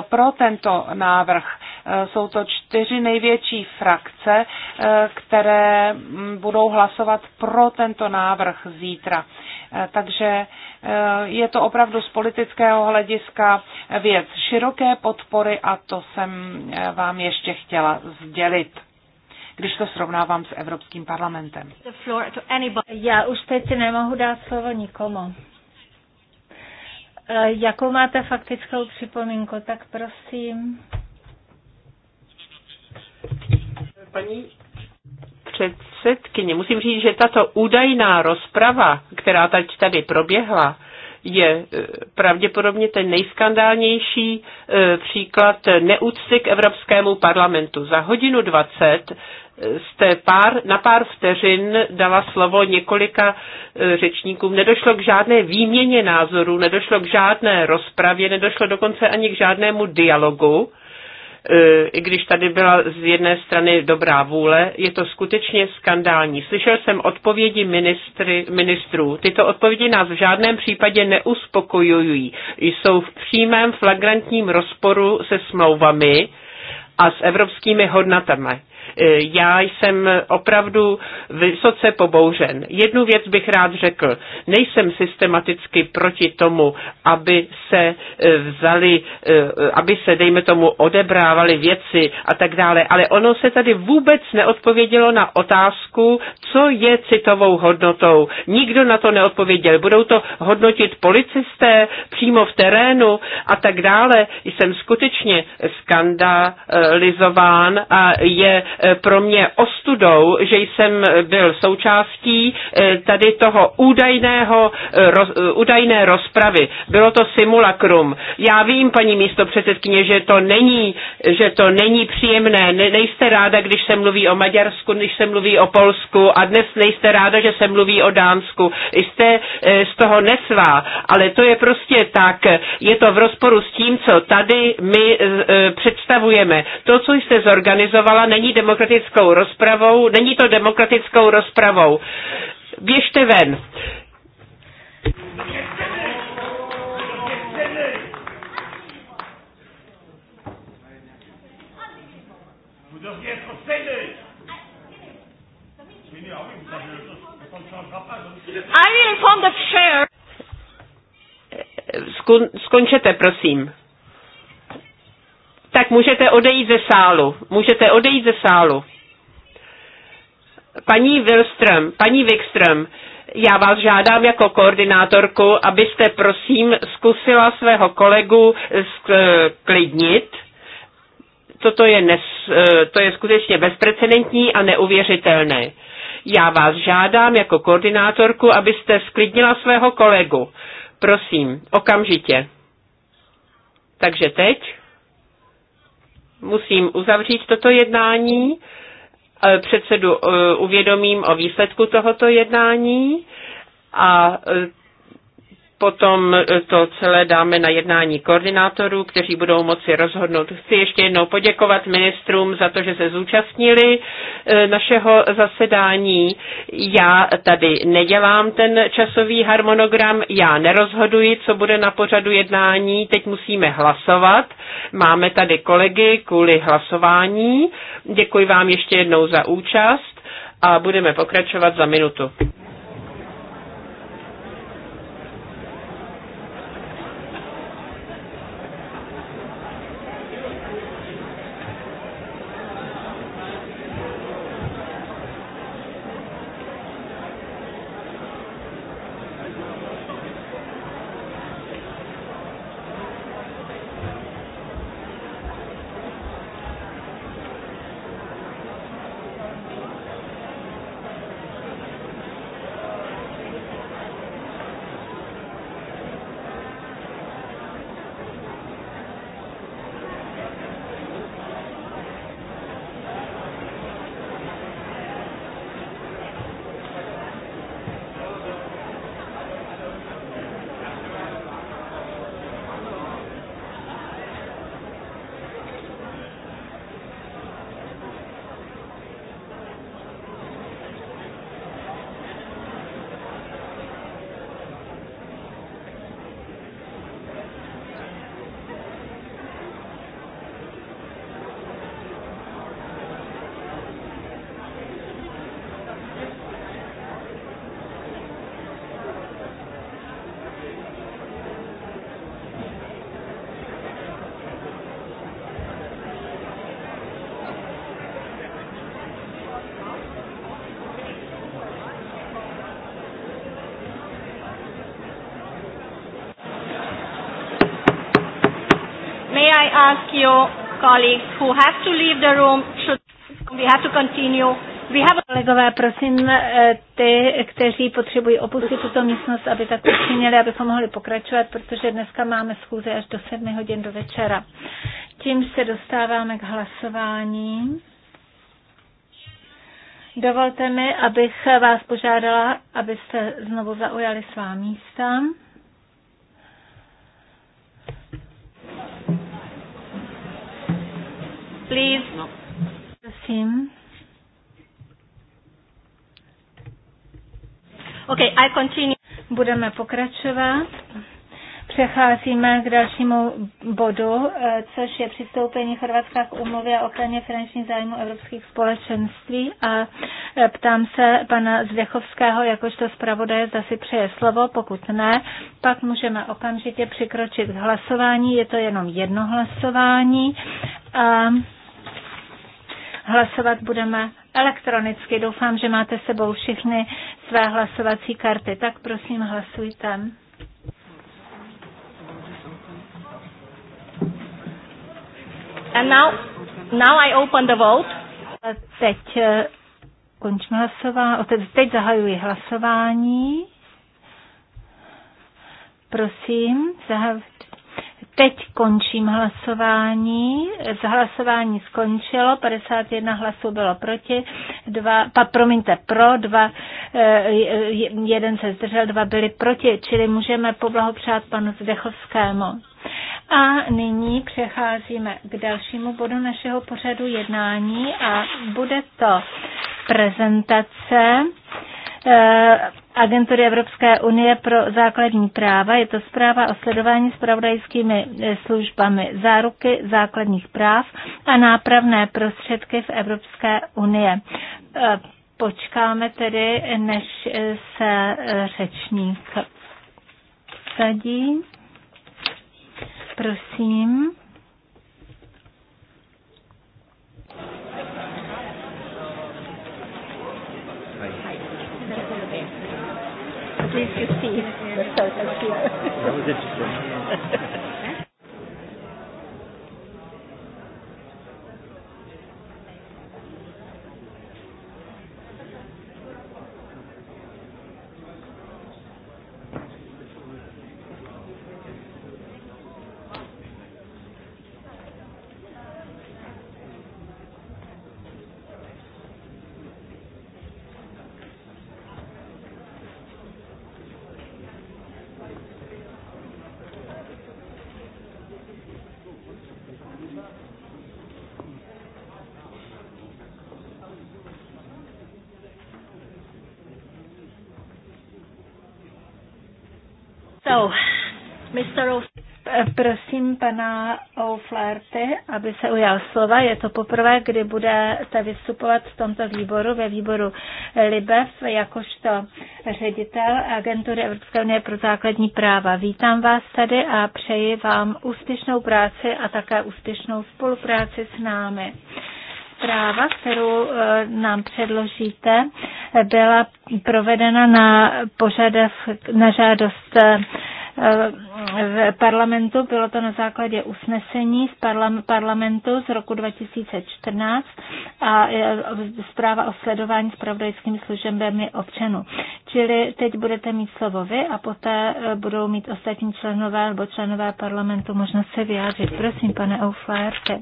[SPEAKER 2] pro tento návrh. Jsou to čtyři největší frakce, které mm, budou hlasovat pro tento návrh zítra. Takže je to opravdu z politického hlediska věc široké podpory a to jsem vám ještě chtěla sdělit když to srovnávám s Evropským parlamentem.
[SPEAKER 1] Já už teď nemohu dát slovo nikomu. E, jakou máte faktickou připomínku, tak prosím.
[SPEAKER 3] Paní předsedkyně, musím říct, že tato údajná rozprava, která teď tady proběhla, je e, pravděpodobně ten nejskandálnější e, příklad neúcty k Evropskému parlamentu. Za hodinu 20 jste pár, na pár vteřin dala slovo několika e, řečníkům. Nedošlo k žádné výměně názorů, nedošlo k žádné rozpravě, nedošlo dokonce ani k žádnému dialogu e, i když tady byla z jedné strany dobrá vůle, je to skutečně skandální. Slyšel jsem odpovědi ministry, ministrů. Tyto odpovědi nás v žádném případě neuspokojují. Jsou v přímém flagrantním rozporu se smlouvami a s evropskými hodnotami. E, já jsem opravdu vysoce pobouřen. Jednu věc bych rád řekl. Nejsem systematicky proti tomu, aby se e, vzali, e, aby se, dejme tomu, odebrávaly věci a tak dále, ale ono se tady vůbec neodpovědělo na otázku, co je citovou hodnotou. Nikdo na to neodpověděl. Budou to hodnotit policisté přímo v terénu a tak dále. Jsem skutečně skandalizován a je pro mě ostudou, že jsem byl součástí eh, tady toho údajného, eh, roz, eh, údajné rozpravy. Bylo to simulakrum. Já vím, paní místo předsedkyně, že to není, že to není příjemné. Ne, nejste ráda, když se mluví o Maďarsku, když se mluví o Polsku a dnes nejste ráda, že se mluví o Dánsku. Jste z toho nesvá, ale to je prostě tak. Je to v rozporu s tím, co tady my představujeme. To, co jste zorganizovala, není demokratické demokratickou rozpravou. Není to demokratickou rozpravou. Běžte ven.
[SPEAKER 5] I
[SPEAKER 3] Skon, skončete, prosím tak můžete odejít ze sálu. Můžete odejít ze sálu. Paní Wilström, paní Wikström, já vás žádám jako koordinátorku, abyste prosím zkusila svého kolegu sklidnit. Toto je, nes, eh, to je skutečně bezprecedentní a neuvěřitelné. Já vás žádám jako koordinátorku, abyste sklidnila svého kolegu. Prosím, okamžitě. Takže teď musím uzavřít toto jednání. E, předsedu e, uvědomím o výsledku tohoto jednání a e, potom e, to celé dáme na jednání koordinátorů, kteří budou moci rozhodnout. Chci ještě jednou poděkovat ministrům za to, že se zúčastnili e, našeho zasedání. Já tady nedělám ten časový harmonogram, já nerozhoduji, co bude na pořadu jednání, teď musíme hlasovat. Máme tady kolegy kvůli hlasování. Děkuji vám ještě jednou za účast a budeme pokračovat za minutu.
[SPEAKER 1] colleagues who have to leave the room should we have to continue. We have Kolegové, prosím eh, ty, kteří potřebují opustit tuto místnost, aby tak učinili, abychom mohli pokračovat, protože dneska máme schůze až do 7 hodin do večera. Tím se dostáváme k hlasování. Dovolte mi, abych vás požádala, abyste znovu zaujali svá místa. please? No. Prosím. Okay, I continue. Budeme pokračovat. Přecházíme k dalšímu bodu, eh, což je přistoupení Chorvatska k umluvě o ochraně finančních zájmů evropských společenství a eh, ptám se pana Zvěchovského, jakožto zpravodaje, zda si přeje slovo, pokud ne, pak můžeme okamžitě přikročit k hlasování, je to jenom jedno hlasování a hlasovat budeme elektronicky. Doufám, že máte sebou všechny své hlasovací karty. Tak prosím, hlasujte. And now, now I open the vote. A teď eh, končím hlasování. Teď zahajuji hlasování. Prosím, zahajuji Teď končím hlasování. Hlasování skončilo, 51 hlasů bylo proti, dva, pa, promiňte, pro, dva, eh, jeden se zdržel, dva byli proti, čili můžeme poblahopřát panu Zdechovskému. A nyní přecházíme k dalšímu bodu našeho pořadu jednání a bude to prezentace eh, Agentury Evropské unie pro základní práva. Je to zpráva o sledování spravodajskými e, službami záruky základních práv a nápravné prostředky v Evropské unie. E, počkáme tedy, než se e, řečník sadí. Prosím.
[SPEAKER 5] please you see the photos here. That was interesting.
[SPEAKER 1] Eh, prosím pana O'Flaherty, aby se ujal slova. Je to poprvé, kdy budete vystupovat v tomto výboru, ve výboru LIBEV, jakožto ředitel Agentury Evropské unie pro základní práva. Vítám vás tady a přeji vám úspěšnou práci a také úspěšnou spolupráci s námi Práva, kterou eh, nám předložíte, eh, byla provedena na požadav, na žádost v parlamentu, bylo to na základě usnesení z parlamentu z roku 2014 a e, zpráva o sledování služebem je občanů. Čili teď budete mít slovo vy a poté e, budou mít ostatní členové nebo členové parlamentu možnost se vyjádřit. Prosím, pane Auflaerte.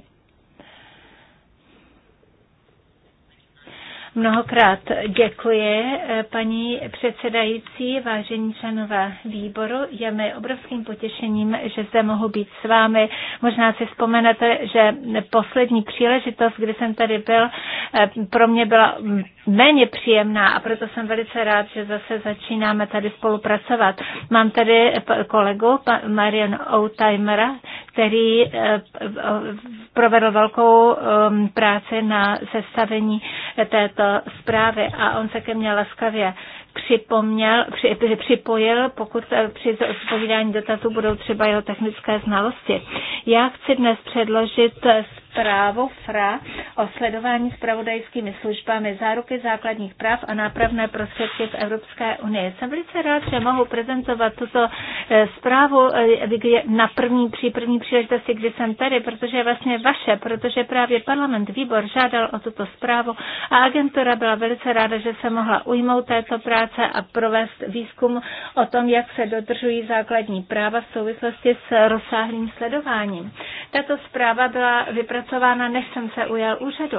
[SPEAKER 1] Mnohokrát děkuji, eh, paní předsedající, vážení členové výboru. Je mi obrovským potěšením, že zde mohu být s vámi. Možná si vzpomenete, že poslední příležitost, kdy jsem tady byl, eh, pro mě byla mm, méně příjemná a proto jsem velice rád, že zase začínáme tady spolupracovat. Mám tady kolegu Marian Outimera, který eh, provedl velkou ehm, práci na sestavení této zprávy a on se ke mně laskavě připomněl, při, připojil, pokud eh, při zodpovídání dotazů budou třeba jeho technické znalosti. Já chci dnes předložit právo FRA o sledování spravodajskými službami záruky základních práv a nápravné prostředky v Evropské unii. Jsem velice rád, že mohu prezentovat tuto eh, zprávu eh, na první, při první příležitosti, kdy jsem tady, protože je vlastně vaše, protože právě parlament výbor žádal o tuto zprávu a agentura byla velice ráda, že se mohla ujmout této práce a provést výzkum o tom, jak se dodržují základní práva v souvislosti s rozsáhlým sledováním. Tato zpráva byla vypracována zpracována, než jsem se ujel úřadu.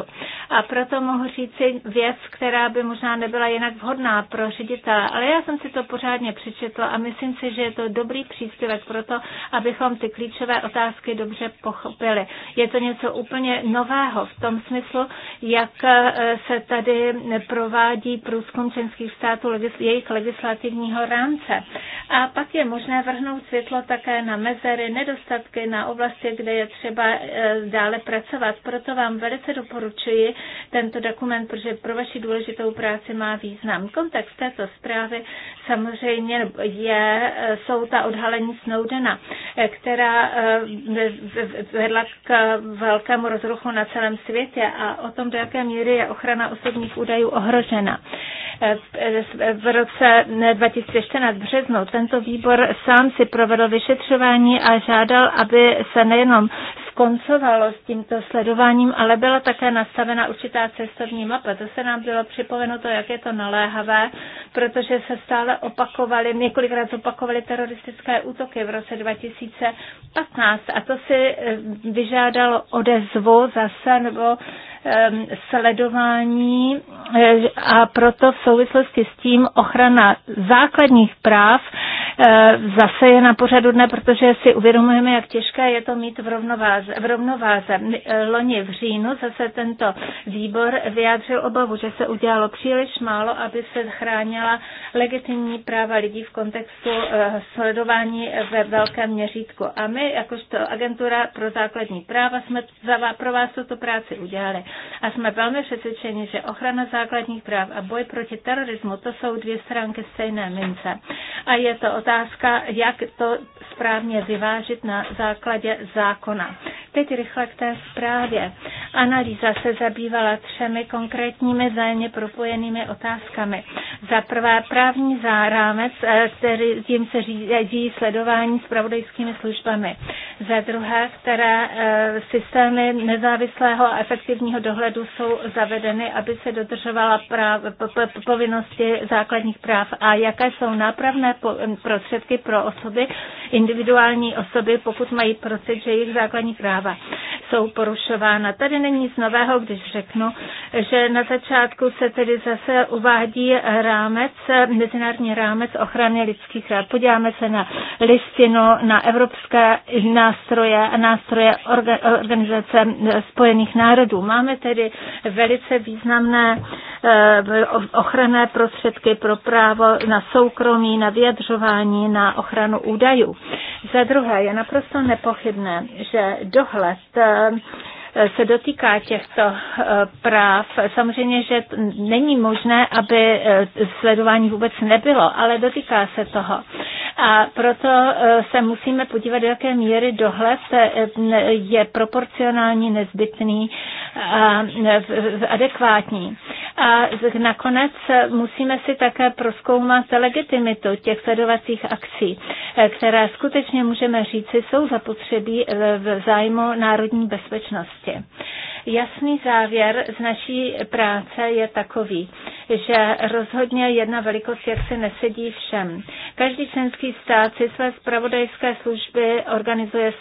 [SPEAKER 1] A proto mohu říci věc, která by možná nebyla jinak vhodná pro ředitele, ale já jsem si to pořádně přečetla a myslím si, že je to dobrý příspěvek pro to, abychom ty klíčové otázky dobře pochopili. Je to něco úplně nového v tom smyslu, jak eh, se tady provádí průzkum členských států jejich legislativního rámce. A pak je možné vrhnout světlo také na mezery, nedostatky, na oblasti, kde je třeba eh, dále pracovat. Proto vám velice doporučuji tento dokument, protože pro vaši důležitou práci má význam. Kontext této zprávy samozřejmě je, jsou ta odhalení Snowdena, která eh, vedla k velkému rozruchu na celém světě a o tom, do jaké míry je ochrana osobních údajů ohrožena. Eh, v roce 2014 březnu tento výbor sám si provedl vyšetřování a žádal, aby se nejenom skoncovalo s tím tímto sledováním, ale byla také nastavena určitá cestovní mapa. To se nám bylo to jak je to naléhavé, protože se stále opakovaly, několikrát opakovaly teroristické útoky v roce 2015 a to si eh, vyžádalo odezvu zase nebo ehm, sledování eh, a proto v souvislosti s tím ochrana základních práv Eh, zase je na pořadu dne, protože si uvědomujeme, jak těžké je to mít v rovnováze. V rovnováze. Eh, loni v říjnu zase tento výbor vyjádřil obavu, že se udělalo příliš málo, aby se chránila legitimní práva lidí v kontextu eh, sledování ve velkém měřítku. A my, jakožto agentura pro základní práva, jsme pro vás tuto práci udělali. A jsme velmi přesvědčeni, že ochrana základních práv a boj proti terorismu, to jsou dvě stránky stejné mince. A je to otázka otázka, jak to správně vyvážit na základě zákona. Teď rychle k té zprávě. Analýza se zabývala třemi konkrétními zájemně propojenými otázkami. Za prvé právní zárámec, eh, který tím se řídí sledování pravodejskými službami. Za druhé, které eh, systémy nezávislého a efektivního dohledu jsou zavedeny, aby se dodržovala práv, povinnosti základních práv a jaké jsou nápravné po, pro prostředky pro osoby, individuální osoby, pokud mají pocit, že jejich základní práva jsou porušována. Tady není nic nového, když řeknu, že na začátku se tedy zase uvádí rámec, mezinárodní rámec ochrany lidských práv. Podíváme se na listinu, na evropské nástroje a nástroje organizace Spojených národů. Máme tedy velice významné eh, ochranné prostředky pro právo na soukromí, na vyjadřování, na ochranu údajů. Za druhé, je naprosto nepochybné, že dohled eh, Ehm, se dotýká těchto eh, práv. Samozřejmě, že není možné, aby eh, sledování vůbec nebylo, ale dotýká se toho. A proto e, se musíme podívat, do jaké míry dohled e, je proporcionální, nezbytný a e, adekvátní. A nakonec musíme si také proskoumat legitimitu těch sledovacích akcí, které skutečně můžeme říci jsou zapotřebí v zájmu národní bezpečnosti. Jasný závěr z naší práce je takový, že rozhodně jedna velikost jaksi nesedí všem. Každý členský stát si své spravodajské služby organizuje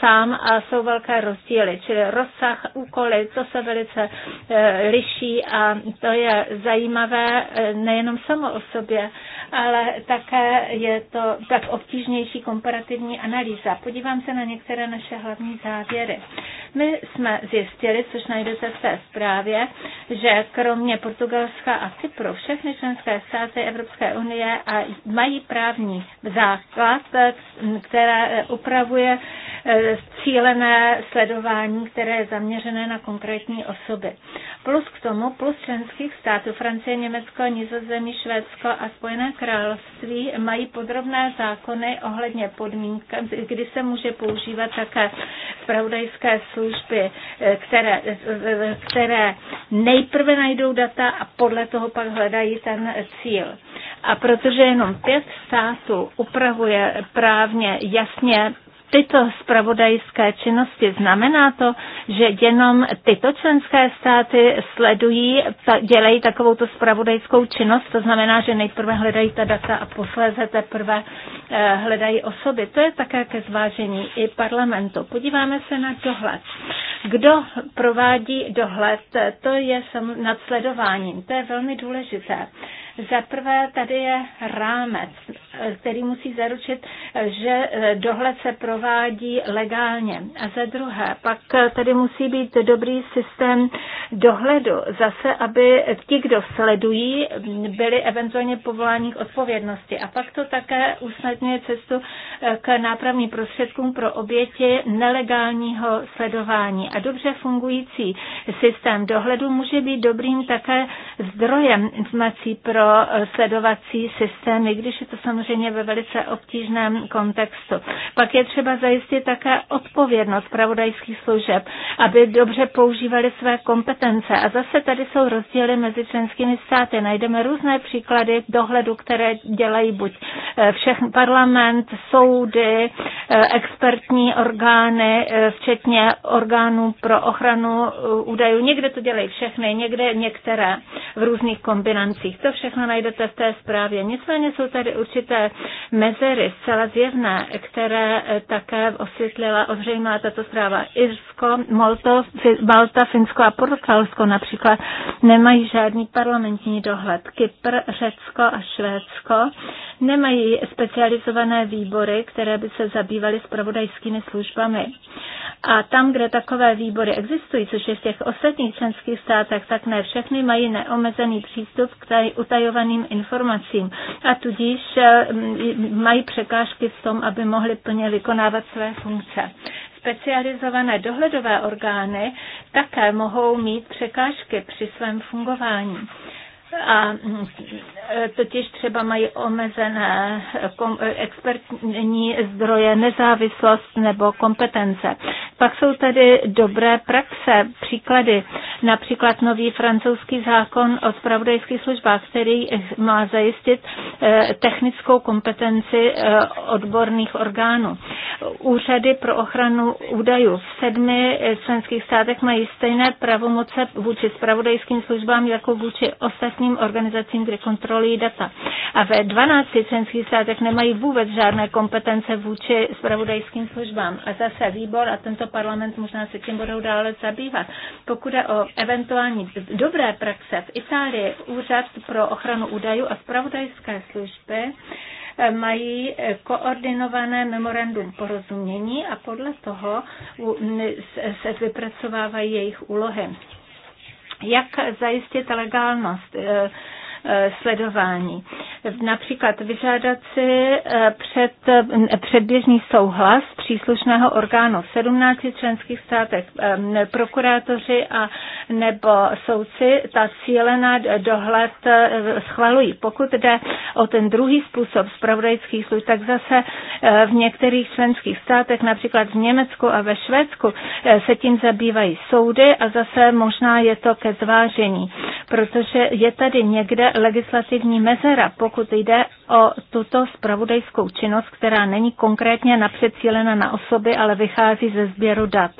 [SPEAKER 1] sám a jsou velké rozdíly, čili rozsah, úkoly, to se velice eh, liší a to je zajímavé eh, nejenom samo o sobě, ale také je to tak obtížnější komparativní analýza. Podívám se na některé naše hlavní závěry. My jsme zjistili, což najdete v té zprávě, že kromě Portugalska a Cypru všechny členské státy Evropské unie a mají právní základ, která upravuje eh, cílené sledování, které je zaměřené na konkrétní osoby. Plus k tomu, plus členských států Francie, Německo, Nizozemí, Švédsko a Spojené království mají podrobné zákony ohledně podmínk, kdy se může používat také zpravodajské služby, eh, které které nejprve najdou data a podle toho pak hledají ten cíl. A protože jenom pět států upravuje právně jasně tyto spravodajské činnosti. Znamená to, že jenom tyto členské státy sledují, dělají takovou tu spravodajskou činnost, to znamená, že nejprve hledají ta data a posléze teprve eh, hledají osoby. To je také ke zvážení i parlamentu. Podíváme se na dohled. Kdo provádí dohled, to je nad sledováním. To je velmi důležité. Za prvé tady je rámec, který musí zaručit, že eh, dohled se provádí legálně. A za druhé, pak tady musí být dobrý systém dohledu, zase, aby ti, kdo sledují, byli eventuálně povoláni k odpovědnosti. A pak to také usnadňuje cestu eh, k nápravným prostředkům pro oběti nelegálního sledování. A dobře fungující systém dohledu může být dobrým také zdrojem informací pro sledovací systémy, když je to samozřejmě ve velice obtížném kontextu. Pak je třeba zajistit také odpovědnost pravodajských služeb, aby dobře používali své kompetence. A zase tady jsou rozdíly mezi členskými státy. Najdeme různé příklady dohledu, které dělají buď eh, všech parlament, soudy, eh, expertní orgány, eh, včetně orgánů pro ochranu údajů. Někde to dělají všechny, někde některé v různých kombinacích. To všechno všechno najdete v té zprávě. Nicméně jsou tady určité mezery zcela zjevné, které eh, také osvětlila, ozřejmila tato zpráva. Irsko, Molto, Balta, Finsko a Portugalsko například nemají žádný parlamentní dohled. Kypr, Řecko a Švédsko nemají specializované výbory, které by se zabývaly spravodajskými službami. A tam, kde takové výbory existují, což je v těch ostatních členských státech, tak ne všechny mají neomezený přístup k tady utajovaným informacím a tudíž eh, mají překážky v tom, aby mohli plně vykonávat své funkce specializované dohledové orgány také mohou mít překážky při svém fungování a e, totiž třeba mají omezené e, expertní zdroje, nezávislost nebo kompetence. Pak jsou tady dobré praxe, příklady, například nový francouzský zákon o spravodajských službách, který má zajistit e, technickou kompetenci odborných orgánů. Úřady pro ochranu údajů v sedmi členských státech mají stejné pravomoce vůči spravodajským službám jako vůči ostatním státním organizacím, kde kontrolují data. A ve 12 členských státech nemají vůbec žádné kompetence vůči spravodajským službám. A zase výbor a tento parlament možná se tím budou dále zabývat. Pokud je o eventuální dobré praxe, v Itálii úřad pro ochranu údajů a spravodajské služby eh, mají eh, koordinované memorandum porozumění a podle toho se vypracovávají jejich úlohy. Jak zajistit legálnost? Eh, Eh, sledování. Například vyžádat si eh, před, eh, předběžný souhlas příslušného orgánu v 17 členských státech prokurátoři a nebo soudci ta cílená dohled schvalují. Pokud jde o ten druhý způsob zpravodajských služb, tak zase v některých členských státech, například v Německu a ve Švédsku, se tím zabývají soudy a zase možná je to ke zvážení, protože je tady někde legislativní mezera, pokud jde o tuto spravodajskou činnost, která není konkrétně napřed cílena na osoby, ale vychází ze sběru dat.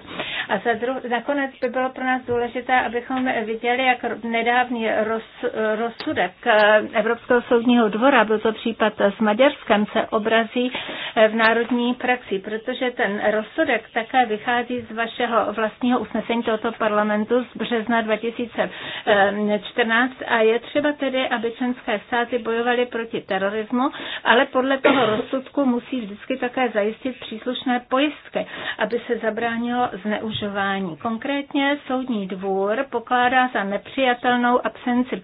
[SPEAKER 1] A za dru- nakonec by bylo pro nás důležité, abychom viděli, jak nedávný roz- rozsudek eh, Evropského soudního dvora, byl to případ s Maďarskem, se obrazí eh, v národní praxi, protože ten rozsudek také vychází z vašeho vlastního usnesení tohoto parlamentu z března 2014 eh, a je třeba tedy, aby členské státy bojovaly proti terorismu, ale podle toho rozsudku musí vždycky také zajistit příslušné pojistky, aby se zabránilo zneužití zadlužování. Konkrétně Soudní dvůr pokládá za nepřijatelnou absenci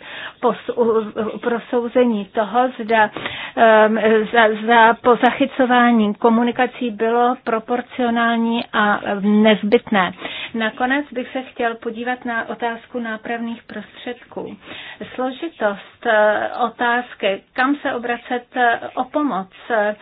[SPEAKER 1] prosouzení toho, zda, za za, po zachycování komunikací bylo proporcionální a nezbytné. Nakonec bych se chtěl podívat na otázku nápravných prostředků. Složitost eh, otázky, kam se obracet eh, o pomoc, eh,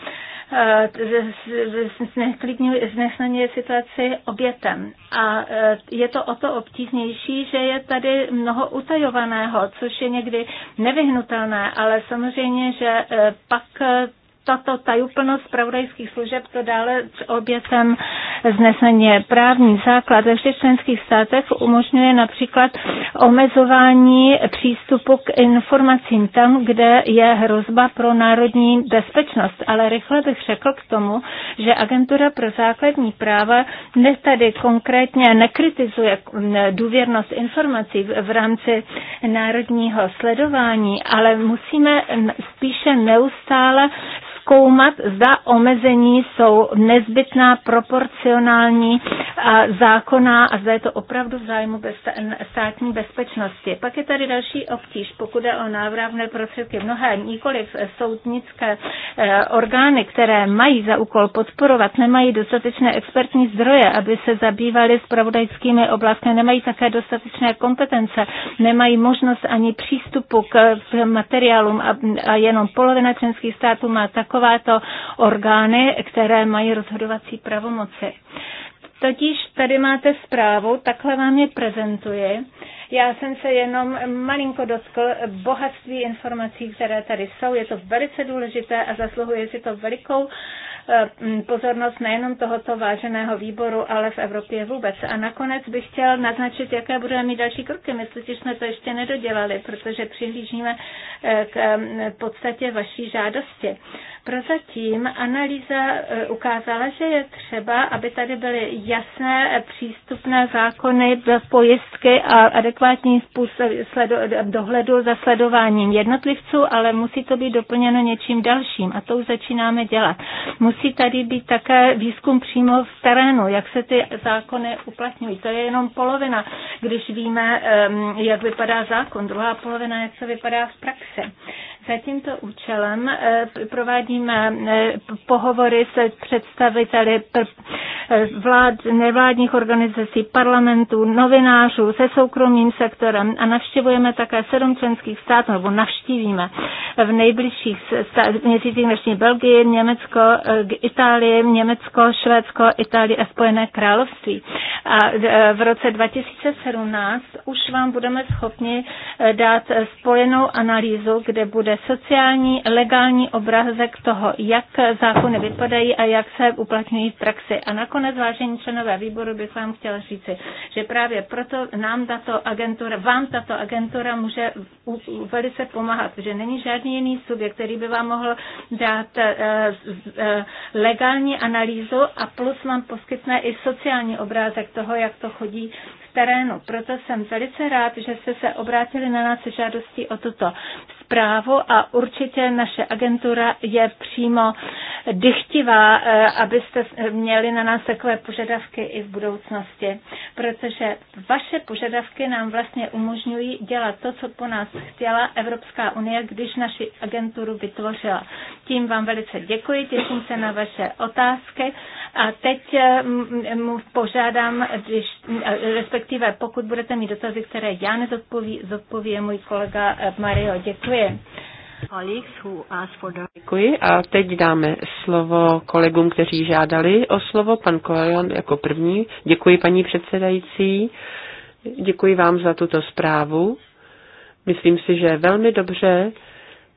[SPEAKER 1] znesnadňuje situaci obětem. A e, je to o to obtížnější, že je tady mnoho utajovaného, což je někdy nevyhnutelné, ale samozřejmě, že e, pak tato tajuplnost spravodajských služeb, to dále obětem zneseně právní základ ve všech členských státech umožňuje například omezování přístupu k informacím tam, kde je hrozba pro národní bezpečnost. Ale rychle bych řekl k tomu, že agentura pro základní práva ne tady konkrétně nekritizuje důvěrnost informací v rámci národního sledování, ale musíme spíše neustále zkoumat, zda omezení jsou nezbytná, proporcionální a e, zákonná a zda je to opravdu v zájmu bez, státní bezpečnosti. Pak je tady další obtíž, pokud je o návravné prostředky. Mnohé nikoliv soudnické e, orgány, které mají za úkol podporovat, nemají dostatečné expertní zdroje, aby se zabývaly spravodajskými oblastmi, nemají také dostatečné kompetence, nemají možnost ani přístupu k materiálům a, a jenom polovina členských států má takové takovéto orgány, které mají rozhodovací pravomoci. Totiž tady máte zprávu, takhle vám je prezentuji. Já jsem se jenom malinko dotkl bohatství informací, které tady jsou. Je to velice důležité a zasluhuje si to velikou eh, pozornost nejenom tohoto váženého výboru, ale v Evropě vůbec. A nakonec bych chtěl naznačit, jaké budeme mít další kroky. My totiž jsme to ještě nedodělali, protože přihlížíme eh, k eh, podstatě vaší žádosti. Prozatím analýza e, ukázala, že je třeba, aby tady byly jasné přístupné zákony, pojistky a adekvátní způsob dohledu za sledováním jednotlivců, ale musí to být doplněno něčím dalším a to už začínáme dělat. Musí tady být také výzkum přímo v terénu, jak se ty zákony uplatňují. To je jenom polovina, když víme, jak vypadá zákon. Druhá polovina, jak se vypadá v praxi. Za tímto účelem eh, provádíme eh, pohovory se představiteli eh, vlád, nevládních organizací, parlamentů, novinářů, se soukromým sektorem a navštěvujeme také sedm členských států, nebo navštívíme v nejbližších měsících dnešní Belgii, Německo, Itálii, Německo, Švédsko, Itálii a Spojené království. A v roce 2017 už vám budeme schopni dát spojenou analýzu, kde bude je sociální, legální obrazek toho, jak zákony vypadají a jak se uplatňují v praxi. A nakonec, vážení členové výboru, bych vám chtěla říci, že právě proto nám tato agentura, vám tato agentura může velice pomáhat, že není žádný jiný subjekt, který by vám mohl dát eh, eh, legální analýzu a plus vám poskytne i sociální obrázek toho, jak to chodí v terénu. Proto jsem velice rád, že jste se obrátili na nás žádostí o tuto zprávu a určitě naše agentura je přímo dychtivá, eh, abyste měli na nás takové požadavky i v budoucnosti, protože vaše požadavky nám vlastně umožňují dělat to, co po nás chtěla Evropská unie, když naši agenturu vytvořila. Tím vám velice děkuji, těším se na vaše otázky a teď eh, mu požádám, když, eh, respektive pokud budete mít dotazy, které já nezodpovím, zodpoví můj kolega Mario. Děkuji.
[SPEAKER 3] Děkuji a teď dáme slovo kolegům, kteří žádali o slovo. Pan Kojon jako první. Děkuji paní předsedající. Děkuji vám za tuto zprávu. Myslím si, že je velmi dobře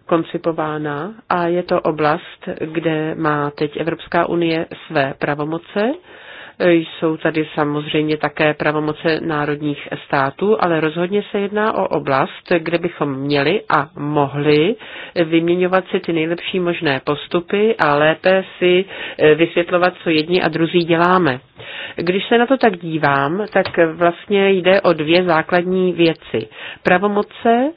[SPEAKER 3] koncipována a je to oblast, kde má teď Evropská unie své pravomoce jsou tady samozřejmě také pravomoce národních států, ale rozhodně se jedná o oblast, kde bychom měli a mohli vyměňovat si ty nejlepší možné postupy a lépe si eh, vysvětlovat, co jedni a druzí děláme. Když se na to tak dívám, tak vlastně jde o dvě základní věci. Pravomoce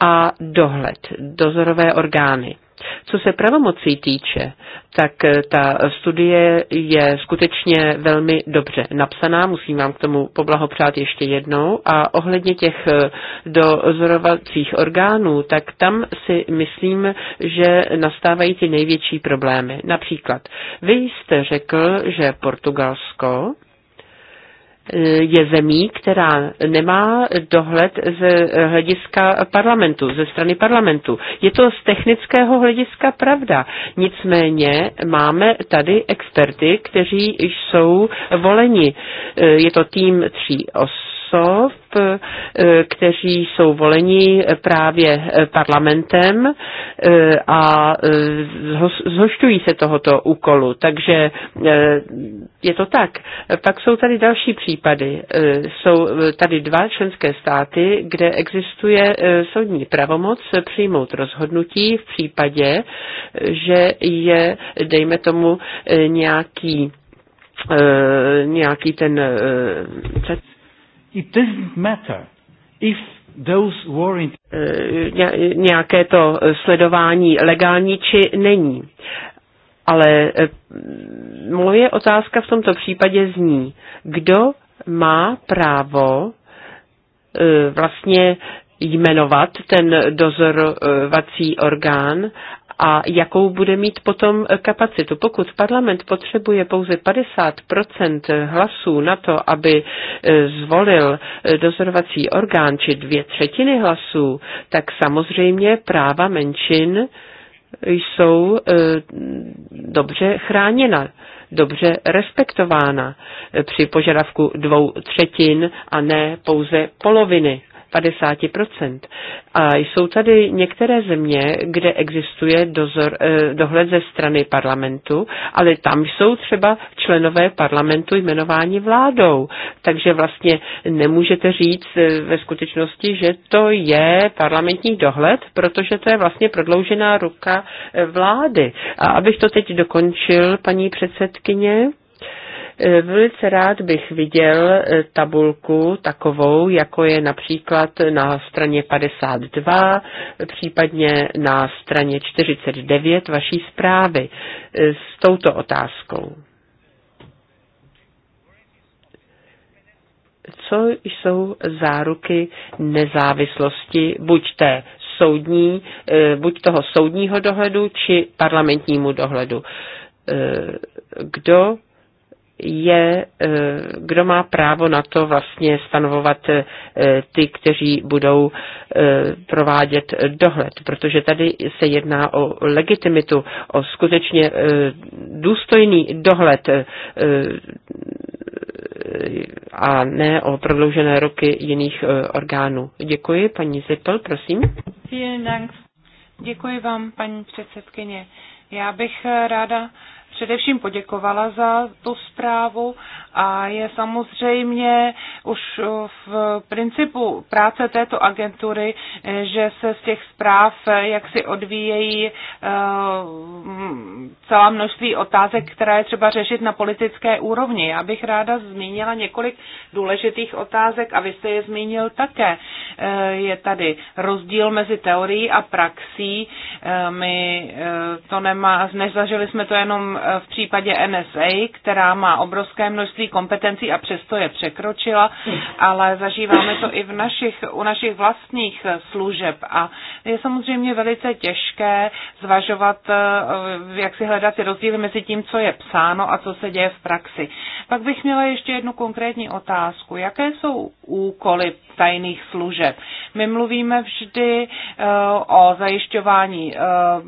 [SPEAKER 3] a dohled, dozorové orgány. Co se pravomocí týče, tak eh, ta studie je skutečně velmi dobře napsaná, musím vám k tomu poblahopřát ještě jednou. A ohledně těch eh, dozorovacích orgánů, tak tam si myslím, že nastávají ty největší problémy. Například, vy jste řekl, že Portugalsko je zemí, která nemá dohled z hlediska parlamentu, ze strany parlamentu. Je to z technického hlediska pravda. Nicméně máme tady experty, kteří jsou voleni. E, je to tým tří osob osob, eh, kteří jsou voleni právě eh, parlamentem eh, a zhošťují se tohoto úkolu. Takže je to tak. Pak jsou tady další případy. Jsou tady dva členské státy, kde existuje soudní pravomoc přijmout rozhodnutí v případě, že je, dejme tomu, nějaký nějaký ten It doesn't matter if those warrant... Eh, nějaké to sledování legální či není. Ale eh, moje otázka v tomto případě zní, kdo má právo eh, vlastně jmenovat ten dozorovací orgán a jakou bude mít potom kapacitu. Pokud parlament potřebuje pouze 50 hlasů na to, aby e, zvolil e, dozorovací orgán či dvě třetiny hlasů, tak samozřejmě práva menšin jsou e, dobře chráněna, dobře respektována při požadavku dvou třetin a ne pouze poloviny 50%. A jsou tady některé země, kde existuje dozor, eh, dohled ze strany parlamentu, ale tam jsou třeba členové parlamentu jmenováni vládou. Takže vlastně nemůžete říct eh, ve skutečnosti, že to je parlamentní dohled, protože to je vlastně prodloužená ruka eh, vlády. A abych to teď dokončil, paní předsedkyně, Eh, velice rád bych viděl eh, tabulku takovou, jako je například na straně 52, případně na straně 49 vaší zprávy eh, s touto otázkou. Co jsou záruky nezávislosti buď té soudní, buď toho soudního dohledu, či parlamentnímu dohledu? Kdo je, eh, kdo má právo na to vlastně stanovovat eh, ty, kteří budou eh, provádět dohled, protože tady se jedná o legitimitu, o skutečně důstojný dohled a ne o prodloužené roky jiných orgánů. Děkuji, paní Zipel, prosím.
[SPEAKER 2] Vielen Děkuji vám, paní předsedkyně. Já bych ráda především poděkovala za tu zprávu a je samozřejmě už v principu práce této agentury, že se z těch zpráv jak si odvíjejí eh, celá množství otázek, která je třeba řešit na politické úrovni. Já bych ráda zmínila několik důležitých otázek a vy jste je zmínil také. Eh, je tady rozdíl mezi teorií a praxí. Eh, my to nemá, nezažili jsme to jenom v případě NSA, která má obrovské množství kompetencí a přesto je překročila, ale zažíváme to i v našich, u našich vlastních služeb a je samozřejmě velice těžké zvažovat, eh, jak si hledat ty rozdíly mezi tím, co je psáno a co se děje v praxi. Pak bych měla ještě jednu konkrétní otázku. Jaké jsou úkoly tajných služeb? My mluvíme vždy eh, o zajišťování eh,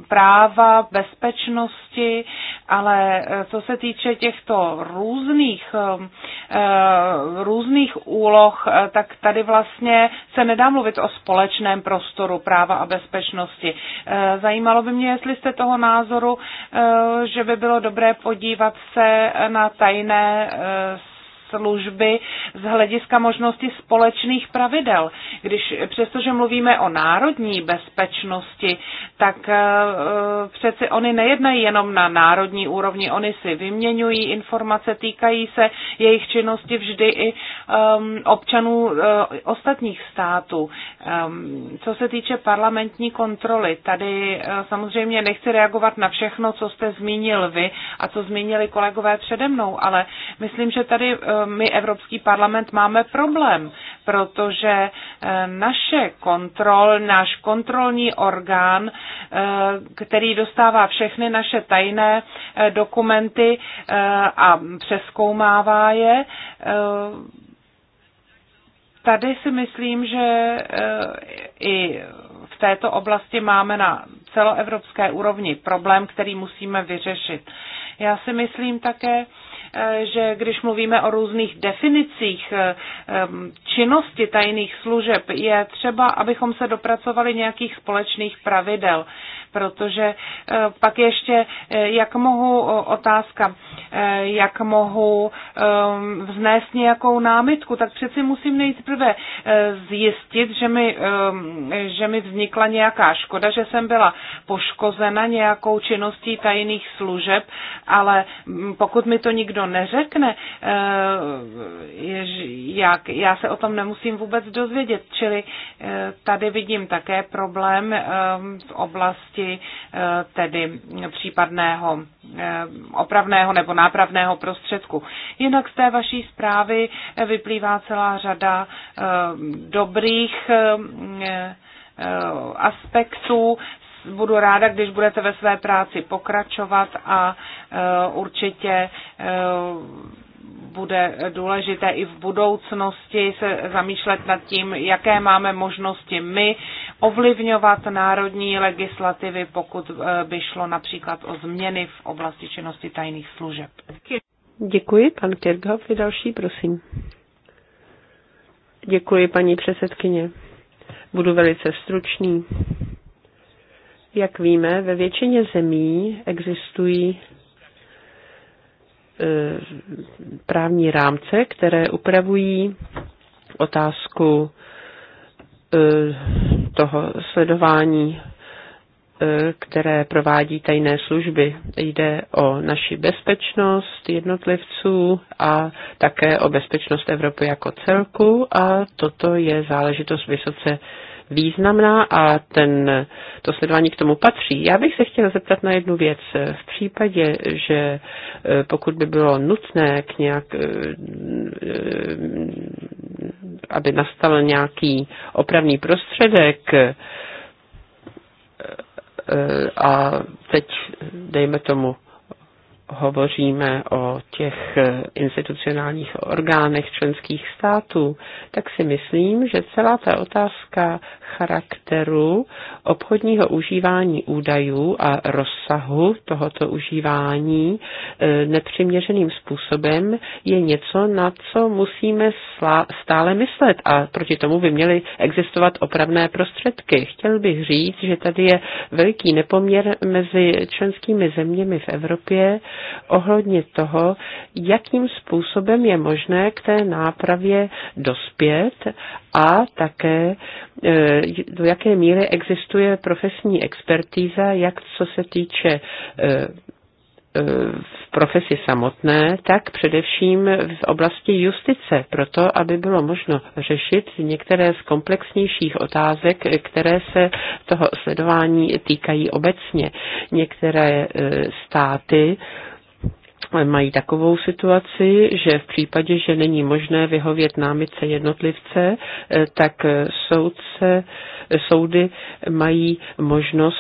[SPEAKER 2] práva, bezpečnosti, ale ale eh, co se týče těchto různých, eh, různých úloh, eh, tak tady vlastně se nedá mluvit o společném prostoru práva a bezpečnosti. Zajímalo by mě, jestli jste toho názoru, že by bylo dobré podívat se na tajné služby z hlediska možnosti společných pravidel. Když přestože mluvíme o národní bezpečnosti, tak eh, eh, přeci oni nejednají jenom na národní úrovni, oni si vyměňují informace, týkají se jejich činnosti vždy i e, občanů e, ostatních států. E, co se týče parlamentní kontroly, tady e, samozřejmě nechci reagovat na všechno, co jste zmínil vy a co zmínili kolegové přede mnou, ale myslím, že tady e, my, Evropský parlament, máme problém, protože eh, naše kontrol, náš kontrolní orgán, eh, který dostává všechny naše tajné eh, dokumenty a přeskoumává je, tady si myslím, že i v této oblasti máme na celoevropské úrovni problém, který musíme vyřešit. Já si myslím také, eh, že když mluvíme o různých definicích eh, eh, činnosti tajných služeb, je třeba, abychom se dopracovali nějakých společných pravidel protože eh, pak ještě, eh, jak mohu, otázka, eh, jak mohu vznést nějakou námitku, tak přeci musím nejprve zjistit, že mi, že mi vznikla nějaká škoda, že jsem byla poškozena nějakou činností tajných služeb, ale mm, pokud mi to nikdo neřekne, jak, já se o tom nemusím vůbec dozvědět. Čili tady vidím také problém v oblasti Eh, tedy případného eh, opravného nebo nápravného prostředku. Jinak z té vaší zprávy eh, vyplývá celá řada dobrých aspektů. Budu ráda, když budete ve své práci pokračovat a určitě bude důležité i v budoucnosti se zamýšlet nad tím, jaké máme možnosti my ovlivňovat národní legislativy, pokud eh, by šlo například o změny v oblasti činnosti tajných služeb.
[SPEAKER 3] Děkuji, pan Kirchhoff, vy další, prosím. Děkuji, paní předsedkyně. Budu velice stručný. Jak víme, ve většině zemí existují E, právní rámce, které upravují otázku e, toho sledování, e, které provádí tajné služby. Jde o naši bezpečnost jednotlivců a také o bezpečnost Evropy jako celku a toto je záležitost vysoce významná a ten, to sledování k tomu patří. Já bych se chtěla zeptat na jednu věc. V případě, že eh, pokud by bylo nutné k nějak, eh, eh, aby nastal nějaký opravný prostředek, a teď dejme tomu hovoříme o těch institucionálních orgánech členských států, tak si myslím, že celá ta otázka charakteru obchodního užívání údajů a rozsahu tohoto užívání e, nepřiměřeným způsobem je něco, na co musíme stále myslet a proti tomu by měly existovat opravné prostředky. Chtěl bych říct, že tady je veliký nepoměr mezi členskými zeměmi v Evropě, ohledně toho, jakým způsobem je možné k té nápravě dospět a také e, do jaké míry existuje profesní expertíza, jak co se týče e, v profesi samotné, tak především v oblasti justice, proto aby bylo možno řešit některé z komplexnějších otázek, které se toho sledování týkají obecně. Některé e, státy mají takovou situaci, že v případě, že není možné vyhovět námitce jednotlivce, eh, tak eh, soudce, eh, soudy mají možnost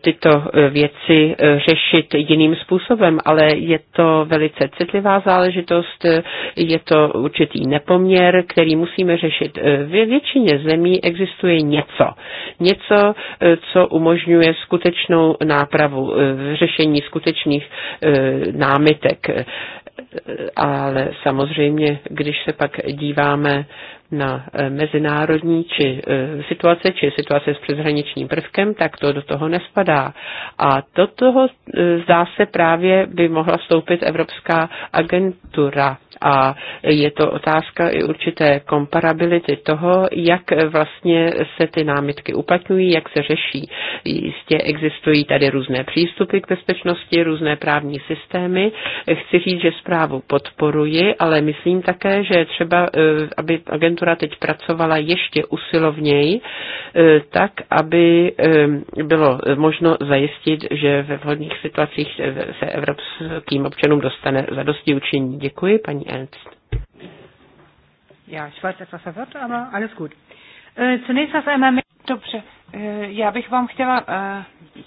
[SPEAKER 3] tyto věci řešit jiným způsobem, ale je to velice citlivá záležitost, je to určitý nepoměr, který musíme řešit. Ve většině zemí existuje něco. Něco, co umožňuje skutečnou nápravu, řešení skutečných námitek. Ale samozřejmě, když se pak díváme na e, mezinárodní či e, situace, či situace s přeshraničním prvkem, tak to do toho nespadá. A do toho e, zdá se právě by mohla vstoupit Evropská agentura a je to otázka i určité komparability toho, jak vlastně se ty námitky uplatňují, jak se řeší. Jistě existují tady různé přístupy k bezpečnosti, různé právní systémy. Chci říct, že zprávu podporuji, ale myslím také, že třeba, aby agentura agentura teď pracovala ještě usilovněji, e, tak, aby e, bylo možno zajistit, že ve vhodných situacích se evropským občanům dostane za dosti učení. Děkuji, paní Ernst.
[SPEAKER 2] Já, ich to etwas verwirrt, aber alles gut. E, zunächst auf einmal Dobře, já bych vám chtěla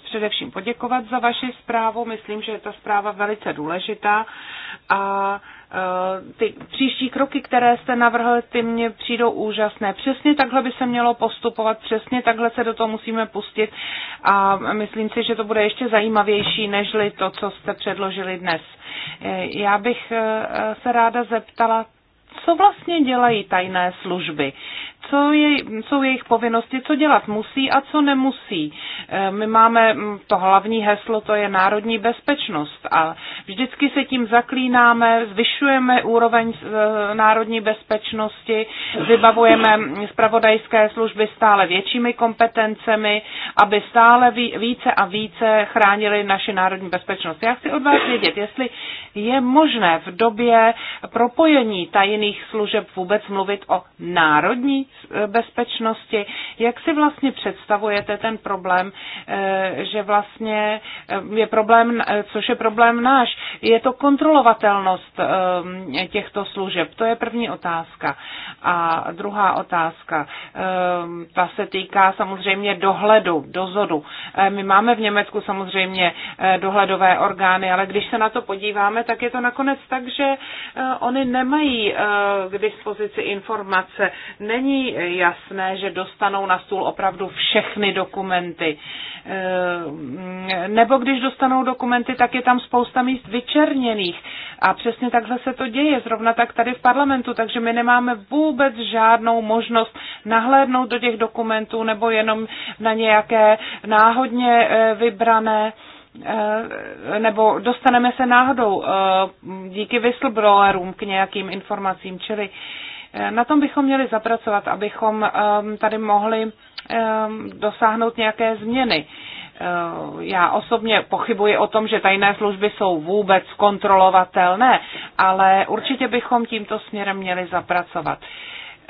[SPEAKER 2] především poděkovat za vaši zprávu. Myslím, že je ta zpráva velice důležitá a Eh, ty příští kroky, které jste navrhl, ty mně přijdou úžasné. Přesně takhle by se mělo postupovat, přesně takhle se do toho musíme pustit a myslím si, že to bude ještě zajímavější, nežli to, co jste předložili dnes. Eh, já bych eh, se ráda zeptala, co vlastně dělají tajné služby co je, jsou jejich povinnosti, co dělat musí a co nemusí. Eh, my máme mm, to hlavní heslo, to je národní bezpečnost a vždycky se tím zaklínáme, zvyšujeme úroveň eh, národní bezpečnosti, vybavujeme zpravodajské služby stále většími kompetencemi, aby stále více a více chránili naši národní bezpečnost. Já chci od vás vědět, jestli je možné v době propojení tajných služeb vůbec mluvit o národní bezpečnosti. Jak si vlastně představujete ten problém, eh, že vlastně eh, je problém, eh, což je problém náš, je to kontrolovatelnost těchto služeb? To je první otázka. A druhá otázka, ta se týká samozřejmě dohledu, dozoru. My máme v Německu samozřejmě dohledové orgány, ale když se na to podíváme, tak je to nakonec tak, že oni nemají k dispozici informace. Není jasné, že dostanou na stůl opravdu všechny dokumenty. Nebo když dostanou dokumenty, tak je tam spousta míst vyčerněných. A přesně takhle se to děje, zrovna tak tady v parlamentu, takže my nemáme vůbec žádnou možnost nahlédnout do těch dokumentů nebo jenom na nějaké náhodně eh, vybrané eh, nebo dostaneme se náhodou eh, díky whistleblowerům k nějakým informacím, čili na tom bychom měli zapracovat, abychom eh, tady mohli eh, dosáhnout nějaké změny. Eh, já osobně pochybuji o tom, že tajné služby jsou vůbec kontrolovatelné, ale určitě bychom tímto směrem měli zapracovat.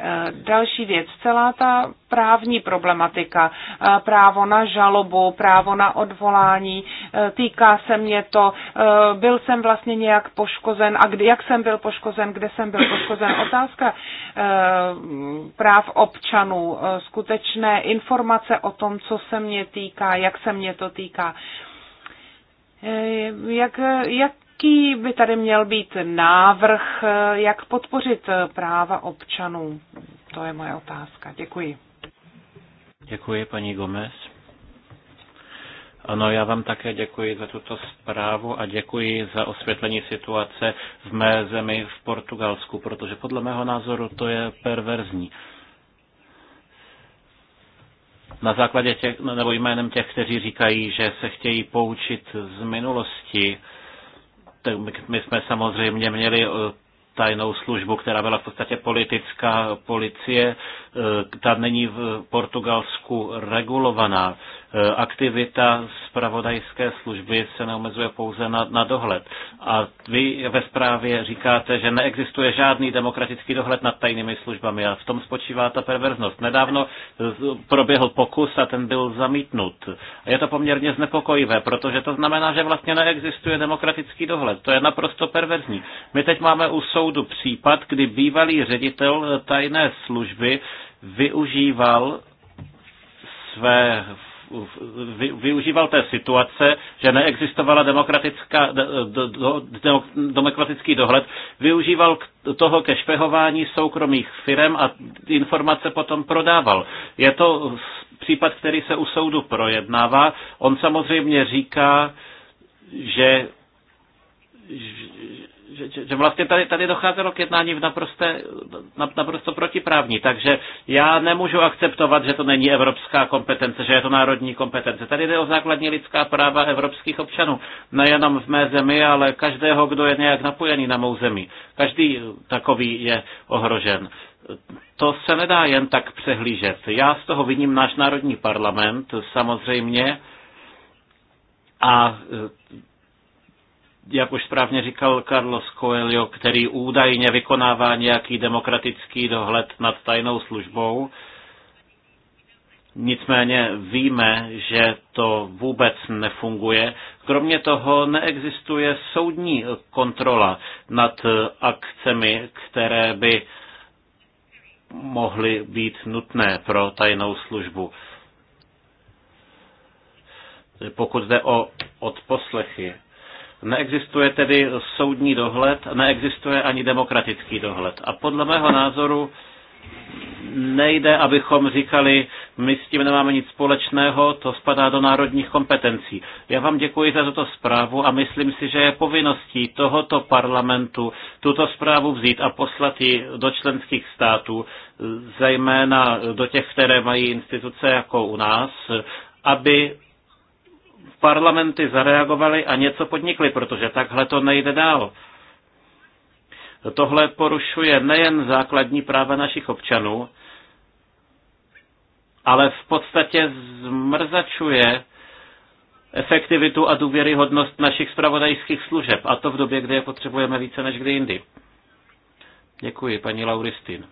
[SPEAKER 2] Eh, další věc, celá ta právní problematika, eh, právo na žalobu, právo na odvolání, eh, týká se mě to, byl jsem vlastně nějak poškozen a kdy, jak jsem byl poškozen, kde jsem byl poškozen. Otázka práv občanů, skutečné informace o tom, co se mě týká, jak se mě to týká. Jak, jak Jaký by tady měl být návrh, jak podpořit práva občanů? To je moje otázka. Děkuji.
[SPEAKER 4] Děkuji, paní Gomez. Ano, já vám také děkuji za tuto zprávu a děkuji za osvětlení situace v mé zemi v Portugalsku, protože podle mého názoru to je perverzní na základě těch, no, nebo jménem těch, kteří říkají, že se chtějí poučit z minulosti, my jsme samozřejmě měli eh, tajnou službu, která byla v podstatě politická policie, e, ta není v Portugalsku regulovaná. E, aktivita zpravodajské služby se neomezuje pouze na, na dohled. A vy ve zprávě říkáte, že neexistuje žádný demokratický dohled nad tajnými službami a v tom spočívá ta perverznost. Nedávno e, proběhl pokus a ten byl zamítnut. A je to poměrně znepokojivé, protože to znamená, že vlastně neexistuje demokratický dohled. To je naprosto perverzní. My teď máme u soudu soudu případ, kdy bývalý ředitel tajné služby využíval své vy, využíval té situace, že neexistovala demokratická, do, do, do, demokratický dohled, využíval k, toho ke špehování soukromých firm a informace potom prodával. Je to případ, který se u soudu projednává. On samozřejmě říká, že že, že, že vlastně tady, tady docházelo k jednání v naprosté, naprosto protiprávní. Takže já nemůžu akceptovat, že to není evropská kompetence, že je to národní kompetence. Tady jde o základní lidská práva evropských občanů. Nejenom v mé zemi, ale každého, kdo je nějak napojený na mou zemi. Každý takový je ohrožen. To se nedá jen tak přehlížet. Já z toho vidím náš národní parlament, samozřejmě. A jak už správně říkal Carlos Coelho, který údajně vykonává nějaký demokratický dohled nad tajnou službou. Nicméně víme, že to vůbec nefunguje. Kromě toho neexistuje soudní kontrola nad akcemi, které by mohly být nutné pro tajnou službu. Pokud jde o odposlechy, Neexistuje tedy soudní dohled, neexistuje ani demokratický dohled. A podle mého názoru nejde, abychom říkali, my s tím nemáme nic společného, to spadá do národních kompetencí. Já vám děkuji za tuto zprávu a myslím si, že je povinností tohoto parlamentu tuto zprávu vzít a poslat ji do členských států, zejména do těch, které mají instituce jako u nás, aby parlamenty zareagovaly a něco podnikly, protože takhle to nejde dál. Tohle porušuje nejen základní práva našich občanů, ale v podstatě zmrzačuje efektivitu a důvěryhodnost našich spravodajských služeb, a to v době, kdy je potřebujeme více než kdy jindy. Děkuji, paní Lauristin.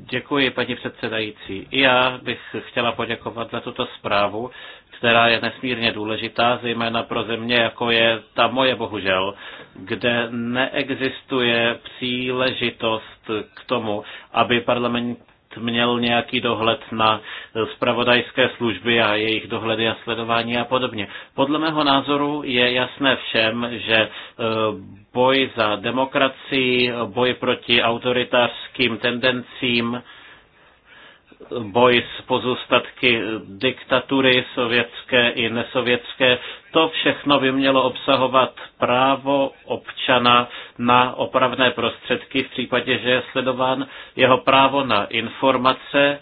[SPEAKER 4] Děkuji, paní předsedající. I já bych chtěla poděkovat za tuto zprávu, která je nesmírně důležitá, zejména pro země, jako je ta moje bohužel, kde neexistuje příležitost k tomu, aby parlament měl nějaký dohled na spravodajské služby a jejich dohledy a sledování a podobně. Podle mého názoru je jasné všem, že e, boj za demokracii, boj proti autoritářským tendencím, boj s pozůstatky diktatury sovětské i nesovětské. To všechno by mělo obsahovat právo občana na opravné prostředky v případě, že je sledován jeho právo na informace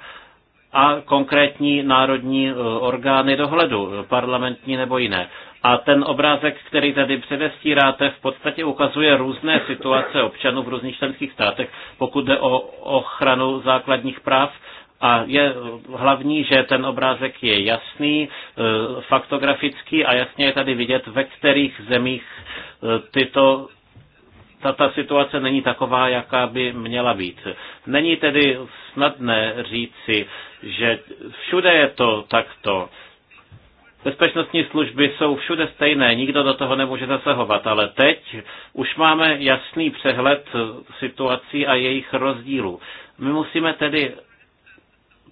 [SPEAKER 4] a konkrétní národní e, orgány dohledu, parlamentní nebo jiné. A ten obrázek, který tady předestíráte, v podstatě ukazuje různé situace občanů v různých členských státech, pokud jde o ochranu základních práv a je hlavní, že ten obrázek je jasný, e, faktografický a jasně je tady vidět, ve kterých zemích e, tyto ta, ta situace není taková, jaká by měla být. Není tedy snadné říci, že všude je to takto. Bezpečnostní služby jsou všude stejné, nikdo do toho nemůže zasahovat, ale teď už máme jasný přehled e, situací a jejich rozdílů. My musíme tedy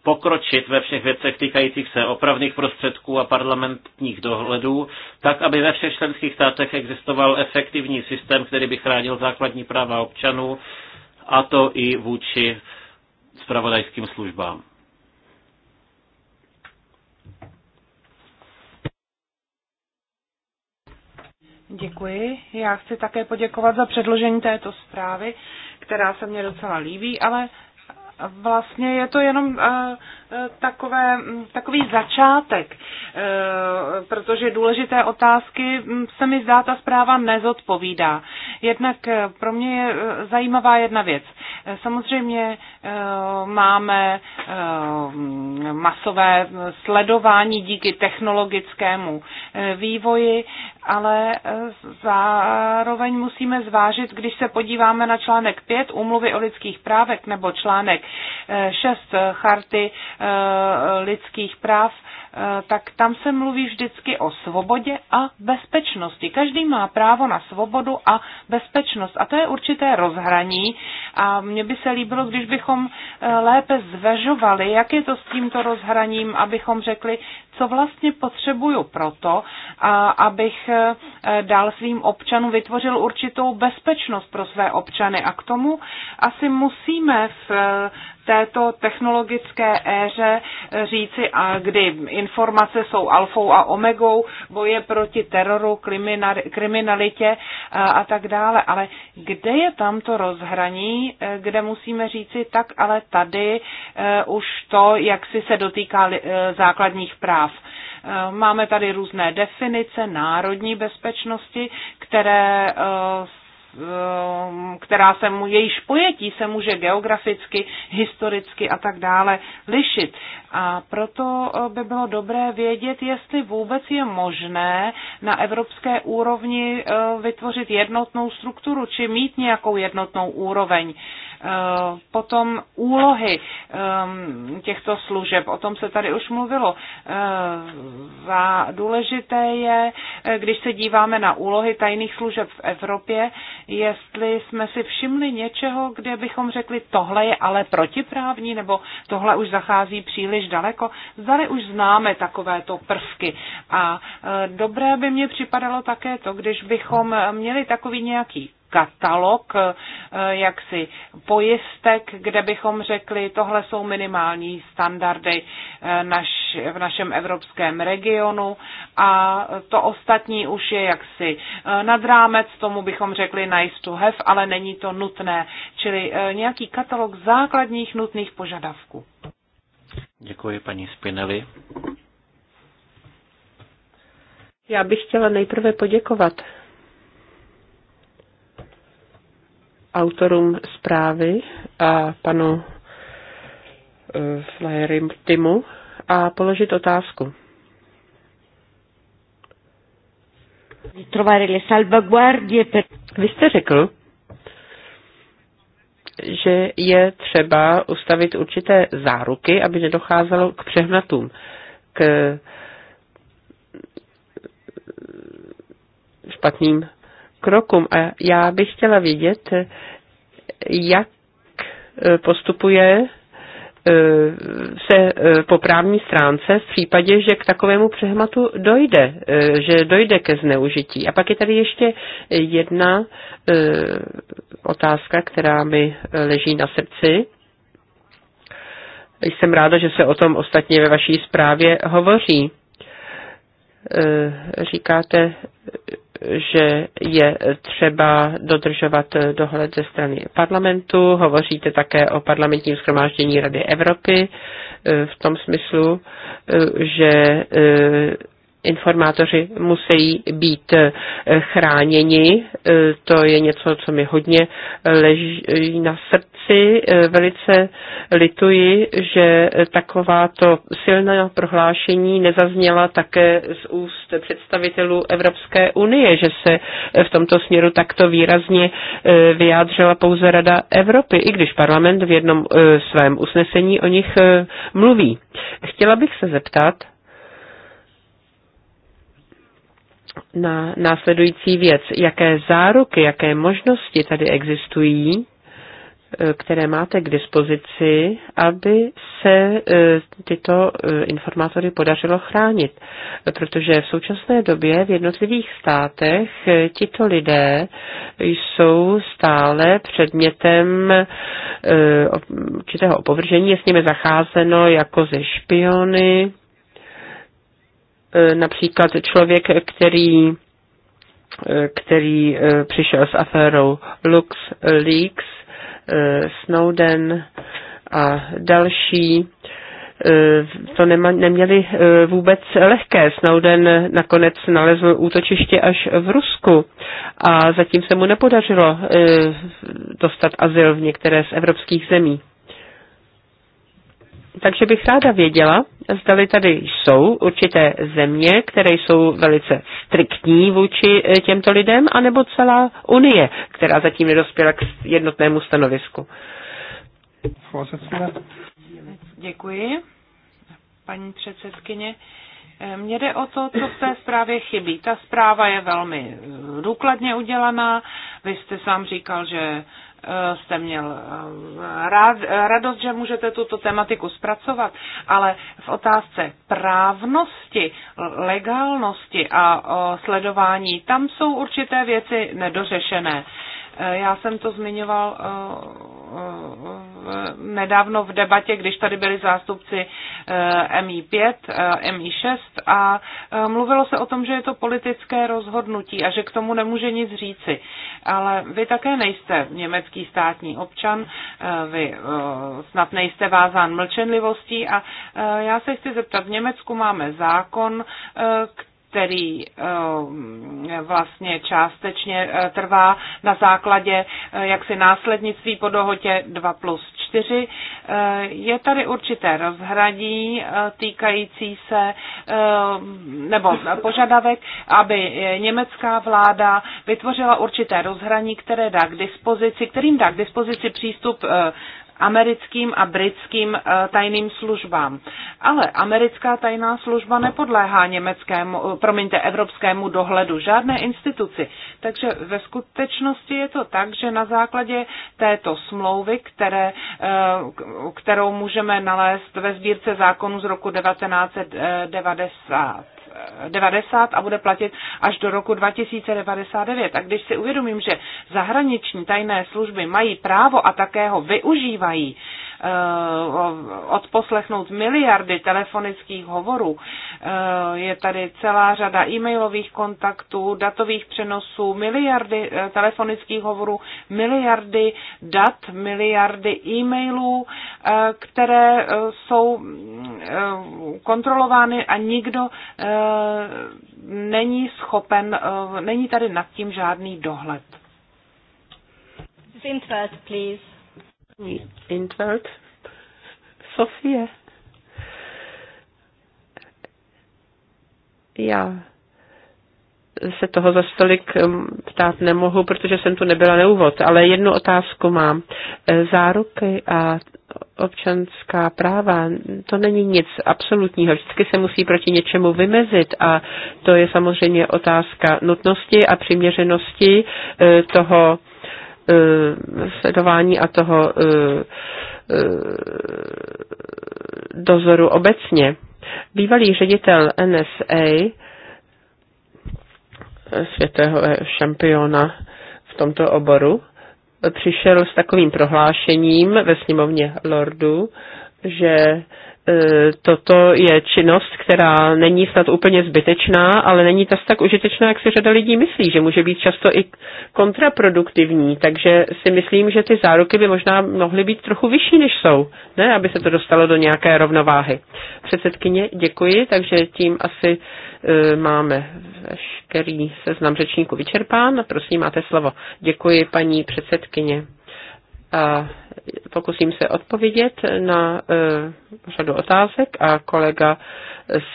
[SPEAKER 4] pokročit ve všech věcech týkajících se opravných prostředků a parlamentních dohledů, tak aby ve všech členských státech existoval efektivní systém, který by chránil základní práva občanů, a to i vůči spravodajským službám.
[SPEAKER 2] Děkuji. Já chci také poděkovat za předložení této zprávy, která se mně docela líbí, ale vlastně je to jenom eh, takové, mm, takový začátek, eh, protože důležité otázky mm, se mi zdá ta zpráva nezodpovídá. Jednak eh, pro mě je zajímavá jedna věc. Samozřejmě máme mm, masové sledování díky technologickému vývoji ale e, zároveň musíme zvážit, když se podíváme na článek 5 úmluvy o lidských právech nebo článek 6 e, charty e, lidských práv, Eh, tak tam se mluví vždycky o svobodě a bezpečnosti. Každý má právo na svobodu a bezpečnost a to je určité rozhraní a mně by se líbilo, když bychom eh, lépe zvažovali, jak je to s tímto rozhraním, abychom řekli, co vlastně potřebuju proto, a abych eh, dal svým občanům vytvořil určitou bezpečnost pro své občany a k tomu asi musíme v této technologické éře eh, říci, a kdy informace jsou alfou a omegou boje proti teroru, kriminalitě eh, a tak dále. Ale kde je tam to rozhraní, eh, kde musíme říci, tak ale tady už to, jak si se dotýká základních práv. Máme tady různé definice národní bezpečnosti, které Ehm, která se mu, jejíž pojetí se může geograficky, historicky a tak dále lišit. A proto eh, by bylo dobré vědět, jestli vůbec je možné na evropské úrovni eh, vytvořit jednotnou strukturu, či mít nějakou jednotnou úroveň. Eh, potom úlohy těchto služeb, o tom se tady už mluvilo. Eh, a důležité je, eh, když se díváme na úlohy tajných služeb v Evropě, jestli jsme si všimli něčeho, kde bychom řekli, tohle je ale protiprávní, nebo tohle už zachází příliš daleko. Zdali už známe takovéto prvky. A dobré by mě připadalo také to, když bychom měli takový nějaký katalog eh, jaksi pojistek, kde bychom řekli, tohle jsou minimální standardy eh, naš, v našem evropském regionu a to ostatní už je jaksi eh, nad rámec, tomu bychom řekli nice to have, ale není to nutné, čili nějaký katalog základních nutných požadavků.
[SPEAKER 4] Děkuji paní Spinelli.
[SPEAKER 2] Já bych chtěla nejprve poděkovat
[SPEAKER 3] autorům zprávy a panu eh, Flajery Timu a položit otázku. Vy jste řekl, že je třeba ustavit určité záruky, aby nedocházelo k přehnatům, k špatným krokům. A já bych chtěla vědět, jak postupuje eh, se eh, po právní stránce v případě, že k takovému přehmatu dojde, eh, že dojde ke zneužití. A pak je tady ještě jedna otázka, která mi leží na srdci. Jsem ráda, že se o tom ostatně ve vaší zprávě hovoří. Říkáte, že je třeba dodržovat dohled ze strany parlamentu. Hovoříte také o parlamentním schromáždění Rady Evropy eh, v tom smyslu, eh, že eh, informátoři musí být eh, chráněni. Eh, to je něco, co mi hodně eh, leží na srdci. Velice lituji, že takováto silná prohlášení nezazněla také z úst představitelů Evropské unie, že se v tomto směru takto výrazně vyjádřila pouze Rada Evropy, i když parlament v jednom svém usnesení o nich mluví. Chtěla bych se zeptat, na následující věc. Jaké záruky, jaké možnosti tady existují, e, které máte k dispozici, aby se e, tyto e, informátory podařilo chránit. Protože v současné době v jednotlivých státech tito lidé jsou stále předmětem určitého opovržení, je s nimi zacházeno jako ze špiony, E, například člověk, který e, který e, přišel s aférou LuxLeaks, Snowden a další, to nema, neměli vůbec lehké. Snowden nakonec nalezl útočiště až v Rusku a zatím se mu nepodařilo dostat azyl v některé z evropských zemí. Takže bych ráda věděla, zda tady jsou určité země, které jsou velice striktní vůči eh, těmto lidem, anebo celá Unie, která zatím nedospěla k jednotnému stanovisku.
[SPEAKER 2] Děkuji, paní předsedkyně. Eh, mně jde o to, co v té zprávě chybí. Ta zpráva je velmi eh, důkladně udělaná. Vy jste sám říkal, že Eh, jste měl eh, rád, eh, radost, že můžete tuto tematiku zpracovat, ale v otázce právnosti, legálnosti a sledování, tam jsou určité věci nedořešené. Eh, já jsem to zmiňoval eh, eh, nedávno v debatě, když tady byli zástupci MI5, MI6 a mluvilo se o tom, že je to politické rozhodnutí a že k tomu nemůže nic říci. Ale vy také nejste německý státní občan, vy snad nejste vázán mlčenlivostí a já se chci zeptat, v Německu máme zákon, který který eh, vlastně částečně eh, trvá na základě eh, jaksi následnictví po dohodě 2 plus 4. Je tady určité rozhradí týkající se nebo požadavek, aby německá vláda vytvořila určité rozhraní, které dá k dispozici, kterým dá k dispozici přístup americkým a britským eh, tajným službám. Ale americká tajná služba nepodléhá německému, eh, promiňte, evropskému dohledu, žádné instituci. Takže ve skutečnosti je to tak, že na základě této smlouvy, které, eh, kterou můžeme nalézt ve sbírce zákonu z roku 1990, 90 a bude platit až do roku 2099. A když si uvědomím, že zahraniční tajné služby mají právo a také ho využívají, Eh, odposlechnout miliardy telefonických hovorů. Eh, je tady celá řada e-mailových kontaktů, datových přenosů, miliardy eh, telefonických hovorů, miliardy dat, miliardy e-mailů, které jsou kontrolovány a nikdo není schopen, není tady nad tím žádný dohled. Sintfeld, please.
[SPEAKER 3] Intveld. Sofie. Já se toho za stolik um, ptát nemohu, protože jsem tu nebyla na úvod, ale jednu otázku mám. E, záruky a občanská práva, to není nic absolutního. Vždycky se musí proti něčemu vymezit a to je samozřejmě otázka nutnosti a přiměřenosti e, toho Eh, sledování a toho eh, eh, dozoru obecně. Bývalý ředitel NSA, světového šampiona v tomto oboru, přišel s takovým prohlášením ve sněmovně Lordu, že E, toto je činnost, která není snad úplně zbytečná, ale není tas tak užitečná, jak si řada lidí myslí, že může být často i kontraproduktivní, takže si myslím, že ty záruky by možná mohly být trochu vyšší, než jsou, ne, aby se to dostalo do nějaké rovnováhy. Předsedkyně, děkuji, takže tím asi uh, máme veškerý seznam řečníku vyčerpán. Prosím, máte slovo. Děkuji, paní předsedkyně a pokusím se odpovědět na e, řadu otázek a kolega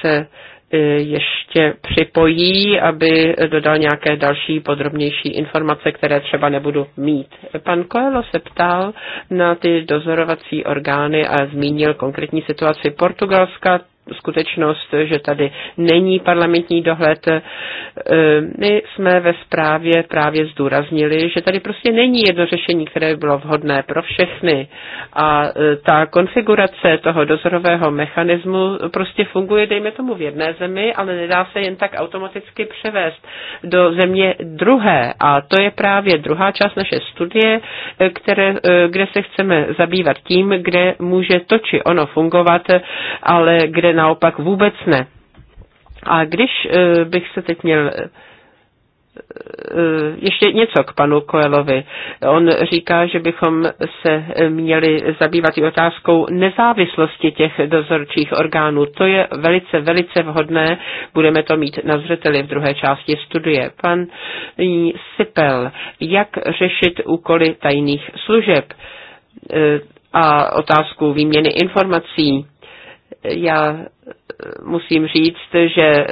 [SPEAKER 3] se e, ještě připojí, aby dodal nějaké další podrobnější informace, které třeba nebudu mít. Pan Coelho se ptal na ty dozorovací orgány a zmínil konkrétní situaci Portugalska skutečnost, že tady není parlamentní dohled. E, my jsme ve zprávě právě zdůraznili, že tady prostě není jedno řešení, které by bylo vhodné pro všechny. A e, ta konfigurace toho dozorového mechanismu prostě funguje, dejme tomu, v jedné zemi, ale nedá se jen tak automaticky převést do země druhé. A to je právě druhá část naše studie, e, které, kde se chceme zabývat tím, kde může to či ono fungovat, ale kde naopak vůbec ne. A když eh, bych se teď měl eh, eh, ještě něco k panu Koelovi. On říká, že bychom se měli zabývat i otázkou nezávislosti těch dozorčích orgánů. To je velice, velice vhodné. Budeme to mít na zřeteli v druhé části studie. Pan Sipel, jak řešit úkoly tajných služeb a otázku výměny informací? já eh, musím říct, že eh,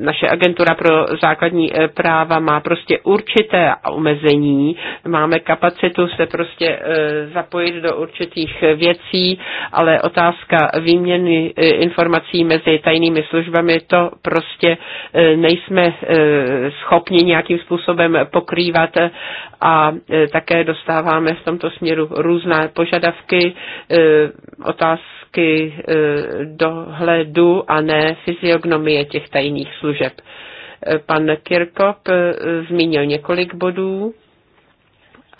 [SPEAKER 3] naše agentura pro základní eh, práva má prostě určité omezení, máme kapacitu se prostě zapojit do určitých věcí, ale otázka výměny informací mezi tajnými službami, to prostě nejsme schopni nějakým způsobem pokrývat a také dostáváme v tomto směru různé požadavky, Otázka prvky eh, dohledu a ne fyziognomie těch tajných služeb. Eh, pan Kirkop eh, zmínil několik bodů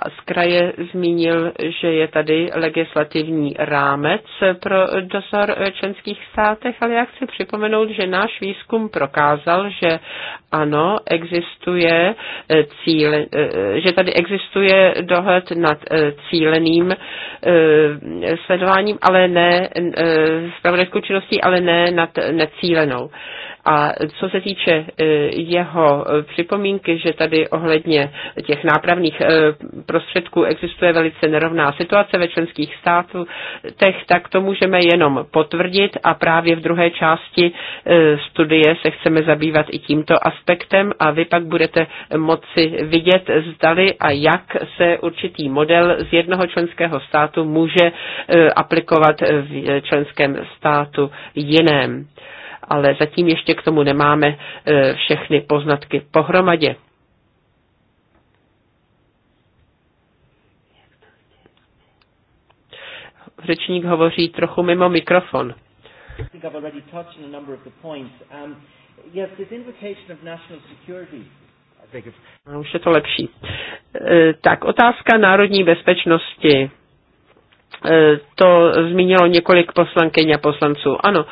[SPEAKER 3] z kraje zmínil, že je tady legislativní rámec pro dozor členských státech, ale já chci připomenout, že náš výzkum prokázal, že ano, existuje eh, cíl, eh, že tady existuje dohled nad eh, cíleným sledováním, ale ne spravodajskou činností, ale ne nad necílenou. A co se týče e, jeho připomínky, že tady ohledně těch nápravných e, prostředků existuje velice nerovná situace ve členských státech, tak to můžeme jenom potvrdit a právě v druhé části e, studie se chceme zabývat i tímto aspektem a vy pak budete moci vidět, zdali a jak se určitý model z jednoho členského státu může aplikovat v členském státu jiném ale zatím ještě k tomu nemáme e, všechny poznatky pohromadě. Řečník hovoří trochu mimo mikrofon. Um, no, už je to lepší. E, tak, otázka národní bezpečnosti. Eh, to zmínilo několik poslankyň a poslanců. Ano,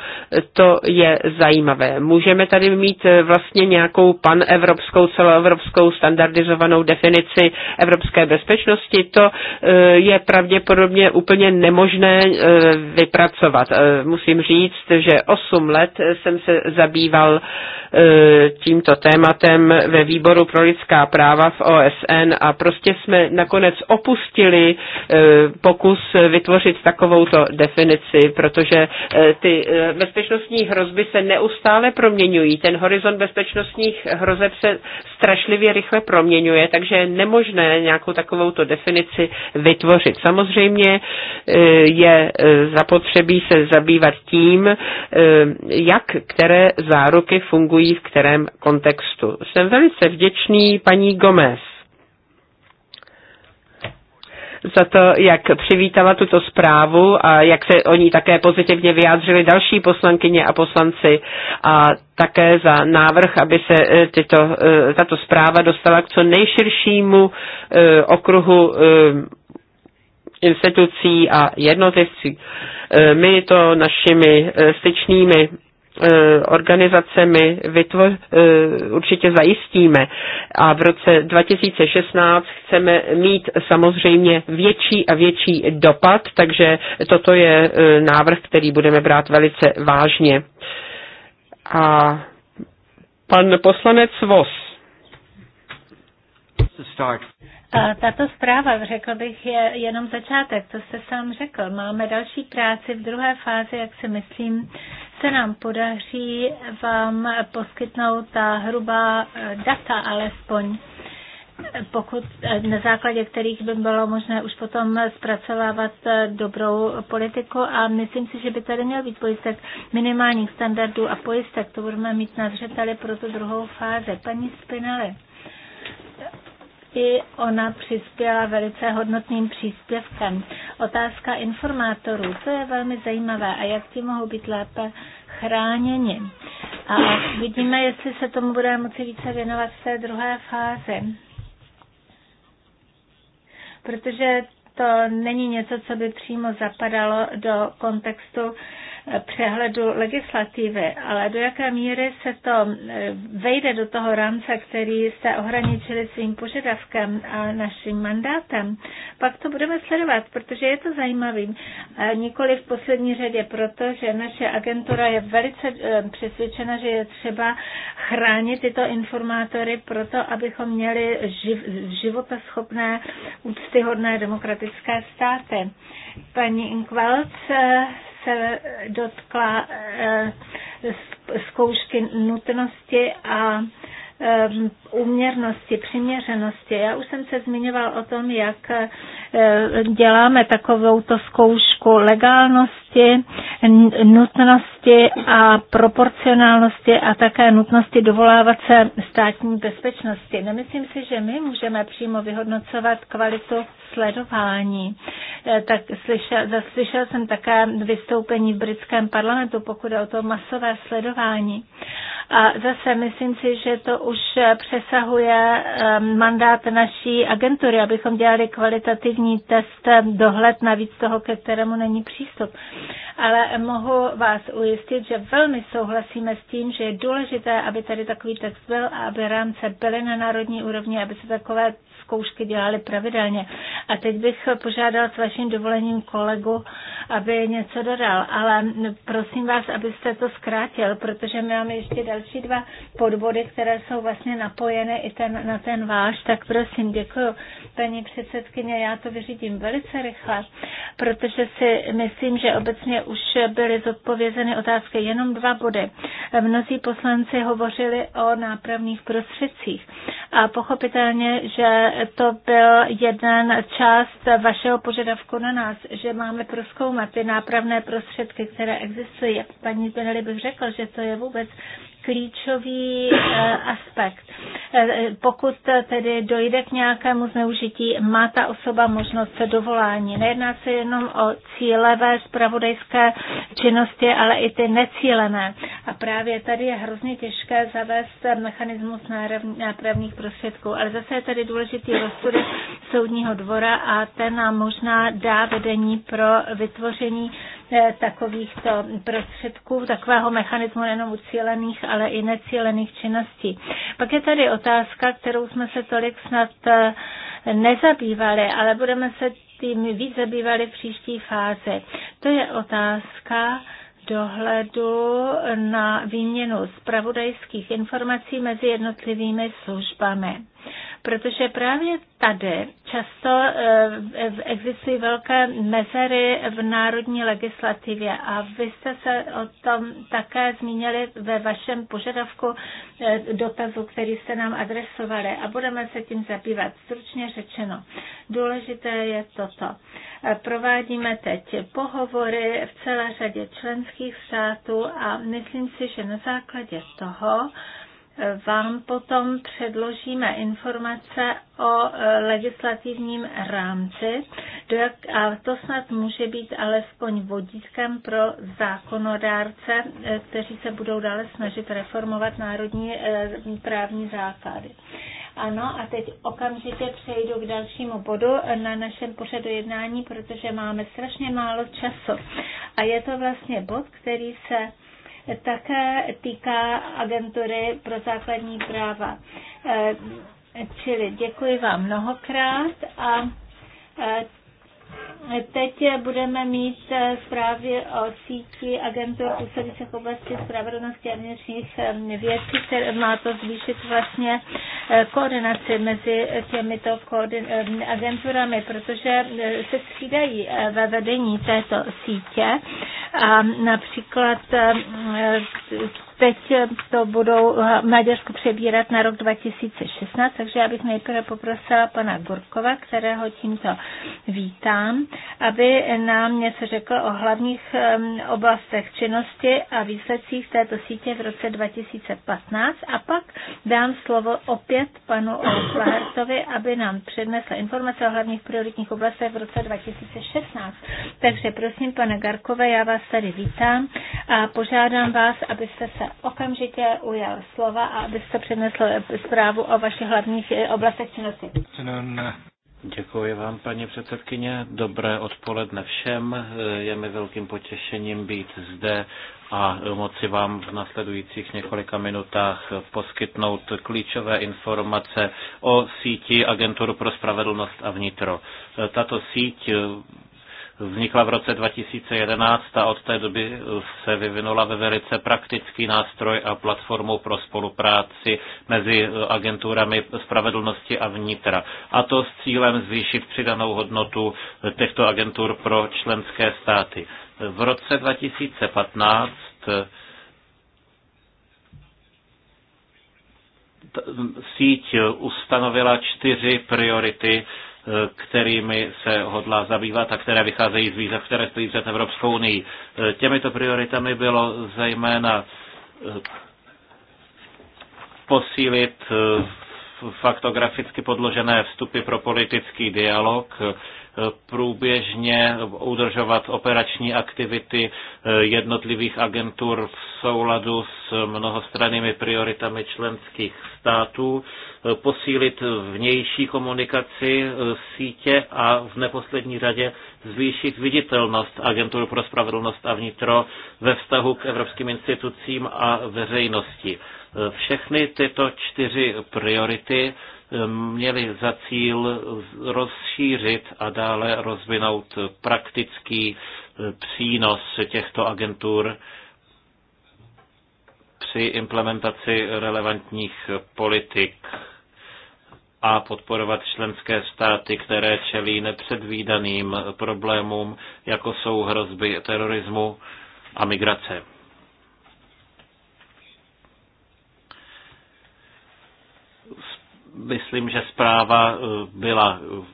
[SPEAKER 3] to je zajímavé. Můžeme tady mít eh, vlastně nějakou panevropskou, celoevropskou standardizovanou definici evropské bezpečnosti. To eh, je pravděpodobně úplně nemožné vypracovat. Musím říct, že 8 let jsem se zabýval tímto tématem ve výboru pro lidská práva v OSN a prostě jsme nakonec opustili pokus vytvořit takovouto definici, protože e, ty e, bezpečnostní hrozby se neustále proměňují. Ten horizont bezpečnostních hrozeb se strašlivě rychle proměňuje, takže je nemožné nějakou takovouto definici vytvořit. Samozřejmě e, je zapotřebí se zabývat tím, jak které záruky fungují v kterém kontextu. Jsem velice vděčný paní Gomez za to, jak přivítala tuto zprávu a jak se o ní také pozitivně vyjádřili další poslankyně a poslanci a také za návrh, aby se e, tyto, e, tato zpráva dostala k co nejširšímu e, okruhu institucí a jednotlivců. My to našimi styčnými Eh, organizacemi vytvoř, eh, určitě zajistíme. A v roce 2016 chceme mít samozřejmě větší a větší dopad, takže toto je eh, návrh, který budeme brát velice vážně. A pan poslanec Vos.
[SPEAKER 1] Tato zpráva, řekl bych, je jenom začátek, to jste sám řekl. Máme další práci v druhé fázi, jak si myslím, se nám podaří vám poskytnout ta hrubá eh, data alespoň eh, pokud, eh, na základě kterých by bylo možné už potom zpracovávat dobrou politiku a myslím si, že by tady měl být pojistek minimálních standardů a pojistek. To budeme mít na zřeteli pro tu druhou fázi. Paní Spinelli, i ona přispěla velice hodnotným příspěvkem. Otázka informátorů, to je velmi zajímavé a jak ti mohou být lépe chráněni. A vidíme, jestli se tomu bude moci více věnovat v té druhé fázi. Protože to není něco, co by přímo zapadalo do kontextu přehledu legislativy, ale do jaké míry se to eh, vejde do toho rámce, který jste ohraničili svým požadavkem a naším mandátem, pak to budeme sledovat, protože je to zajímavý. Nikoli v poslední řadě protože naše agentura je velice eh, přesvědčena, že je třeba chránit tyto informátory proto, abychom měli živ, životaschopné, úctyhodné demokratické státy. Paní Inkvalc eh, se dotkla eh, zkoušky nutnosti a eh, uměrnosti, přiměřenosti. Já už jsem se zmiňoval o tom, jak eh, děláme takovou to zkoušku legálnosti nutnosti, nutnosti a proporcionálnosti a také nutnosti dovolávat se státní bezpečnosti. Nemyslím si, že my můžeme přímo vyhodnocovat kvalitu sledování. E, tak slyšel, zaslyšel jsem také vystoupení v britském parlamentu, pokud je o to masové sledování. A zase myslím si, že to už přesahuje mandát naší agentury, abychom dělali kvalitativní test dohled, navíc toho, ke kterému není přístup ale mohu vás ujistit, že velmi souhlasíme s tím, že je důležité, aby tady takový text byl a aby rámce byly na národní úrovni, aby se takové zkoušky dělali pravidelně. A teď bych požádal s vaším dovolením kolegu, aby něco dodal. Ale prosím vás, abyste to zkrátil, protože my máme ještě další dva podvody, které jsou vlastně napojené i ten, na ten váš. Tak prosím, děkuji, paní předsedkyně. Já to vyřídím velice rychle, protože si myslím, že obecně už byly zodpovězeny otázky jenom dva body. Mnozí poslanci hovořili o nápravných prostředcích. A pochopitelně, že to byl jeden část vašeho požadavku na nás, že máme proskoumat ty nápravné prostředky, které existují. Paní Benely bych řekl, že to je vůbec klíčový eh, aspekt. Eh, eh, pokud tedy dojde k nějakému zneužití, má ta osoba možnost se dovolání. Nejedná se jenom o cílevé spravodajské činnosti, ale i ty necílené. A právě tady je hrozně těžké zavést mechanismus nápravných prostředků. Ale zase je tady důležitý rozsudek soudního dvora a ten nám možná dá vedení pro vytvoření Eh, takovýchto prostředků, takového mechanismu nejenom ucílených, ale i necílených činností. Pak je tady otázka, kterou jsme se tolik snad eh, nezabývali, ale budeme se tím víc zabývali v příští fázi. To je otázka, dohledu na výměnu zpravodajských informací mezi jednotlivými službami protože právě tady často eh, existují velké mezery v národní legislativě a vy jste se o tom také zmínili ve vašem požadavku eh, dotazu, který jste nám adresovali a budeme se tím zabývat. Stručně řečeno, důležité je toto. Eh, provádíme teď pohovory v celé řadě členských států a myslím si, že na základě toho, vám potom předložíme informace o e, legislativním rámci, a to snad může být alespoň vodítkem pro zákonodárce, e, kteří se budou dále snažit reformovat národní e, právní základy. Ano, a teď okamžitě přejdu k dalšímu bodu na našem pořadu jednání, protože máme strašně málo času. A je to vlastně bod, který se také týká agentury pro základní práva. Eh, čili děkuji vám mnohokrát a eh, Teď budeme mít eh, zprávy o síti agentů působících v oblasti spravedlnosti a vnitřních eh, věcí, které má to zvýšit vlastně eh, koordinaci mezi těmito agenturami, protože se střídají ve vedení této sítě. A například teď to budou Maďarsko přebírat na rok 2016, takže já bych nejprve poprosila pana Gurkova, kterého tímto vítám, aby nám něco řekl o hlavních oblastech činnosti a výsledcích této sítě v roce 2015 a pak dám slovo opět panu Oslahertovi, aby nám přednesl informace o hlavních prioritních oblastech v roce 2016. Takže prosím, pane Garkové, já vás tady vítám a požádám vás, abyste se okamžitě ujal slova a abyste přednesl zprávu o vašich hlavních eh, oblastech činnosti.
[SPEAKER 4] Eh, Děkuji vám, paní předsedkyně. Dobré odpoledne všem. Je mi velkým potěšením být zde a moci vám v nasledujících několika minutách poskytnout klíčové informace o síti Agentur pro spravedlnost a vnitro. Tato síť vznikla v roce 2011 a od té doby se vyvinula ve velice praktický nástroj a platformu pro spolupráci mezi agenturami spravedlnosti a vnitra. A to s cílem zvýšit přidanou hodnotu těchto agentur pro členské státy. V roce 2015 síť ustanovila čtyři priority kterými se hodlá zabývat a které vycházejí z výzev, které stojí před Evropskou unii. Těmito prioritami bylo zejména eh, posílit eh, faktograficky podložené vstupy pro politický dialog, průběžně udržovat operační aktivity eh, jednotlivých agentur v souladu s mnohostrannými prioritami členských států, eh, posílit vnější komunikaci eh, sítě a v neposlední řadě zvýšit viditelnost agentur pro spravedlnost a vnitro ve vztahu k evropským institucím a veřejnosti. Všechny tyto čtyři priority Ehm, měli za cíl rozšířit a dále rozvinout praktický eh, přínos těchto agentur při implementaci relevantních politik a podporovat členské státy, které čelí nepředvídaným problémům, jako jsou hrozby terorismu a migrace. Myslím, že zpráva eh, byla eh,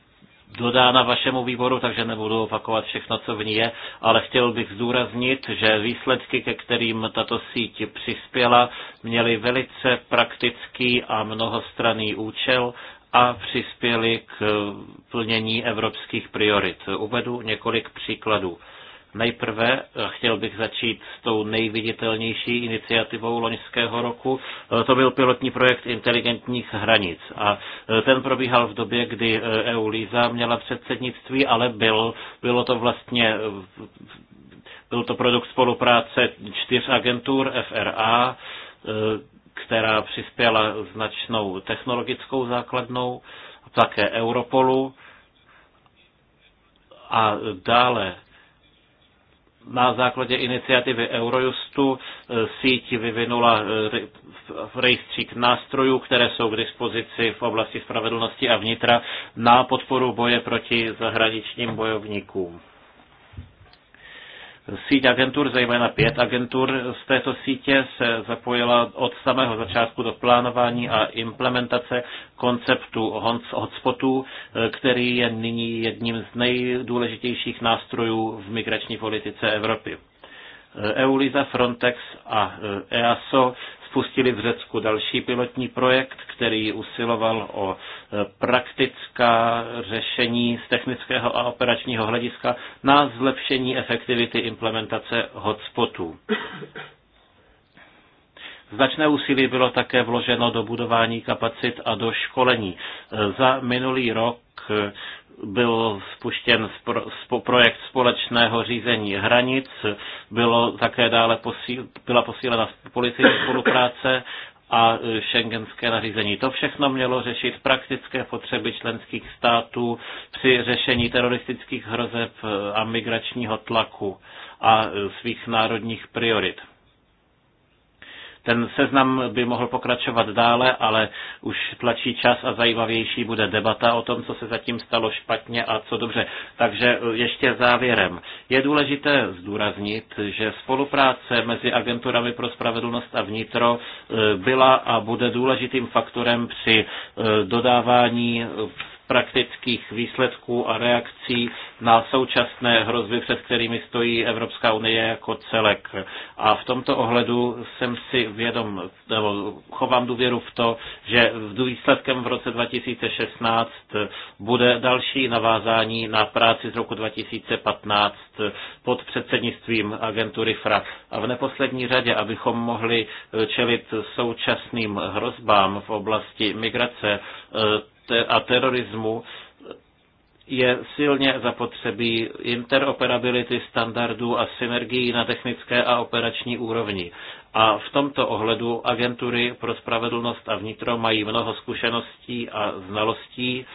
[SPEAKER 4] dodána vašemu výboru, takže nebudu opakovat všechno, co v ní je, ale chtěl bych zdůraznit, že výsledky, ke kterým tato síť přispěla, měly velice praktický a mnohostranný účel a přispěly k eh, plnění evropských priorit. Uvedu několik příkladů. Nejprve eh, chtěl bych začít s tou nejviditelnější iniciativou loňského roku. Eh, to byl pilotní projekt inteligentních hranic a eh, ten probíhal v době, kdy EU e Líza měla předsednictví, ale byl, bylo to vlastně byl to produkt spolupráce čtyř agentur FRA, která přispěla značnou technologickou základnou, také Europolu a dále na základě iniciativy Eurojustu e, síť vyvinula e, rejstřík nástrojů, které jsou k dispozici v oblasti spravedlnosti a vnitra na podporu boje proti zahraničním bojovníkům. Síť agentur, zejména pět agentur z této sítě, se zapojila od samého začátku do plánování a implementace konceptu hotspotů, eh, který je nyní jedním z nejdůležitějších nástrojů v migrační politice Evropy. Eh, EULISA, Frontex a eh, EASO spustili v Řecku další pilotní projekt, který usiloval o e, praktická řešení z technického a operačního hlediska na zlepšení efektivity implementace hotspotů. Značné úsilí bylo také vloženo do budování kapacit a do školení. E, za minulý rok byl spuštěn projekt společného řízení hranic, bylo také dále posíl, byla posílena policijní spolupráce a e, šengenské nařízení. To všechno mělo řešit praktické potřeby členských států při řešení teroristických hrozeb e, a migračního tlaku a e, svých národních priorit. Ten seznam by mohl pokračovat dále, ale už tlačí čas a zajímavější bude debata o tom, co se zatím stalo špatně a co dobře. Takže eh, ještě závěrem. Je důležité zdůraznit, že spolupráce mezi agenturami pro spravedlnost a vnitro eh, byla a bude důležitým faktorem při eh, dodávání praktických výsledků a reakcí na současné hrozby, před kterými stojí Evropská unie jako celek. A v tomto ohledu jsem si vědom, nebo chovám důvěru v to, že v výsledkem v roce 2016 bude další navázání na práci z roku 2015 pod předsednictvím agentury FRA. A v neposlední řadě, abychom mohli čelit současným hrozbám v oblasti migrace, a terorismu je silně zapotřebí interoperability standardů a synergií na technické a operační úrovni. A v tomto ohledu agentury pro spravedlnost a vnitro mají mnoho zkušeností a znalostí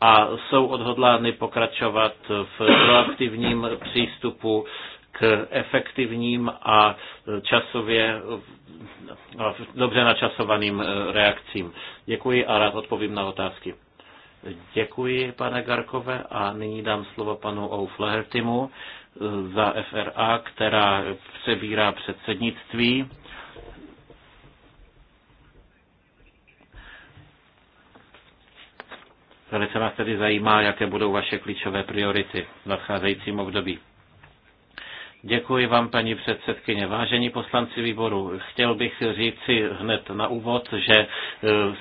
[SPEAKER 4] a jsou odhodlány pokračovat v proaktivním přístupu k efektivním a časově No, dobře načasovaným eh, reakcím. Děkuji a rád odpovím na otázky. Děkuji, pane Garkové, a nyní dám slovo panu O'Flahertymu eh, za FRA, která přebírá předsednictví. Velice nás tedy zajímá, jaké budou vaše klíčové priority v nadcházejícím období. Děkuji vám, paní předsedkyně. Vážení poslanci výboru, chtěl bych říci hned na úvod, že e,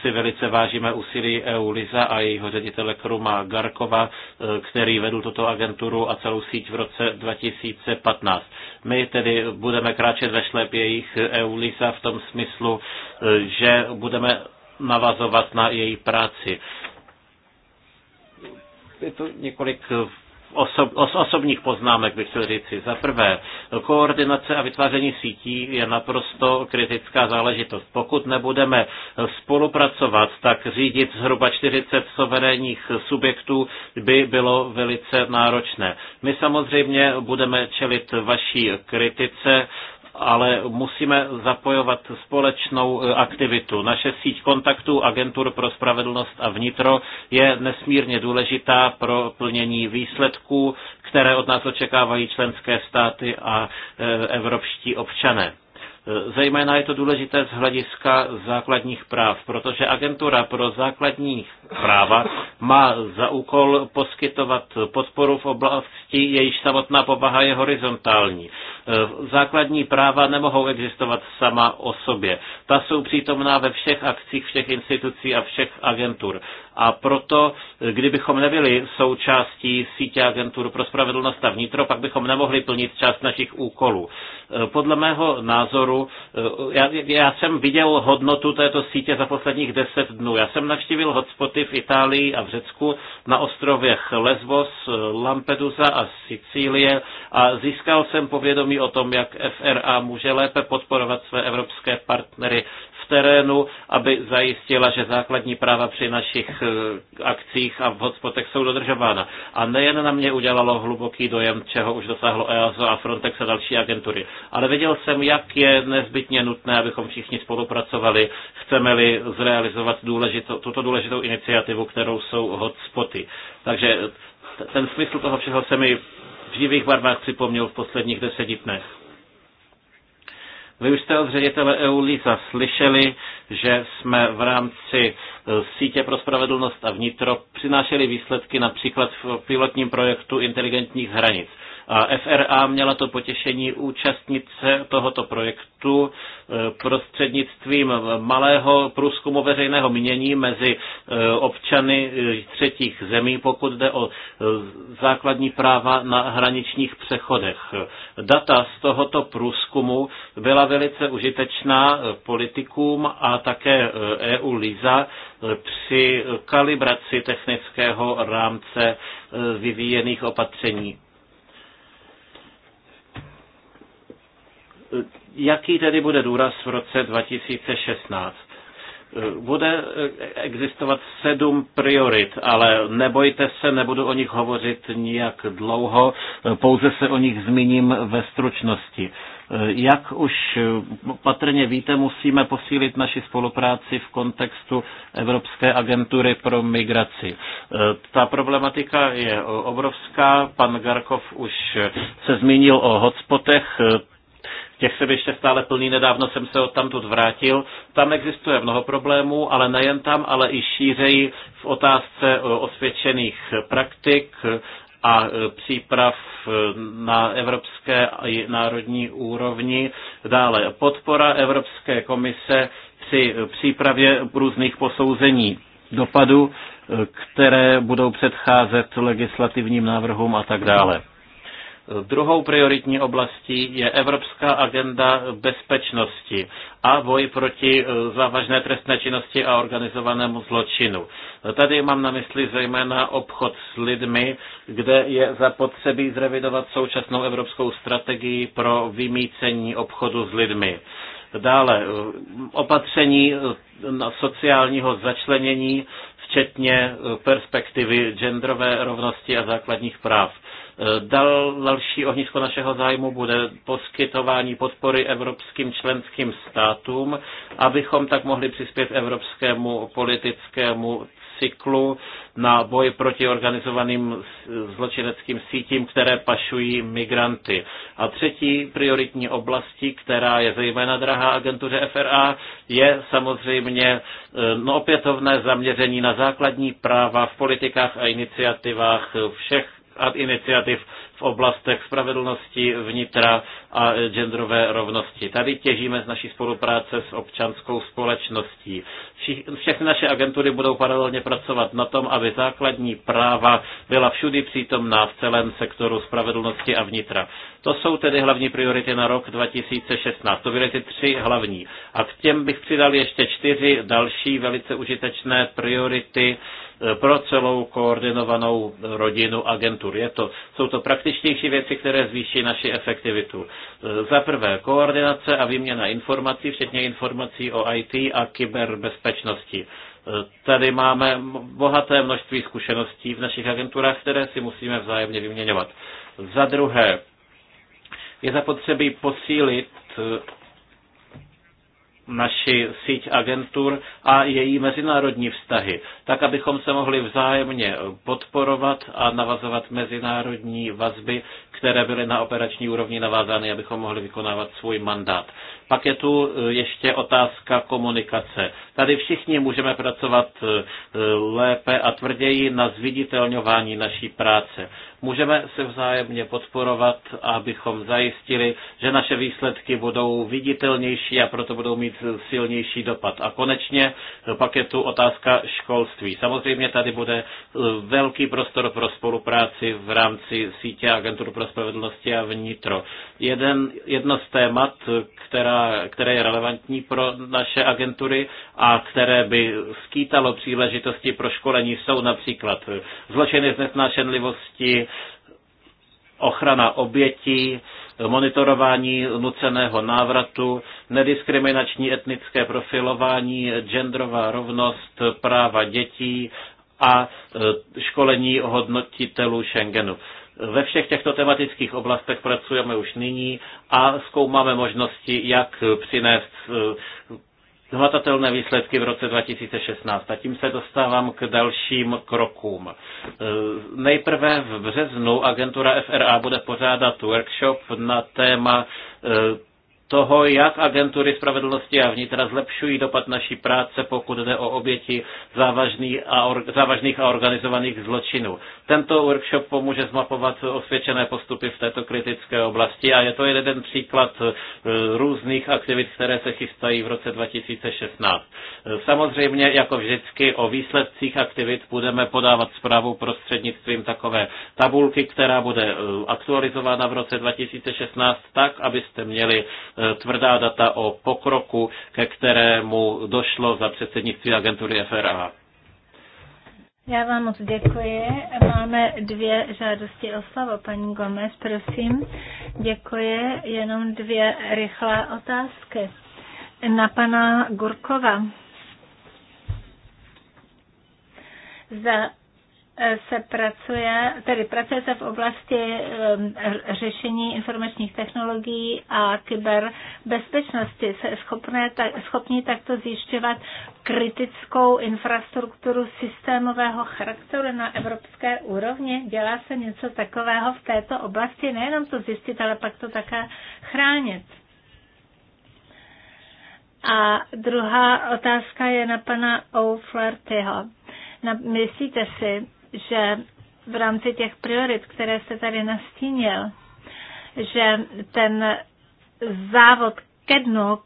[SPEAKER 4] si velice vážíme úsilí EU Liza a jejího ředitele Kruma Garkova, e, který vedl tuto agenturu a celou síť v roce 2015. My tedy budeme kráčet ve šlep jejich EU Liza v tom smyslu, e, že budeme navazovat na její práci. Je to několik osob, osobních poznámek bych chtěl říci. Za prvé, koordinace a vytváření sítí je naprosto kritická záležitost. Pokud nebudeme spolupracovat, tak řídit zhruba 40 suverénních subjektů by bylo velice náročné. My samozřejmě budeme čelit vaší kritice ale musíme zapojovat společnou e, aktivitu. Naše síť kontaktů Agentur pro spravedlnost a vnitro je nesmírně důležitá pro plnění výsledků, které od nás očekávají členské státy a e, evropští občané. Eh, zejména je to důležité z hlediska základních práv, protože agentura pro základní práva má za úkol poskytovat podporu v oblasti, jejíž samotná povaha je horizontální. Eh, základní práva nemohou existovat sama o sobě. Ta jsou přítomná ve všech akcích všech institucí a všech agentur. A proto, kdybychom nebyli součástí sítě agentur pro spravedlnost a vnitro, pak bychom nemohli plnit část našich úkolů. E, podle mého názoru, e, já, já jsem viděl hodnotu této sítě za posledních deset dnů. Já jsem navštívil hotspoty v Itálii a v Řecku na ostrovech Lesbos, e, Lampedusa a Sicílie a získal jsem povědomí o tom, jak FRA může lépe podporovat své evropské partnery terénu, aby zajistila, že základní práva při našich eh, akcích a v hotspotech jsou dodržována. A nejen na mě udělalo hluboký dojem, čeho už dosáhlo EASO a Frontex a další agentury. Ale viděl jsem, jak je nezbytně nutné, abychom všichni spolupracovali, chceme-li zrealizovat důležitou, tuto důležitou iniciativu, kterou jsou hotspoty. Takže ten smysl toho všeho se mi v živých barvách připomněl v posledních deseti dnech. Vy už jste od ředitele EULISA slyšeli, že jsme v rámci e, sítě pro spravedlnost a vnitro přinášeli výsledky například v pilotním projektu inteligentních hranic. A FRA měla to potěšení účastnit se tohoto projektu eh, prostřednictvím malého průzkumu veřejného mínění mezi eh, občany eh, třetích zemí, pokud jde o základní práva na hraničních přechodech. Data z tohoto průzkumu byla velice užitečná politikům a také EU e LISA při kalibraci technického rámce vyvíjených opatření Jaký tedy bude důraz v roce 2016? Bude existovat sedm priorit, ale nebojte se, nebudu o nich hovořit nijak dlouho, pouze se o nich zmíním ve stručnosti. Jak už patrně víte, musíme posílit naši spolupráci v kontextu Evropské agentury pro migraci. Ta problematika je obrovská. Pan Garkov už se zmínil o hotspotech těch jsem ještě stále plný, nedávno jsem se od tamtud vrátil. Tam existuje mnoho problémů, ale nejen tam, ale i šířejí v otázce eh, osvědčených praktik a eh, příprav eh, na evropské a národní úrovni. Dále podpora Evropské komise při přípravě různých posouzení dopadu, které budou předcházet legislativním návrhům a tak dále. Druhou prioritní oblastí je Evropská agenda bezpečnosti a boj proti eh, závažné trestné činnosti a organizovanému zločinu. Tady mám na mysli zejména obchod s lidmi, kde je zapotřebí zrevidovat současnou evropskou strategii pro vymícení obchodu s lidmi. Dále eh, opatření eh, sociálního začlenění, včetně perspektivy genderové rovnosti a základních práv. Další ohnisko našeho zájmu bude poskytování podpory evropským členským státům, abychom tak mohli přispět evropskému politickému cyklu na boj proti organizovaným zločineckým sítím, které pašují migranty. A třetí prioritní oblastí, která je zejména drahá agentuře FRA, je samozřejmě eh, no, opětovné zaměření na základní práva v politikách a iniciativách všech ad iniciativ v oblastech spravedlnosti, vnitra a genderové rovnosti. Tady těžíme z naší spolupráce s občanskou společností. Všechny naše agentury budou paralelně pracovat na tom, aby základní práva byla všudy přítomná v celém sektoru spravedlnosti a vnitra. To jsou tedy hlavní priority na rok 2016. To byly ty tři hlavní. A k těm bych přidal ještě čtyři další velice užitečné priority e, pro celou koordinovanou rodinu agentur. Je to, jsou to praktické nejpraktičtější věci, které zvýší naši efektivitu. E, za prvé, koordinace a výměna informací, včetně informací o IT a kyberbezpečnosti. E, tady máme bohaté množství zkušeností v našich agenturách, které si musíme vzájemně vyměňovat. Za druhé, je zapotřebí posílit naši síť agentur a její mezinárodní vztahy, tak abychom se mohli vzájemně podporovat a navazovat mezinárodní vazby, které byly na operační úrovni navázány, abychom mohli vykonávat svůj mandát. Pak je tu e, ještě otázka komunikace. Tady všichni můžeme pracovat e, e, lépe a tvrději na zviditelňování naší práce. Můžeme se vzájemně podporovat, abychom zajistili, že naše výsledky budou viditelnější a proto budou mít silnější dopad. A konečně pak je tu otázka školství. Samozřejmě tady bude eh, velký prostor pro spolupráci v rámci sítě Agentur pro spravedlnosti a vnitro. Jeden, jedno z témat, která, které je relevantní pro naše agentury a které by skýtalo příležitosti pro školení, jsou například zločiny z nesnášenlivosti, ochrana obětí, monitorování nuceného návratu, nediskriminační etnické profilování, genderová rovnost, práva dětí a e, školení hodnotitelů Schengenu. Ve všech těchto tematických oblastech pracujeme už nyní a zkoumáme možnosti, jak přinést e, hmatatelné výsledky v roce 2016. A tím se dostávám k dalším krokům. E, nejprve v březnu agentura FRA bude pořádat workshop na téma e, toho, jak agentury spravedlnosti a vnitra zlepšují dopad naší práce, pokud jde o oběti závažný a or, závažných a organizovaných zločinů. Tento workshop pomůže zmapovat osvědčené postupy v této kritické oblasti a je to jeden příklad eh, různých aktivit, které se chystají v roce 2016. Eh, samozřejmě, jako vždycky, o výsledcích aktivit budeme podávat zprávu prostřednictvím takové tabulky, která bude eh, aktualizována v roce 2016 tak, abyste měli tvrdá data o pokroku, ke kterému došlo za předsednictví agentury FRA.
[SPEAKER 1] Já vám moc děkuji. Máme dvě žádosti o slovo. Paní Gomez, prosím. Děkuji. Jenom dvě rychlé otázky. Na pana Gurkova. Za se pracuje, tedy pracuje se v oblasti um, řešení informačních technologií a kyberbezpečnosti. Se schopné, schopní takto zjišťovat kritickou infrastrukturu systémového charakteru na evropské úrovni. Dělá se něco takového v této oblasti, nejenom to zjistit, ale pak to také chránit. A druhá otázka je na pana O'Flartyho. Myslíte si, že v rámci těch priorit, které se tady nastínil, že ten závod ke dnu,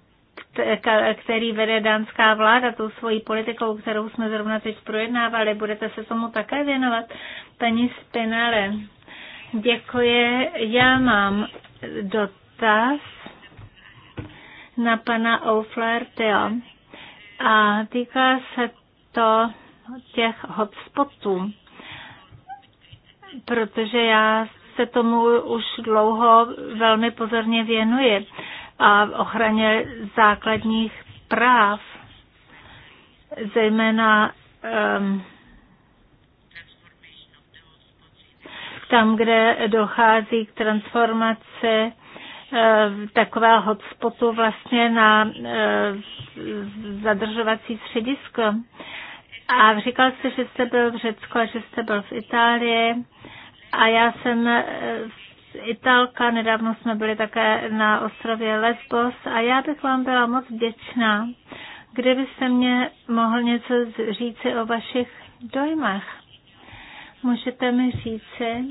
[SPEAKER 1] který vede dánská vláda tou svojí politikou, kterou jsme zrovna teď projednávali. Budete se tomu také věnovat, paní Spinale? Děkuji. Já mám dotaz na pana O'Flahertyho a týká se to těch hotspotů protože já se tomu už dlouho velmi pozorně věnuji a ochraně základních práv, zejména um, tam, kde dochází k transformaci eh, takového hotspotu vlastně na eh, zadržovací středisko. A říkal jste, že jste byl v Řecku a že jste byl v Itálii. A já jsem e, Italka, nedávno jsme byli také na ostrově Lesbos a já bych vám byla moc vděčná, kdybyste mě mohl něco říci o vašich dojmech. Můžete mi říci,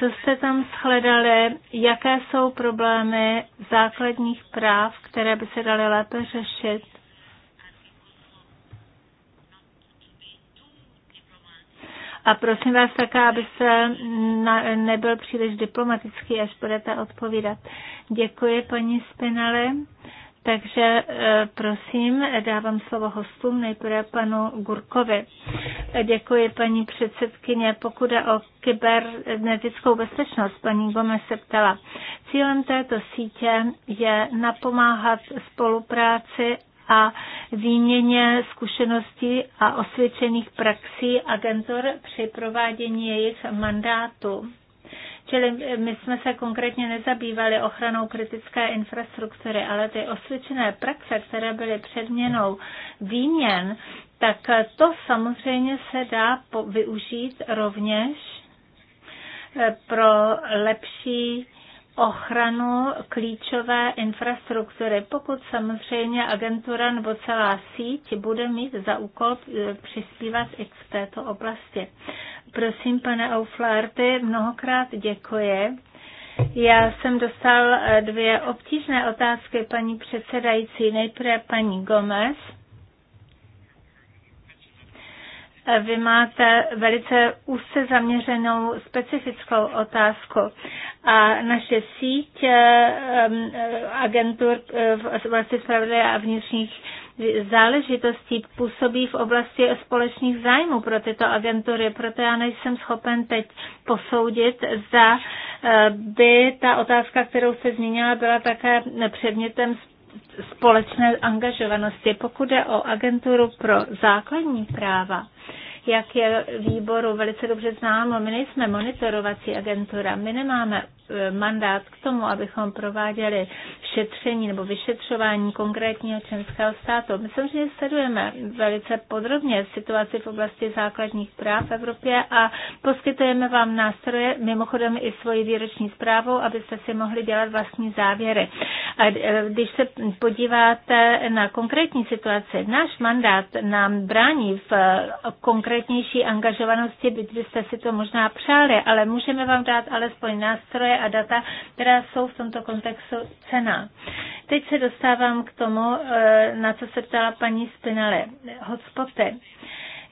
[SPEAKER 1] co jste tam shledali, jaké jsou problémy základních práv, které by se daly lépe řešit. A prosím vás také, abyste nebyl příliš diplomatický, až budete odpovídat. Děkuji, paní Spinelli. Takže eh, prosím, dávám slovo hostům, nejprve panu Gurkovi. Děkuji, paní předsedkyně. Pokud je o kybernetickou bezpečnost, paní Gome se ptala. Cílem této sítě je napomáhat spolupráci a výměně zkušeností a osvědčených praxí agentur při provádění jejich mandátu. Čili my jsme se konkrétně nezabývali ochranou kritické infrastruktury, ale ty osvědčené praxe, které byly předměnou výměn, tak to samozřejmě se dá využít rovněž eh, pro lepší ochranu klíčové infrastruktury, pokud samozřejmě agentura nebo celá síť bude mít za úkol eh, přispívat i v této oblasti. Prosím, pane Auflarty, mnohokrát děkuji. Já jsem dostal eh, dvě obtížné otázky paní předsedající, nejprve paní Gomez vy máte velice úzce zaměřenou specifickou otázku a naše síť agentur eh, v oblasti spravedlivé a vnitřních záležitostí působí v oblasti společných zájmů pro tyto agentury. Proto já nejsem schopen teď posoudit, zda eh, by ta otázka, kterou se zmínila, byla také předmětem společné angažovanosti. Pokud jde o agenturu pro základní práva, jak je výboru velice dobře známo, my nejsme monitorovací agentura, my nemáme e, mandát k tomu, abychom prováděli šetření nebo vyšetřování konkrétního členského státu. My samozřejmě sledujeme velice podrobně situaci v oblasti základních práv v Evropě a poskytujeme vám nástroje, mimochodem i svoji výroční zprávou, abyste si mohli dělat vlastní závěry. A e, když se podíváte na konkrétní situaci, náš mandát nám brání v e, konkrétní konkrétnější angažovanosti, byť byste si to možná přáli, ale můžeme vám dát alespoň nástroje a data, která jsou v tomto kontextu cená. Teď se dostávám k tomu, eh, na co se ptala paní Spinale, Hotspoty.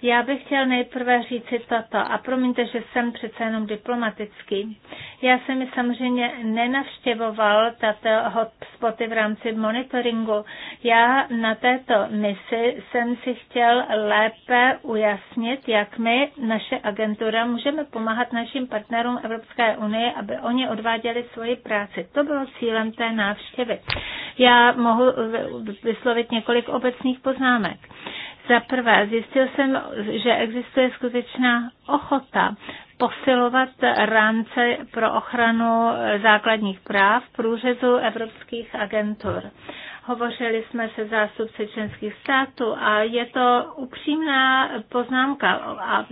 [SPEAKER 1] Já bych chtěl nejprve říci toto a promiňte, že jsem přece jenom diplomatický. Já jsem mi samozřejmě nenavštěvoval tato hotspoty v rámci monitoringu. Já na této misi jsem si chtěl lépe ujasnit, jak my, naše agentura, můžeme pomáhat našim partnerům Evropské unie, aby oni odváděli svoji práci. To bylo cílem té návštěvy. Já mohu vyslovit několik obecných poznámek. Za prvé, zjistil jsem, že existuje skutečná ochota posilovat rámce pro ochranu základních práv průřezu evropských agentur. Hovořili jsme se zástupci členských států a je to upřímná poznámka a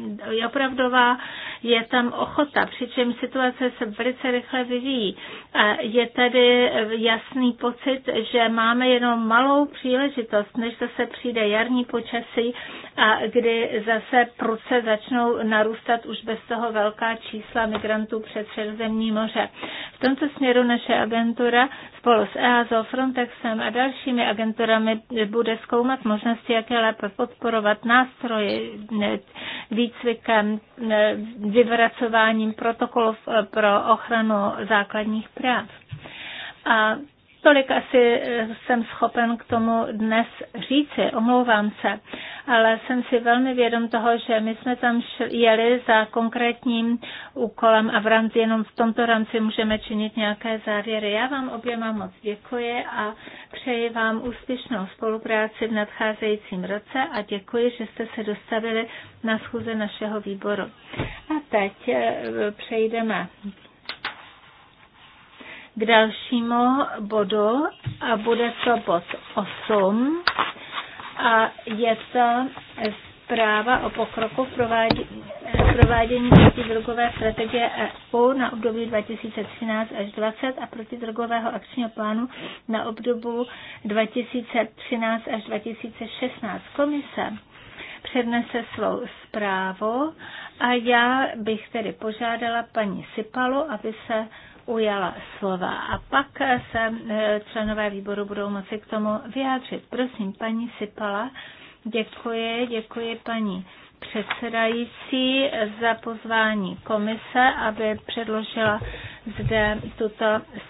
[SPEAKER 1] opravdová je tam ochota, přičemž situace se velice rychle vyvíjí. A je tady jasný pocit, že máme jenom malou příležitost, než zase přijde jarní počasí a kdy zase pruce začnou narůstat už bez toho velká čísla migrantů přes Středozemní moře. V tomto směru naše agentura spolu s EASO, Frontexem a dalšími agenturami bude zkoumat možnosti, jak je lépe podporovat nástroje výcvikem, vyvracováním protokolů eh, pro ochranu základních práv. A Tolik asi eh, jsem schopen k tomu dnes říci, omlouvám se, ale jsem si velmi vědom toho, že my jsme tam jeli za konkrétním úkolem a v rámci, jenom v tomto rámci můžeme činit nějaké závěry. Já vám oběma moc děkuji a přeji vám úspěšnou spolupráci v nadcházejícím roce a děkuji, že jste se dostavili na schůze našeho výboru. A teď eh, přejdeme k dalšímu bodu a bude to bod 8 a je to zpráva o pokroku v provádění, eh, provádění protidrogové strategie EU na období 2013 až 20 a protidrogového akčního plánu na období 2013 až 2016. Komise přednese svou zprávu a já bych tedy požádala paní Sipalu, aby se ujala slova a pak se e, členové výboru budou moci k tomu vyjádřit. Prosím, paní Sipala, děkuji, děkuji paní předsedající za pozvání komise, aby předložila zde tuto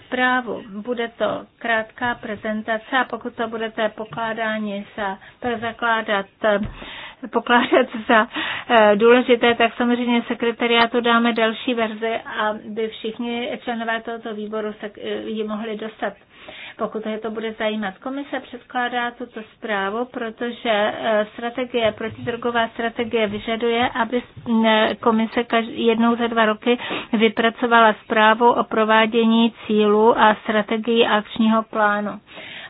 [SPEAKER 1] zprávu. Bude to krátká prezentace a pokud to budete pokládání za, zakládat pokládat za eh, důležité, tak samozřejmě sekretariátu dáme další verzi, aby všichni členové tohoto výboru se eh, ji mohli dostat pokud je to bude zajímat. Komise předkládá tuto zprávu, protože eh, strategie, protidrogová strategie vyžaduje, aby komise jednou za dva roky vypracovala zprávu o provádění cílu a strategii akčního plánu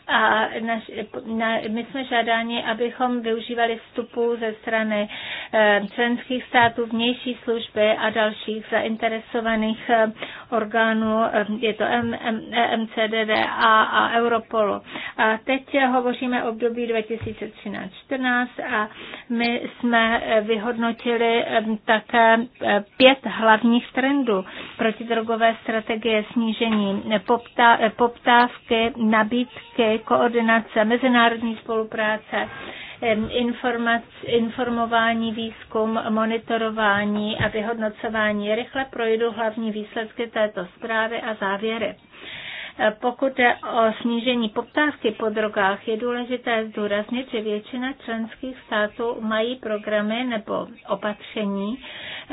[SPEAKER 1] a naš, na, my jsme žádáni, abychom využívali vstupu ze strany eh, členských států, vnější služby a dalších zainteresovaných eh, orgánů, eh, je to MCDD e, a Europolu. A teď hovoříme o období 2013 2014 a my jsme vyhodnotili také pět hlavních trendů protidrogové strategie snížení poptávky, nabídky, koordinace, mezinárodní spolupráce, informování, výzkum, monitorování a vyhodnocování. Rychle projdu hlavní výsledky této zprávy a závěry. E, pokud je o snížení poptávky po drogách, je důležité zdůraznit, že většina členských států mají programy nebo opatření,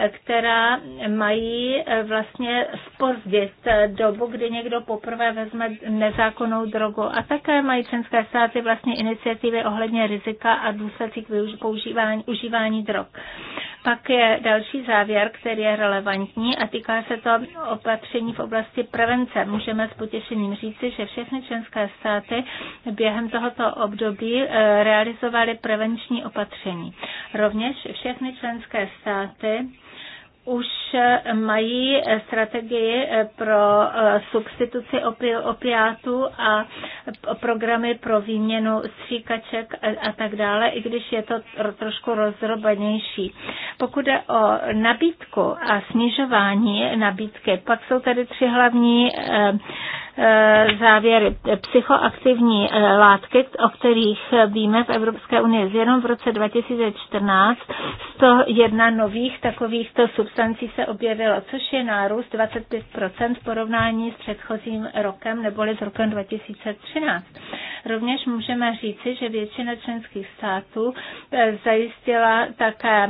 [SPEAKER 1] která mají eh, vlastně spozdit dobu, kdy někdo poprvé vezme nezákonnou drogu. A také mají členské státy vlastně iniciativy ohledně rizika a důsledcích používání, užívání drog. Pak je další závěr, který je relevantní a týká se to opatření v oblasti prevence. Můžeme s potěšením říci, že všechny členské státy během tohoto období eh, realizovaly prevenční opatření. Rovněž všechny členské státy už mají strategii pro eh, substituci opi- opiátů a programy pro výměnu stříkaček a, a tak dále, i když je to trošku rozrobanější. Pokud je o nabídku a snižování nabídky, pak jsou tady tři hlavní eh, Eh, závěry. Psychoaktivní eh, látky, o kterých víme v Evropské unii, jenom v roce 2014 101 nových takovýchto substancí se objevilo, což je nárůst 25% v porovnání s předchozím rokem neboli s rokem 2013. Rovněž můžeme říci, že většina členských států eh, zajistila také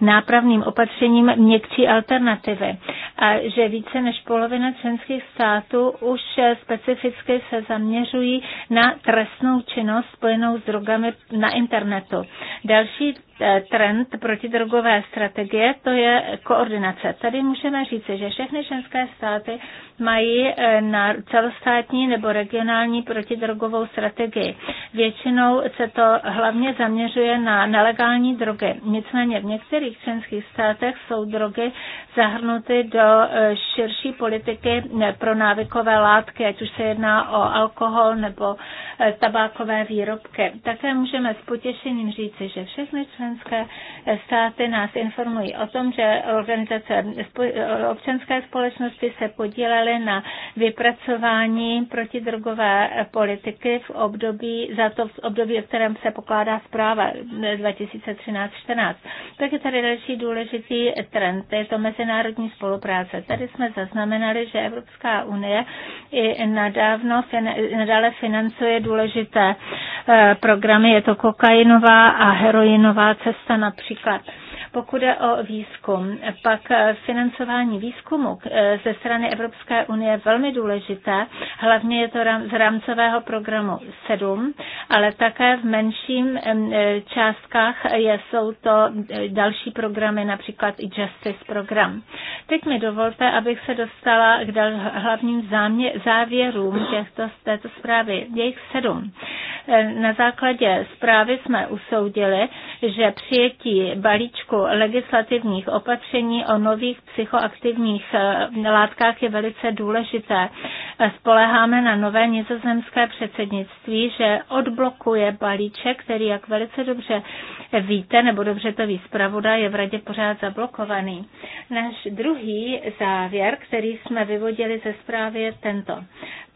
[SPEAKER 1] nápravným opatřením měkčí alternativy a že více než polovina členských států státu už specificky se zaměřují na trestnou činnost spojenou s drogami na internetu. Další E, trend protidrogové strategie, to je koordinace. Tady můžeme říci, že všechny členské státy mají e, na celostátní nebo regionální protidrogovou strategii. Většinou se to hlavně zaměřuje na nelegální drogy. Nicméně v některých členských státech jsou drogy zahrnuty do e, širší politiky pro návykové látky, ať už se jedná o alkohol nebo tabákové výrobky. Také můžeme s potěšením říci, že všechny členské členské státy nás informují o tom, že organizace občanské společnosti se podílely na vypracování protidrogové politiky v období, za to v období, o kterém se pokládá zpráva 2013-14. Tak je tady další důležitý trend, je to mezinárodní spolupráce. Tady jsme zaznamenali, že Evropská unie i nadávno, nadále financuje důležité eh, programy, je to kokainová a heroinová cesta například pokud je o výzkum, pak eh, financování výzkumu eh, ze strany Evropské unie je velmi důležité. Hlavně je to z rámcového programu 7, ale také v menším eh, částkách jsou to další programy, například i Justice program. Teď mi dovolte, abych se dostala k hlavním závěrům těchto, této zprávy. Je jich sedm. Na základě zprávy jsme usoudili, že přijetí balíčku legislativních opatření o nových psychoaktivních eh, látkách je velice důležité. Spoleháme na nové nizozemské předsednictví, že odblokuje balíček, který, jak velice dobře víte, nebo dobře to ví zpravoda, je v radě pořád zablokovaný. Náš druhý závěr, který jsme vyvodili ze zprávy, je tento.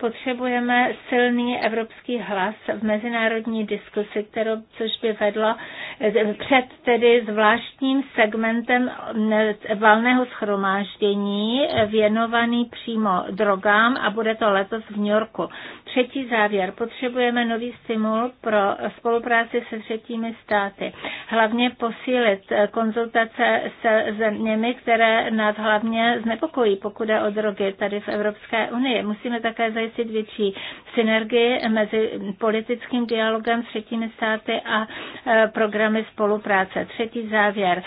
[SPEAKER 1] Potřebujeme silný evropský hlas v mezinárodní diskusi, kterou, což by vedlo před tedy zvláštním segmentem valného schromáždění věnovaný přímo drogám a bude to letos v New Yorku. Třetí závěr. Potřebujeme nový stimul pro spolupráci se třetími státy. Hlavně posílit konzultace se zeměmi, které nás hlavně znepokojí, pokud je o drogy tady v Evropské unii. Musíme také zajistit zajistit větší synergie mezi politickým dialogem s třetími státy a e, programy spolupráce. Třetí závěr.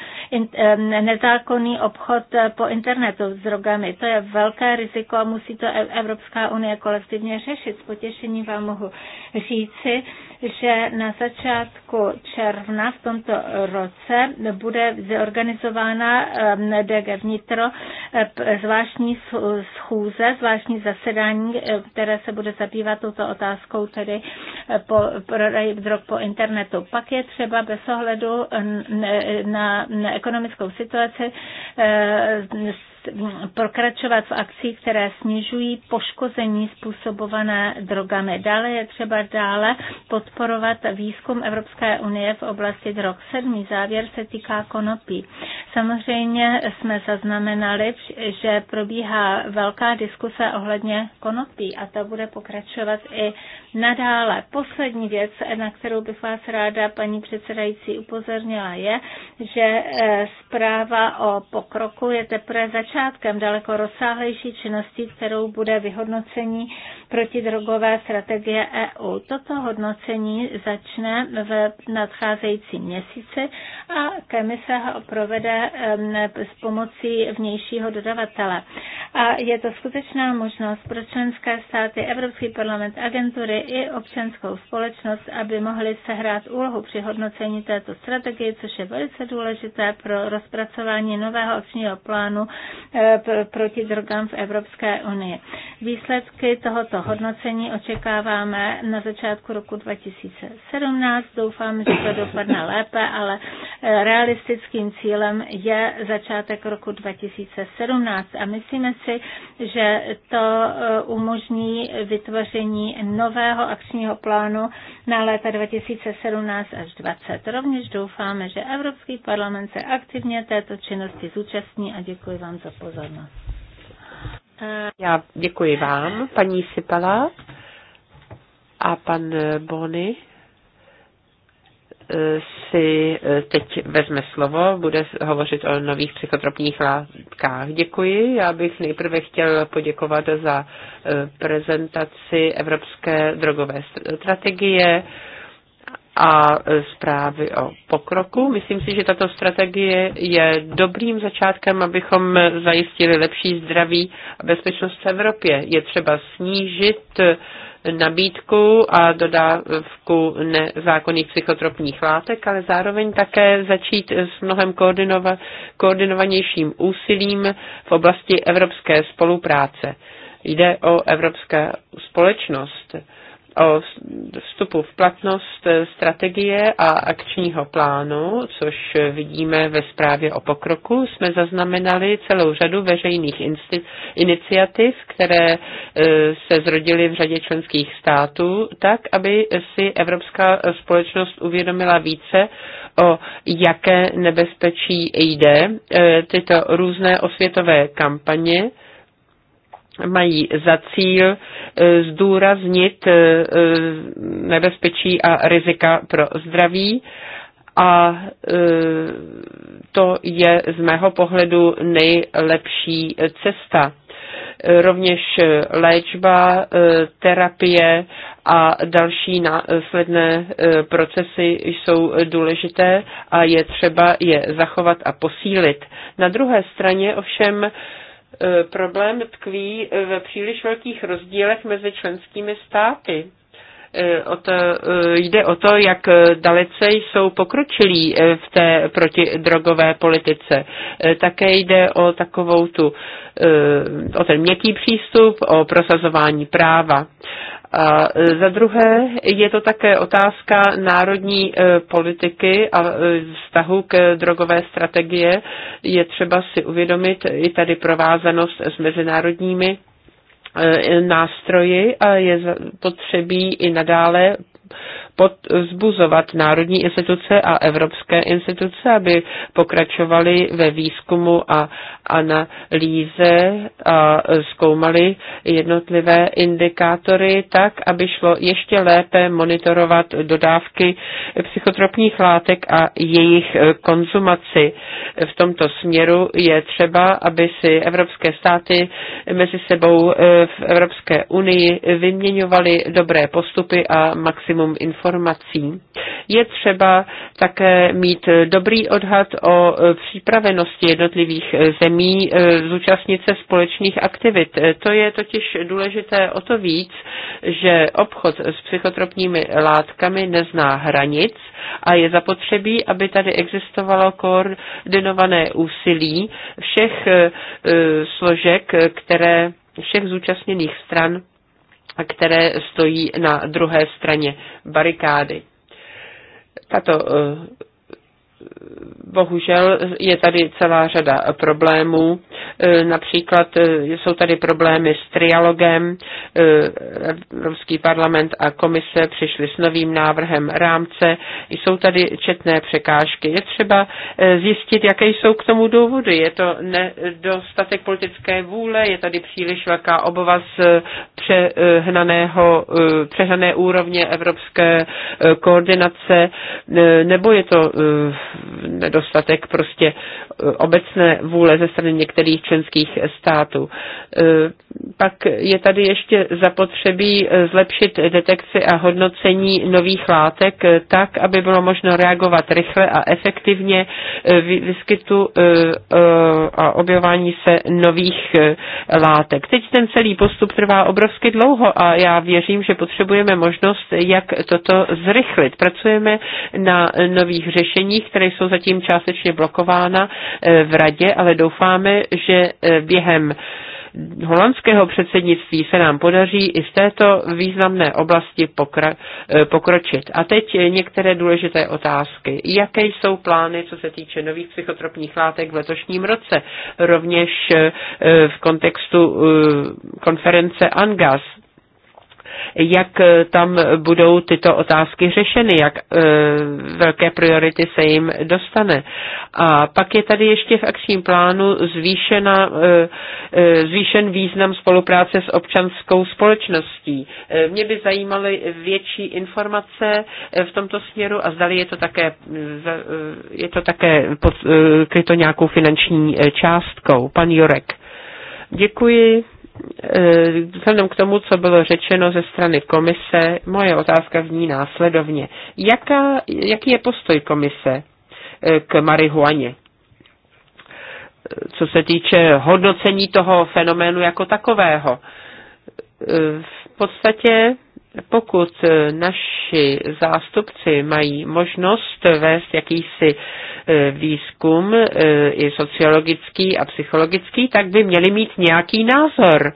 [SPEAKER 1] E, nezákonný obchod e, po internetu s drogami. To je velké riziko a musí to Evropská unie kolektivně řešit. S potěšením vám mohu říci, že na začátku června v tomto roce bude zorganizována DG Vnitro zvláštní schůze, zvláštní zasedání, které se bude zabývat touto otázkou tedy po prodeji drog po internetu. Pak je třeba bez ohledu na ekonomickou situaci pokračovat v akcích, které snižují poškození způsobované drogami. Dále je třeba dále podporovat výzkum Evropské unie v oblasti drog. Sedmý závěr se týká konopí. Samozřejmě jsme zaznamenali, že probíhá velká diskuse ohledně konopí a ta bude pokračovat i nadále. Poslední věc, na kterou bych vás ráda, paní předsedající, upozornila, je, že eh, zpráva o pokroku je teprve zač začátkem daleko rozsáhlejší činností, kterou bude vyhodnocení protidrogové strategie EU. Toto hodnocení začne v nadcházející měsíci a komise ho provede s pomocí vnějšího dodavatele. A je to skutečná možnost pro členské státy, Evropský parlament, agentury i občanskou společnost, aby mohli sehrát úlohu při hodnocení této strategie, což je velice důležité pro rozpracování nového akčního plánu E, proti drogám v Evropské unii. Výsledky tohoto hodnocení očekáváme na začátku roku 2017. Doufám, že to dopadne lépe, ale e, realistickým cílem je začátek roku 2017 a myslíme si, že to e, umožní vytvoření nového akčního plánu na léta 2017 až 2020. Rovněž doufáme, že Evropský parlament se aktivně této činnosti zúčastní a děkuji vám za pozornost.
[SPEAKER 3] Já děkuji vám, paní Sipala a pan Bony e, si e, teď vezme slovo, bude hovořit o nových psychotropních látkách. Děkuji. Já bych nejprve chtěl poděkovat za e, prezentaci Evropské drogové strategie a e, zprávy o pokroku. Myslím si, že tato strategie je dobrým začátkem, abychom zajistili lepší zdraví a bezpečnost v Evropě. Je třeba snížit e, nabídku a dodávku nezákonných psychotropních látek, ale zároveň také začít s mnohem koordinova- koordinovanějším úsilím v oblasti evropské spolupráce. Jde o evropská společnost o vstupu v platnost strategie a akčního plánu, což vidíme ve zprávě o pokroku, jsme zaznamenali celou řadu veřejných iniciativ, které e, se zrodily v řadě členských států, tak, aby si evropská společnost uvědomila více, o jaké nebezpečí jde. E, tyto různé osvětové kampaně, mají za cíl e, zdůraznit e, nebezpečí a rizika pro zdraví a e, to je z mého pohledu nejlepší cesta. Rovněž léčba, terapie a další následné procesy jsou důležité a je třeba je zachovat a posílit. Na druhé straně ovšem E, problém tkví ve příliš velkých rozdílech mezi členskými státy. E, o to, e, jde o to, jak dalece jsou pokročilí v té protidrogové politice. Také jde o takovou tu, o ten měkký přístup, o prosazování práva. A e, za druhé je to také otázka národní e, politiky a e, vztahu k drogové strategie. Je třeba si uvědomit i tady provázanost s mezinárodními nástroji a je potřebí i nadále vzbuzovat národní instituce a evropské instituce, aby pokračovali ve výzkumu a analýze a zkoumali jednotlivé indikátory tak, aby šlo ještě lépe monitorovat dodávky psychotropních látek a jejich konzumaci. V tomto směru je třeba, aby si evropské státy mezi sebou eh, v Evropské unii vyměňovaly dobré postupy a maximum informací informací. Je třeba také mít dobrý odhad o e, připravenosti jednotlivých e, zemí e, zúčastnit se společných aktivit. To je totiž důležité o to víc, že obchod s psychotropními látkami nezná hranic a je zapotřebí, aby tady existovalo koordinované úsilí všech složek, které všech zúčastněných stran které stojí na druhé straně barikády. Tato eh, bohužel je tady celá řada problémů. E, například e, jsou tady problémy s trialogem. E, Evropský parlament a komise přišli s novým návrhem rámce. Jsou tady četné překážky. Je třeba zjistit, jaké jsou k tomu důvody. Je to nedostatek politické vůle, je tady příliš velká obava z přehnaného, přehnané úrovně evropské koordinace, nebo je to nedostatek prostě Eh, obecné vůle ze strany některých členských států. Eh, pak je tady ještě zapotřebí eh, zlepšit detekci a hodnocení nových látek tak, aby bylo možno reagovat rychle a efektivně vyskytu a objevání se nových látek. Teď ten celý postup trvá obrovsky dlouho a já věřím, že potřebujeme možnost, jak toto zrychlit. Pracujeme na nových řešeních, které jsou zatím částečně blokována Eh, v radě, ale doufáme, že eh, během holandského předsednictví se nám podaří i z této významné oblasti pokra- eh, pokročit. A teď některé důležité otázky. Jaké jsou plány, co se týče nových psychotropních látek v letošním roce, rovněž v kontextu konference ANGAS? jak eh, tam budou tyto otázky řešeny, jak eh, velké priority se jim dostane. A pak je tady ještě v akčním plánu zvýšena, eh, zvýšen význam spolupráce s občanskou společností. Mě by zajímaly větší informace v tomto směru a zdali je to také, je to také pod, kryto nějakou finanční částkou. Pan Jurek. Děkuji. Eh, vzhledem k tomu, co bylo řečeno ze strany komise, moje otázka zní následovně. Jaká, jaký je postoj komise eh, k marihuaně? Eh, co se týče hodnocení toho fenoménu jako takového. V podstatě pokud eh, naši zástupci mají možnost vést jakýsi eh, výzkum eh, i sociologický a psychologický, tak by měli mít nějaký názor.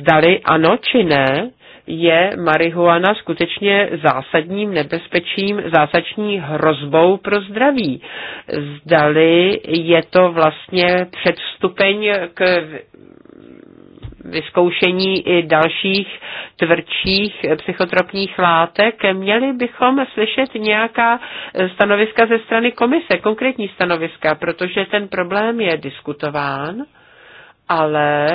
[SPEAKER 3] Zdali ano či ne, je marihuana skutečně zásadním nebezpečím, zásadní hrozbou pro zdraví. Zdali je to vlastně předstupeň k vyzkoušení i dalších tvrdších psychotropních látek. Měli bychom slyšet nějaká stanoviska ze strany komise, konkrétní stanoviska, protože ten problém je diskutován, ale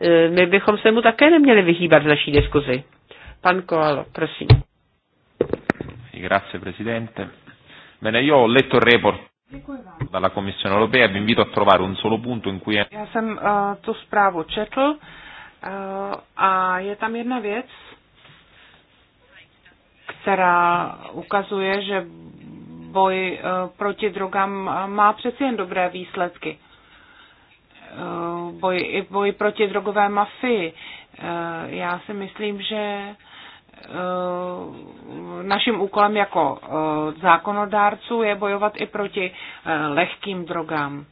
[SPEAKER 3] e, my bychom se mu také neměli vyhýbat v naší diskuzi. Pan Koalo, prosím.
[SPEAKER 4] Grazie Presidente. Bene, io ho letto il report. Dalla Commissione Europea vi invito a trovare un solo punto in cui... Já
[SPEAKER 2] jsem uh, tu zprávu četl uh, a je tam jedna věc, která ukazuje, že boj eh, proti drogám má přeci jen dobré výsledky. Boj, boj proti drogové mafii. Já si myslím, že Eh, naším úkolem jako eh, zákonodárců je bojovat i proti eh, lehkým drogám.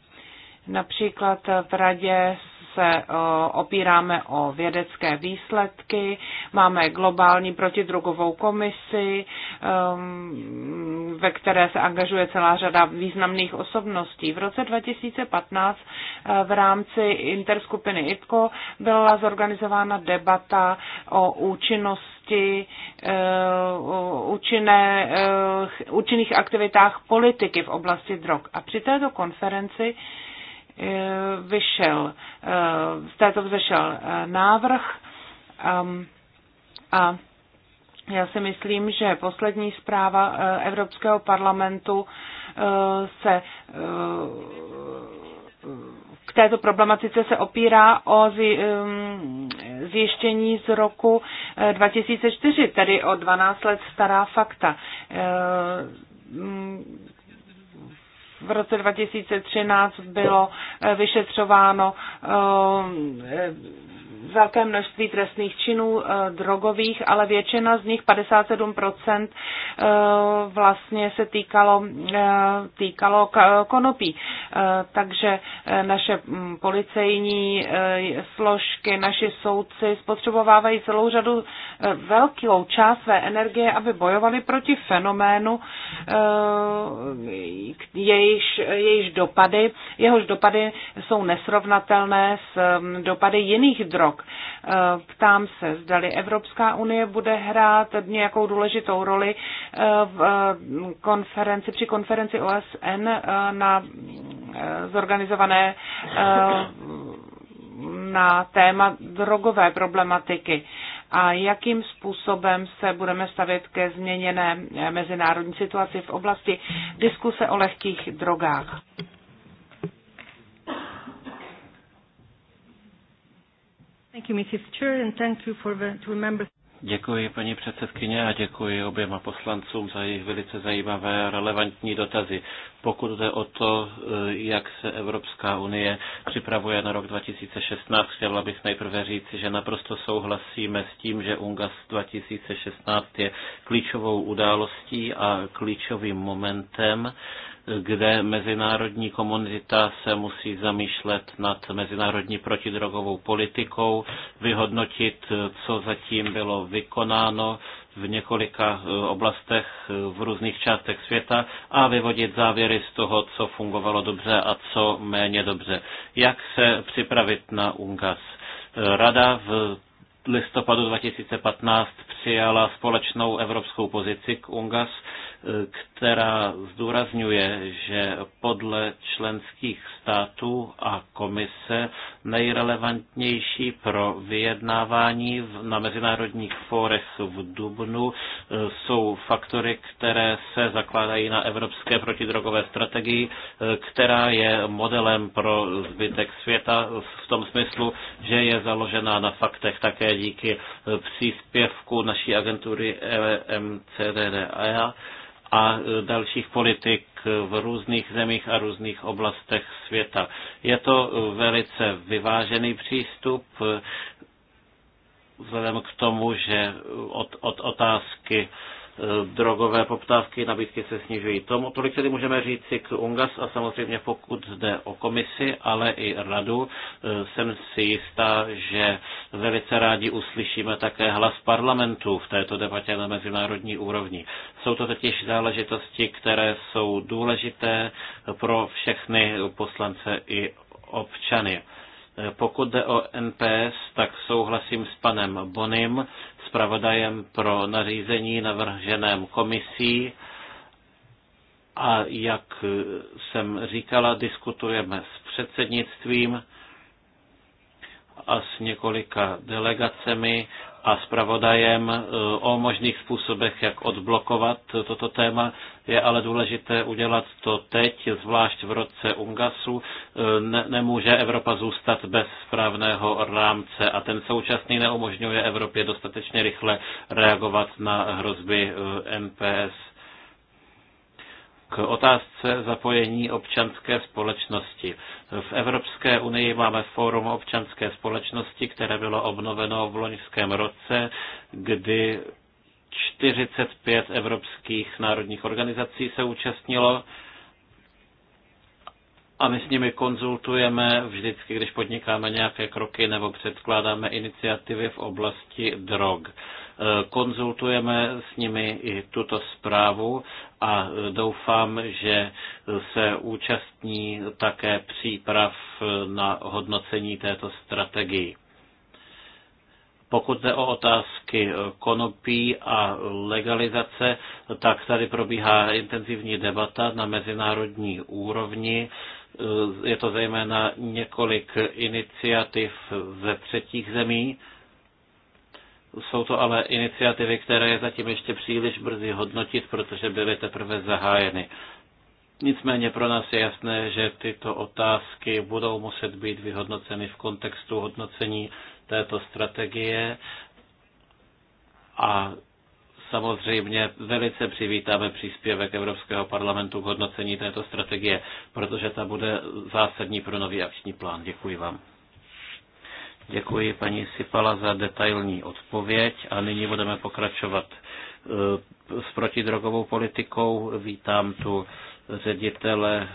[SPEAKER 2] Například v radě se eh, opíráme o vědecké výsledky, máme globální protidrogovou komisi, ehm, ve které se angažuje celá řada významných osobností. V roce 2015 eh, v rámci interskupiny ITCO byla zorganizována debata o účinnosti eh, účinné, účinných aktivitách politiky v oblasti drog. A při této konferenci Eh, vyšel, eh, z této vzešel eh, návrh a já si myslím, že poslední zpráva Evropského parlamentu se k této problematice se opírá o zjištění z roku 2004, tedy o 12 let stará fakta v roce 2013 bylo eh, vyšetřováno eh, velké množství trestných činů eh, drogových, ale většina z nich, 57%, eh, vlastně se týkalo, eh, týkalo konopí. Takže naše mm, policejní složky, naši soudci spotřebovávají celou řadu velkou část své energie, aby bojovali proti fenoménu, jejíž, jejíž dopady, jehož dopady jsou nesrovnatelné s mm, dopady jiných drog krok. Eh, ptám se, zdali Evropská unie bude hrát nějakou důležitou roli eh, v eh, konferenci, při konferenci OSN na zorganizované na téma drogové problematiky a jakým způsobem se budeme stavět ke změněné mezinárodní situaci v oblasti diskuse o lehkých drogách.
[SPEAKER 4] Děkuji, paní předsedkyně, a děkuji oběma poslancům za jejich velice zajímavé a relevantní dotazy. Pokud jde o to, eh, jak se Evropská unie připravuje na rok 2016, chtěla bych nejprve říct, že naprosto souhlasíme s tím, že UNGAS 2016 je klíčovou událostí a klíčovým momentem kde mezinárodní komunita se musí zamýšlet nad mezinárodní protidrogovou politikou, vyhodnotit, co zatím bylo vykonáno v několika e, oblastech e, v různých částech světa a vyvodit závěry z toho, co fungovalo dobře a co méně dobře. Jak se připravit na UNGAS?
[SPEAKER 6] E, Rada
[SPEAKER 4] v listopadu 2015 přijala společnou evropskou pozici k UNGAS, která zdůrazňuje, že podle členských států a komise nejrelevantnější pro vyjednávání na mezinárodních fórech v Dubnu e, jsou faktory, které se zakládají na evropské protidrogové strategii, e, která je modelem pro zbytek světa v tom smyslu, že je založená na faktech také díky e, příspěvku naší agentury EMCDDA a e, dalších politik v různých zemích a různých oblastech světa. Je to e, velice vyvážený přístup, e, vzhledem k tomu, že od, od otázky Eh, drogové poptávky, nabídky se snižují. Tomu tolik tedy můžeme říci k UNGAS a samozřejmě pokud jde o komisi, ale i radu, eh, jsem si jistá, že velice rádi uslyšíme také hlas parlamentu v této debatě na mezinárodní úrovni. Jsou to totiž záležitosti, které jsou důležité pro všechny poslance i občany. Pokud jde o NPS, tak souhlasím s panem Bonim, zpravodajem pro nařízení navrženém komisí. A jak jsem říkala, diskutujeme s předsednictvím a s několika delegacemi a zpravodajem e, o možných způsobech, jak odblokovat toto téma. Je ale důležité udělat to teď, zvlášť v roce Ungasu. E, ne- nemůže Evropa zůstat bez správného rámce a ten současný neumožňuje Evropě dostatečně rychle reagovat na hrozby e, NPS k otázce zapojení občanské společnosti. V Evropské unii máme Fórum občanské společnosti, které bylo obnoveno v loňském roce, kdy 45 evropských národních organizací se účastnilo a my s nimi konzultujeme vždycky, když podnikáme nějaké kroky nebo předkládáme iniciativy v oblasti drog. Konzultujeme s nimi i tuto zprávu a doufám, že se účastní také příprav na hodnocení této strategii. Pokud jde o otázky konopí a legalizace, tak tady probíhá intenzivní debata na mezinárodní úrovni. Je to zejména několik iniciativ ze třetích zemí, jsou to ale iniciativy, které je zatím ještě příliš brzy hodnotit, protože byly teprve zahájeny. Nicméně pro nás je jasné, že tyto otázky budou muset být vyhodnoceny v kontextu hodnocení této strategie a samozřejmě velice přivítáme příspěvek Evropského parlamentu k hodnocení této strategie, protože ta bude zásadní pro nový akční plán. Děkuji vám. Děkuji paní Sipala za detailní odpověď a nyní budeme pokračovat eh, s protidrogovou politikou. Vítám tu ředitele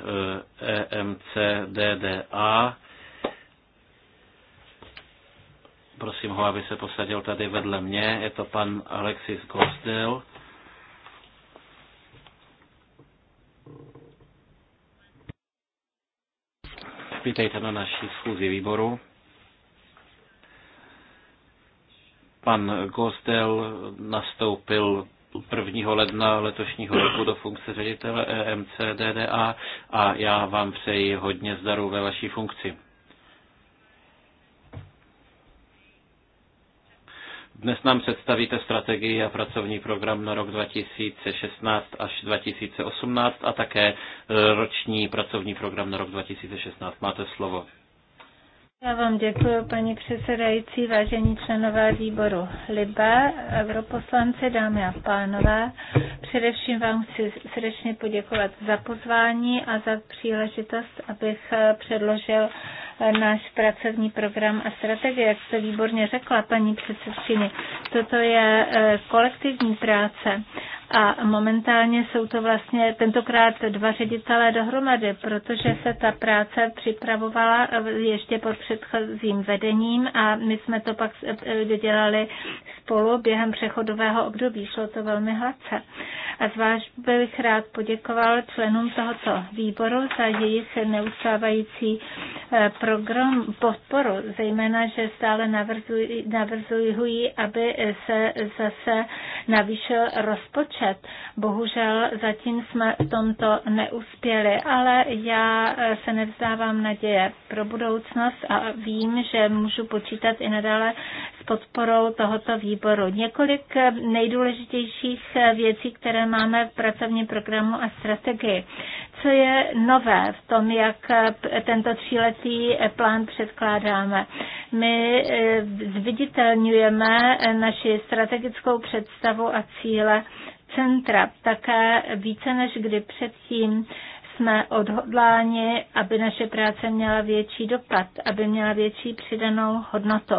[SPEAKER 4] EMC eh, e DDA. Prosím ho, aby se posadil tady vedle mě. Je to pan Alexis Gosdel. Vítejte na naší schůzi výboru. Pan Gostel nastoupil 1. ledna letošního roku do funkce ředitele e DDA a já vám přeji hodně zdaru ve vaší funkci. Dnes nám představíte strategii a pracovní program na rok 2016 až 2018 a také e, roční pracovní program na rok 2016. Máte slovo.
[SPEAKER 1] Já vám děkuji, paní předsedající, vážení členové výboru LIBE, europoslanci, dámy a pánové. Především vám chci srdečně poděkovat za pozvání a za příležitost, abych eh, předložil eh, náš pracovní program a strategie, jak jste výborně řekla, paní předsedkyně. Toto je eh, kolektivní práce a momentálně jsou to vlastně tentokrát dva ředitelé dohromady, protože se ta práce připravovala ještě pod předchozím vedením a my jsme to pak dodělali spolu během přechodového období. Šlo to velmi hladce. A zvlášť bych rád poděkoval členům tohoto výboru za jejich neustávající eh, program podporu, zejména, že stále navrzují, navrzují aby se zase navýšil rozpočet slyšet. Bohužel zatím jsme v tomto neuspěli, ale já eh, se nevzdávám naděje pro budoucnost a vím, že můžu počítat i nadále podporou tohoto výboru. Několik nejdůležitějších věcí, které máme v pracovním programu a strategii. Co je nové v tom, jak tento tříletý plán předkládáme? My eh, zviditelňujeme naši strategickou představu a cíle centra. Také více než kdy předtím jsme odhodláni, aby naše práce měla větší dopad, aby měla větší přidanou hodnotu.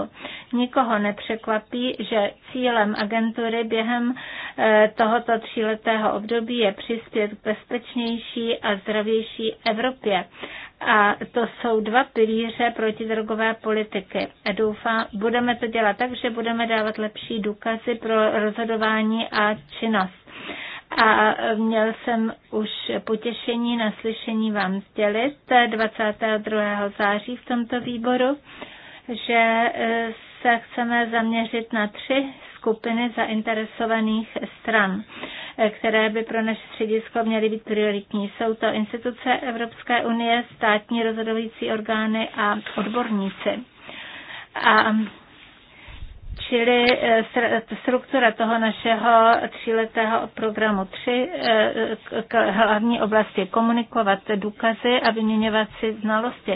[SPEAKER 1] Nikoho nepřekvapí, že cílem agentury během eh, tohoto tříletého období je přispět k bezpečnější a zdravější Evropě. A to jsou dva pilíře protidrogové politiky. A doufám, budeme to dělat tak, že budeme dávat lepší důkazy pro rozhodování a činnost a měl jsem už potěšení na slyšení vám sdělit 22. září v tomto výboru, že e, se chceme zaměřit na tři skupiny zainteresovaných stran, e, které by pro naše středisko měly být prioritní. Jsou to instituce Evropské unie, státní rozhodující orgány a odborníci. A Čili eh, struktura toho našeho tříletého programu tři eh, hlavní oblasti komunikovat důkazy a vyměňovat si znalosti.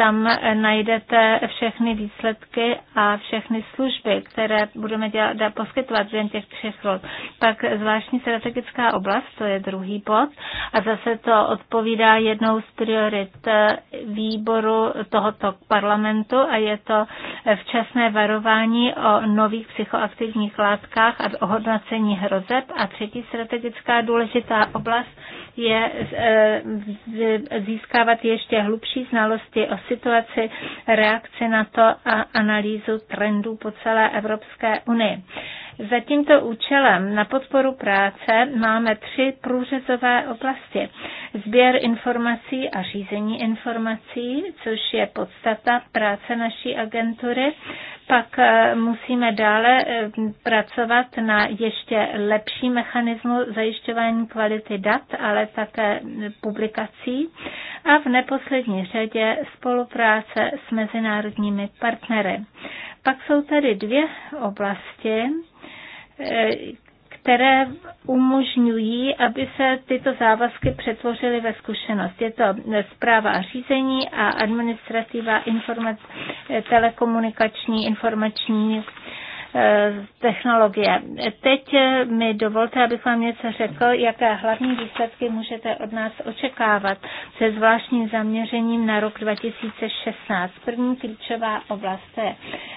[SPEAKER 1] Tam najdete všechny výsledky a všechny služby, které budeme dělat, poskytovat během těch třech let. Pak zvláštní strategická oblast, to je druhý bod, a zase to odpovídá jednou z priorit eh, výboru tohoto parlamentu a je to eh, včasné varování o nových psychoaktivních látkách a ohodnocení hrozeb. A třetí strategická důležitá oblast je eh, získávat ještě hlubší znalosti o situaci, reakci na to a analýzu trendů po celé Evropské unii. Za tímto účelem na podporu práce máme tři průřezové oblasti. Sběr informací a řízení informací, což je podstata práce naší agentury. Pak eh, musíme dále eh, pracovat na ještě lepší mechanismu zajišťování kvality dat, ale také publikací a v neposlední řadě spolupráce s mezinárodními partnery. Pak jsou tady dvě oblasti, eh, které umožňují, aby se tyto závazky přetvořily ve zkušenost. Je to zpráva a řízení a administrativa informa- telekomunikační informační Eh, technologie. Teď eh, mi dovolte, abych vám něco řekl, jaké hlavní výsledky můžete od nás očekávat se zvláštním zaměřením na rok 2016. První klíčová oblast je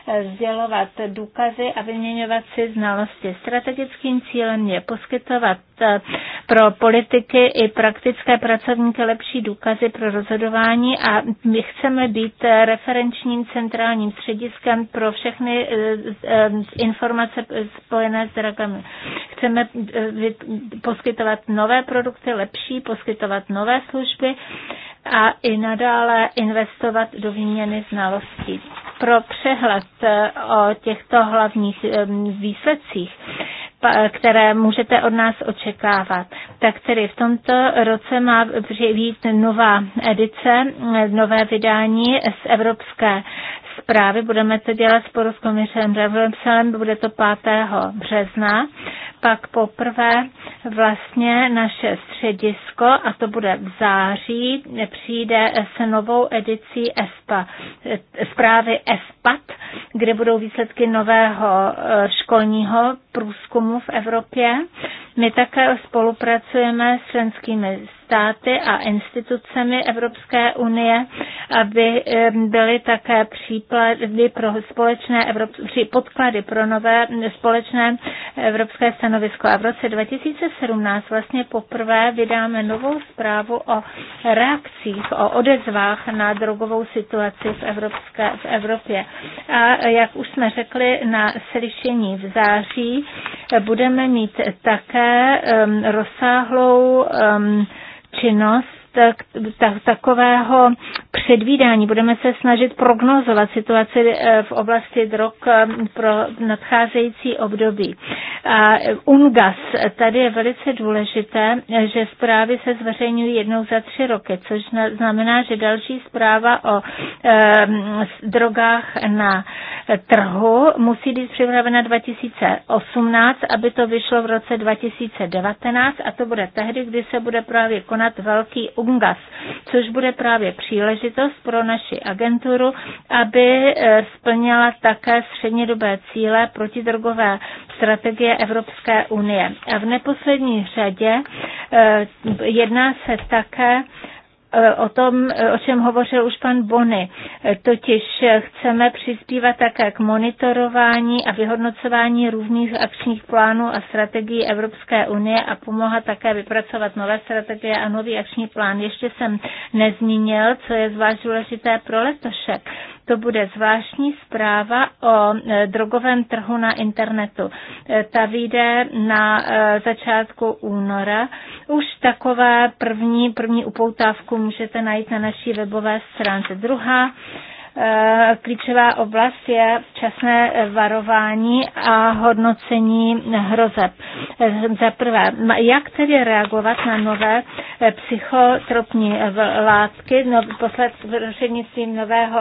[SPEAKER 1] eh, sdělovat důkazy a vyměňovat si znalosti. Strategickým cílem je poskytovat E, pro politiky i praktické pracovníky lepší důkazy pro rozhodování a my chceme být referenčním centrálním střediskem pro všechny e, e, informace spojené s dragami. Chceme poskytovat nové produkty, lepší, poskytovat nové služby a i nadále investovat do výměny znalostí pro přehled eh, o těchto hlavních výsledcích které můžete od nás očekávat. Tak tedy v tomto roce má přijít nová edice, eh, nové vydání z Evropské zprávy. Budeme to dělat spolu s komisem Revlem, bude to 5. března. Pak poprvé vlastně naše středisko, a to bude v září, přijde s novou edicí ESPA, zprávy ESPAT, kde budou výsledky nového eh, školního průzkumu v Evropě. My také spolupracujeme s členskými státy a institucemi Evropské unie, aby byly také příklady pro společné Evropské, podklady pro nové společné evropské stanovisko. A v roce 2017 vlastně poprvé vydáme novou zprávu o reakcích, o odezvách na drogovou situaci v, Evropské, v Evropě. A jak už jsme řekli na slyšení v září, budeme mít také um, rozsáhlou um, činnost tak, tak, takového předvídání. Budeme se snažit prognozovat situaci eh, v oblasti drog eh, pro nadcházející období. A eh, UNGAS, tady je velice důležité, že zprávy se zveřejňují jednou za tři roky, což znamená, že další zpráva o e, drogách na trhu musí být připravena 2018, aby to vyšlo v roce 2019 a to bude tehdy, kdy se bude právě konat velký UNGAS, což bude právě příležitost pro naši agenturu, aby eh, splněla také střednědobé cíle protidrogové strategie Evropské unie. A v neposlední řadě eh, jedná se také Eh, o tom, eh, o čem hovořil už pan Bony. Eh, totiž chceme přispívat také k monitorování a vyhodnocování různých akčních plánů a strategií Evropské unie a pomoha také vypracovat nové strategie a nový akční plán. Ještě jsem nezmínil, co je zvlášť důležité pro letošek. To bude zvláštní zpráva o e, drogovém trhu na internetu. E, ta vyjde na e, začátku února. Už takové první, první upoutávku můžete najít na naší webové stránce. Druhá Eh, klíčová oblast je včasné varování a hodnocení hrozeb. Eh, za prvé, jak tedy reagovat na nové eh, psychotropní látky no, posled prostřednictvím nového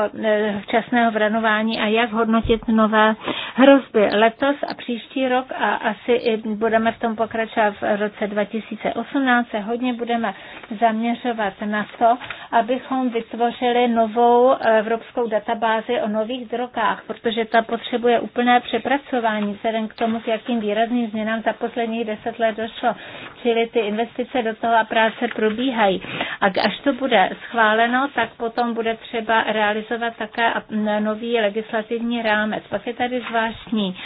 [SPEAKER 1] včasného vranování a jak hodnotit nové hrozby letos a příští rok a asi i budeme v tom pokračovat v roce 2018 hodně budeme zaměřovat na to, abychom vytvořili novou evropskou obrovskou databázi o nových drogách, protože ta potřebuje úplné přepracování vzhledem k tomu, k jakým výrazným změnám za posledních deset let došlo. Čili ty investice do toho a práce probíhají. A až to bude schváleno, tak potom bude třeba realizovat také nový legislativní rámec. Pak je tady zvláštní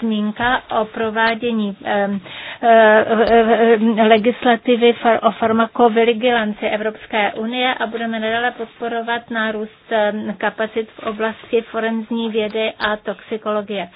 [SPEAKER 1] zmínka o provádění eh, eh, legislativy o farmakovigilanci Evropské unie a budeme nadále podporovat nárůst kapacity kapacit v oblasti forenzní vědy a toxikologie.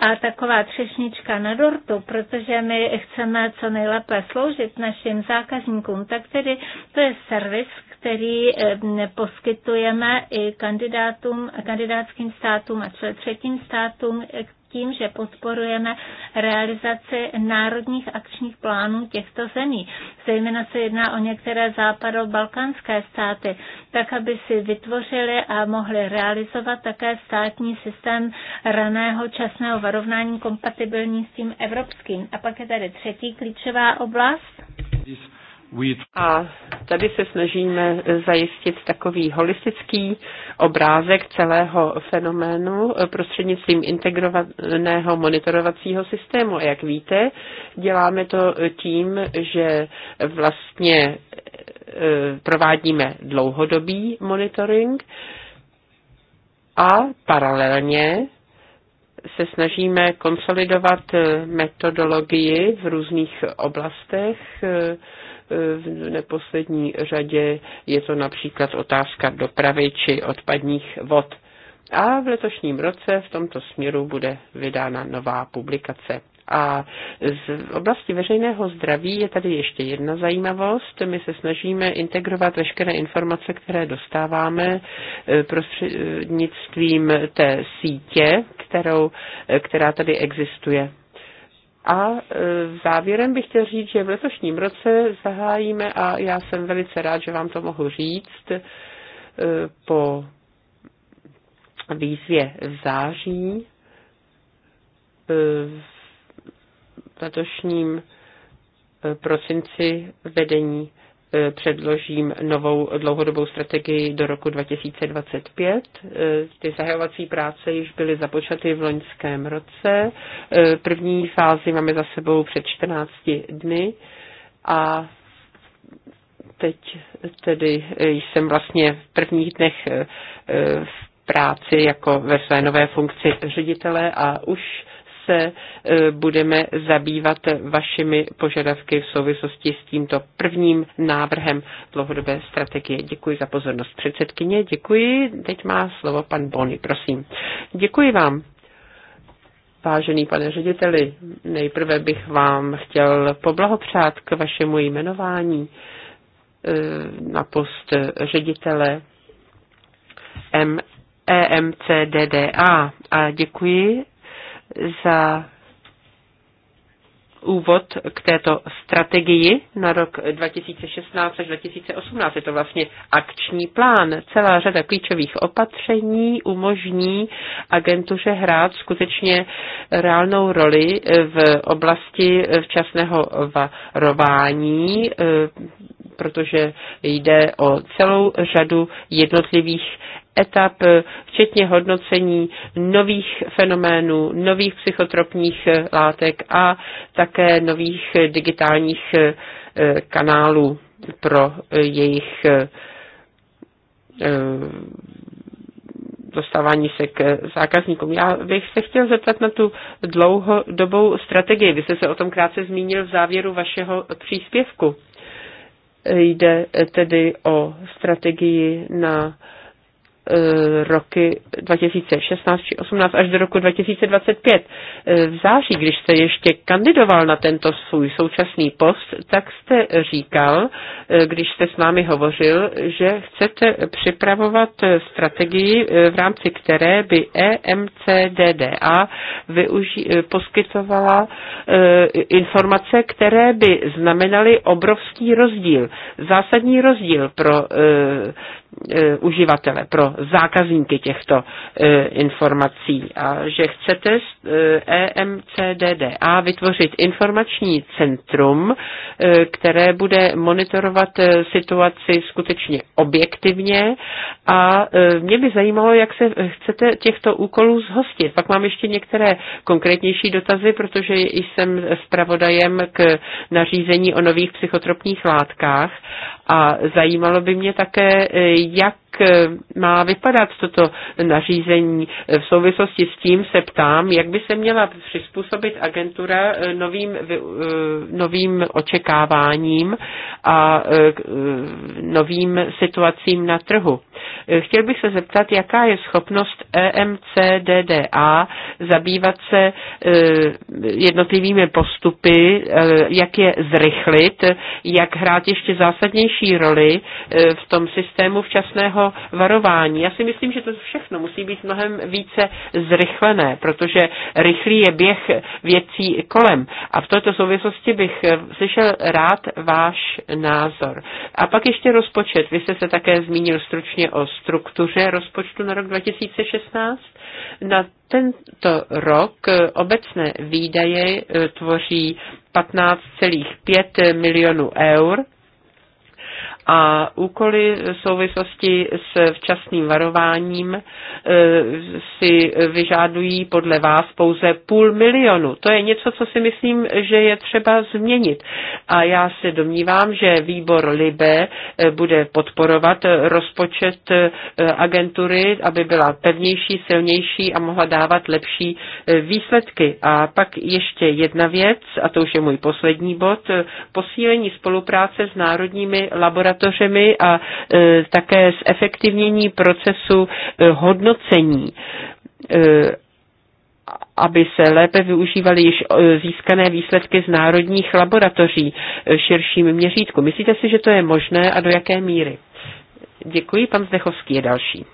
[SPEAKER 1] A taková třešnička na dortu, protože my chceme co nejlépe sloužit našim zákazníkům, tak tedy to je servis, který eh, poskytujeme i kandidátům, kandidátským státům a třetím státům, eh, tím, že podporujeme realizaci národních akčních plánů těchto zemí. Zejména se jedná o některé západo-balkánské státy, tak aby si vytvořili a mohli realizovat také státní systém raného časného varovnání kompatibilní s tím evropským. A pak je tady třetí klíčová oblast.
[SPEAKER 3] A tady se snažíme zajistit takový holistický obrázek celého fenoménu prostřednictvím integrovaného monitorovacího systému. A jak víte, děláme to tím, že vlastně e, provádíme dlouhodobý monitoring a paralelně se snažíme konsolidovat metodologii v různých oblastech e, v neposlední řadě je to například otázka dopravy či odpadních vod. A v letošním roce v tomto směru bude vydána nová publikace. A z oblasti veřejného zdraví je tady ještě jedna zajímavost. My se snažíme integrovat veškeré informace, které dostáváme e, prostřednictvím té sítě, kterou, e, která tady existuje a e, závěrem bych chtěl říct, že v letošním roce zahájíme, a já jsem velice rád, že vám to mohu říct, e, po výzvě v září e, v letošním prosinci vedení E, předložím novou dlouhodobou strategii do roku 2025. E, ty zahajovací práce již byly započaty v loňském roce. E, první fázi máme za sebou před 14 dny a teď tedy jsem vlastně v prvních dnech v práci jako ve své nové funkci ředitele a už se e, budeme zabývat vašimi požadavky v souvislosti s tímto prvním návrhem dlouhodobé strategie. Děkuji za pozornost předsedkyně, děkuji. Teď má slovo pan Bony, prosím. Děkuji vám. Vážený pane řediteli, nejprve bych vám chtěl poblahopřát k vašemu jmenování e, na post ředitele EMCDDA a děkuji za úvod k této strategii na rok 2016 až 2018. Je to vlastně akční plán. Celá řada klíčových opatření umožní agentuře hrát skutečně reálnou roli v oblasti včasného varování, eh, protože jde o celou řadu jednotlivých etap, eh, včetně hodnocení nových fenoménů, nových psychotropních eh, látek a také nových eh, digitálních kanálů pro jejich dostávání se k zákazníkům. Já bych se chtěl zeptat na tu dlouhodobou strategii. Vy jste se o tom krátce zmínil v závěru vašeho příspěvku. Jde tedy o strategii na Eh, roky 2016 či 18 až do roku 2025. Eh, v září, když jste ještě kandidoval na tento svůj současný post, tak jste říkal, eh, když jste s námi hovořil, že chcete připravovat strategii, v rámci které by EMCDDA využi- poskytovala informace, které by znamenaly obrovský rozdíl, zásadní rozdíl pro E, uživatele, pro zákazníky těchto e, informací a že chcete z e, EMCDDA vytvořit informační centrum, které bude monitorovat situaci skutečně objektivně a mě by zajímalo, jak se chcete těchto úkolů zhostit. Pak mám ještě některé konkrétnější dotazy, protože jsem zpravodajem k nařízení o nových psychotropních látkách a zajímalo by mě také, jak jak eh, má vypadat toto nařízení. V souvislosti s tím se ptám, jak by se měla přizpůsobit agentura eh, novým, eh, novým očekáváním a novým situacím na trhu. Chtěl bych se zeptat, jaká je schopnost EMCDDA zabývat se jednotlivými postupy, jak je zrychlit, jak hrát ještě zásadnější roli v tom systému včasného toho varování. Já si myslím, že to všechno musí být mnohem více zrychlené, protože rychlý je běh věcí kolem. A v této souvislosti bych eh, slyšel rád váš názor. A pak ještě rozpočet. Vy jste se také zmínil stručně o struktuře rozpočtu na rok 2016. Na tento rok eh, obecné výdaje eh, tvoří 15,5 milionů eur a úkoly v souvislosti s včasným varováním e, si vyžádují podle vás pouze půl milionu. To je něco, co si myslím, že je třeba změnit. A já se domnívám, že výbor Libe e, bude podporovat rozpočet e, agentury, aby byla pevnější, silnější a mohla dávat lepší výsledky. A pak ještě jedna věc, a to už je můj poslední bod, posílení spolupráce s národními laboratořemi observatořemi a e, také zefektivnění procesu e, hodnocení e, aby se lépe využívaly již získané výsledky z národních laboratoří širším měřítku. Myslíte si, že to je možné a do jaké míry? Děkuji, pan Zdechovský je další.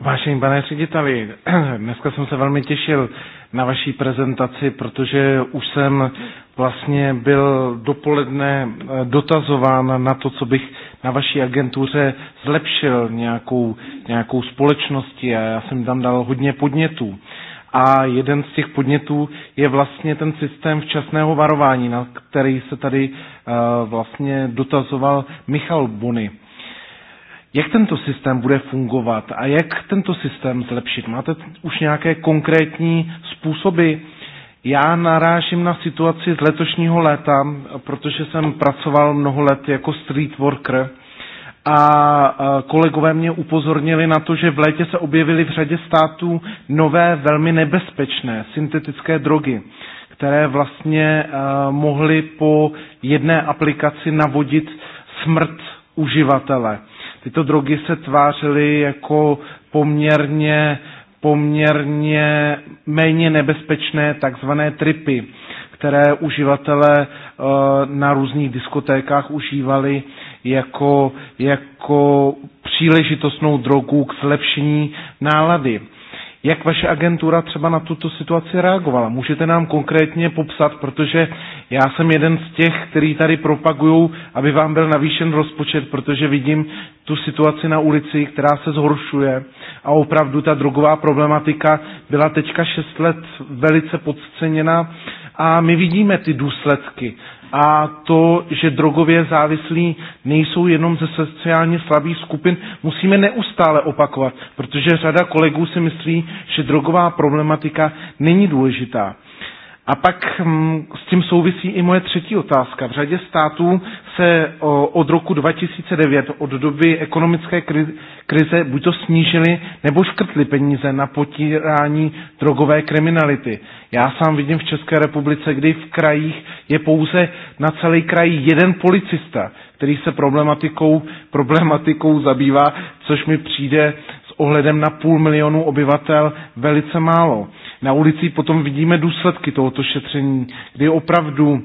[SPEAKER 6] Vážení pane řediteli, dneska jsem se velmi těšil na vaší prezentaci, protože už jsem vlastně byl dopoledne eh, dotazován na to, co bych na vaší agentuře zlepšil nějakou, nějakou společnosti a já jsem tam dal hodně podnětů. A jeden z těch podnětů je vlastně ten systém včasného varování, na který se tady eh, vlastně dotazoval Michal Bony. Jak tento systém bude fungovat a jak tento systém zlepšit? Máte už nějaké konkrétní způsoby, já narážím na situaci z letošního léta, protože jsem pracoval mnoho let jako street worker a kolegové mě upozornili na to, že v létě se objevily v řadě států nové, velmi nebezpečné syntetické drogy, které vlastně e, mohly po jedné aplikaci navodit smrt uživatele. Tyto drogy se tvářily jako poměrně uh, poměrně méně nebezpečné takzvané tripy, které uživatelé eh, na různých diskotékách užívali jako, jako příležitostnou drogu k zlepšení nálady. Jak vaše agentura třeba na tuto situaci reagovala? Můžete nám konkrétně popsat, protože já jsem jeden z těch, který tady propagují, aby vám byl navýšen rozpočet, protože vidím tu situaci na ulici, která se zhoršuje a opravdu ta drogová problematika byla teďka šest let velice podceněna a my vidíme ty důsledky a to, že drogově závislí nejsou jenom ze sociálně slabých skupin, musíme neustále opakovat, protože řada kolegů si myslí, že drogová problematika není důležitá. A pak mm, s tím souvisí i moje třetí otázka. V řadě států se od roku 2009, od doby ekonomické krize, buď to snížily nebo škrtly peníze na potírání drogové kriminality. Já sám vidím v České republice, kdy v krajích je pouze na celý kraj jeden policista, který se problematikou, problematikou zabývá, což mi přijde ohledem na půl milionu obyvatel velice málo. Na ulici potom vidíme důsledky tohoto šetření, kdy opravdu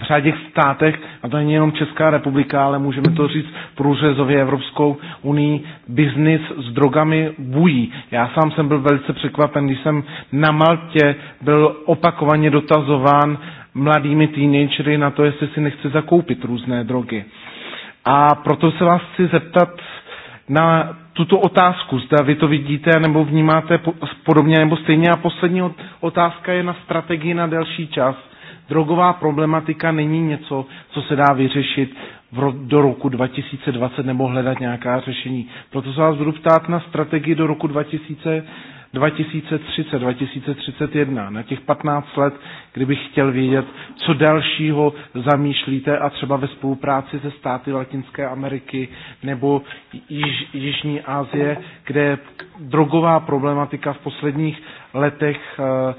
[SPEAKER 6] v řadě státech, a to není jenom Česká republika, ale můžeme to říct průřezově Evropskou unii, biznis s drogami bují. Já sám jsem byl velice překvapen, když jsem na Maltě byl opakovaně dotazován mladými teenagery na to, jestli si nechci zakoupit různé drogy. A proto se vás chci zeptat na tuto otázku, zda vy to vidíte nebo vnímáte podobně nebo stejně. A poslední otázka je na strategii na delší čas. Drogová problematika není něco, co se dá vyřešit v ro- do roku 2020 nebo hledat nějaká řešení. Proto se vás budu ptát na strategii do roku 2020 2030, 2031, na těch 15 let, kdybych chtěl vědět, co dalšího zamýšlíte a třeba ve spolupráci se státy Latinské Ameriky nebo Již, Jižní Asie, kde drogová problematika v posledních letech eh,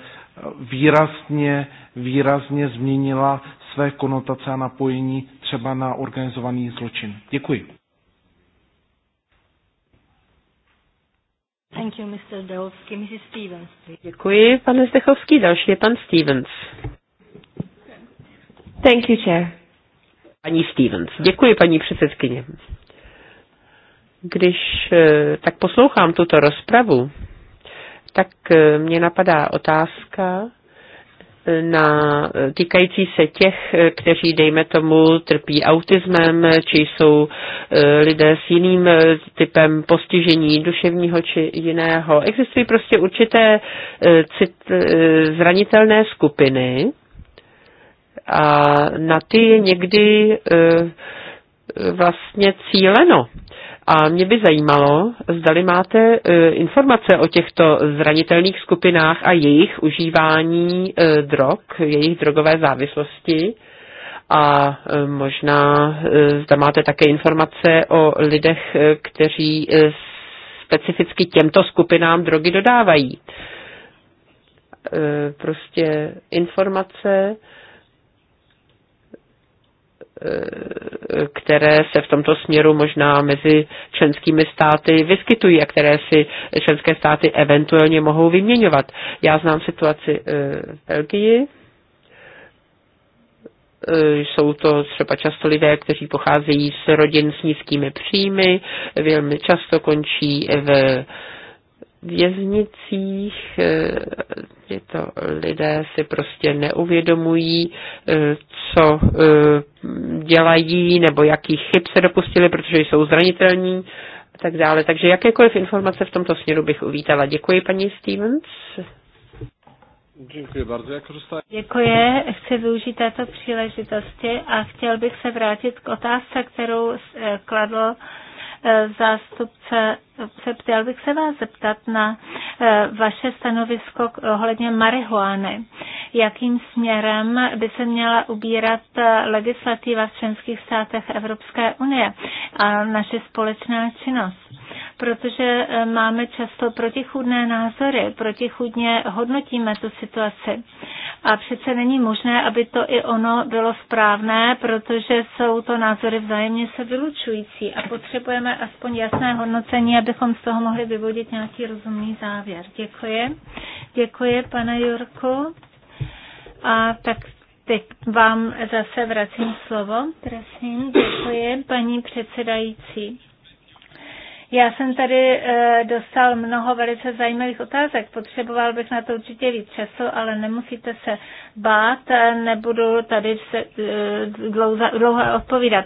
[SPEAKER 6] výrazně, výrazně změnila své konotace a napojení třeba na organizovaný zločin. Děkuji.
[SPEAKER 1] Thank you, Mr. Dehovský. Mrs. Stevens, please. Děkuji,
[SPEAKER 3] pane Zdechovský. Další je pan Stevens. Thank you, Chair. Paní Stevens. Děkuji, paní předsedkyně. Když eh, tak poslouchám tuto rozpravu, tak eh, mě napadá otázka, na, týkající se těch, kteří, dejme tomu, trpí autismem, či jsou e, lidé s jiným e, typem postižení duševního či jiného. Existují prostě určité e, cit, zranitelné skupiny a na ty je někdy vlastně cíleno a mě by zajímalo, zdali máte e, informace o těchto zranitelných skupinách a jejich užívání e, drog, jejich drogové závislosti a e, možná zda máte také informace o lidech, kteří specificky těmto skupinám drogy dodávají. Prostě informace Eh, které se v tomto směru možná mezi členskými státy vyskytují a které si členské státy eventuálně mohou vyměňovat. Já znám situaci eh, v Belgii, eh, jsou to třeba často lidé, kteří pocházejí z rodin s nízkými příjmy, velmi často končí v věznicích. Eh, tyto lidé si prostě neuvědomují, eh, co eh, dělají nebo jakých chyb se dopustili, protože jsou zranitelní a tak dále. Takže jakékoliv informace v tomto směru bych uvítala. Děkuji, paní Stevens. Děkuji bardzo. Já Děkuji. Chci
[SPEAKER 1] využít této příležitosti a chtěl bych se vrátit k otázce, kterou kladl zástupce Chtěl bych se vás zeptat na eh, vaše stanovisko ohledně marihuany. Jakým směrem by se měla ubírat eh, legislativa v členských státech Evropské unie a naše společná činnost? protože eh, máme často protichůdné názory, protichůdně hodnotíme tu situaci. A přece není možné, aby to i ono bylo správné, protože jsou to názory vzájemně se vylučující a potřebujeme aspoň jasné hodnocení, abychom z toho mohli vyvodit nějaký rozumný závěr. Děkuji. Děkuji, pane Jurku. A tak teď vám zase vracím slovo. Prosím, děkuji, paní předsedající. Já jsem tady eh, dostal mnoho velice zajímavých otázek. Potřeboval bych na to určitě víc času, ale nemusíte se bát, eh, nebudu tady se eh, dlouho odpovídat.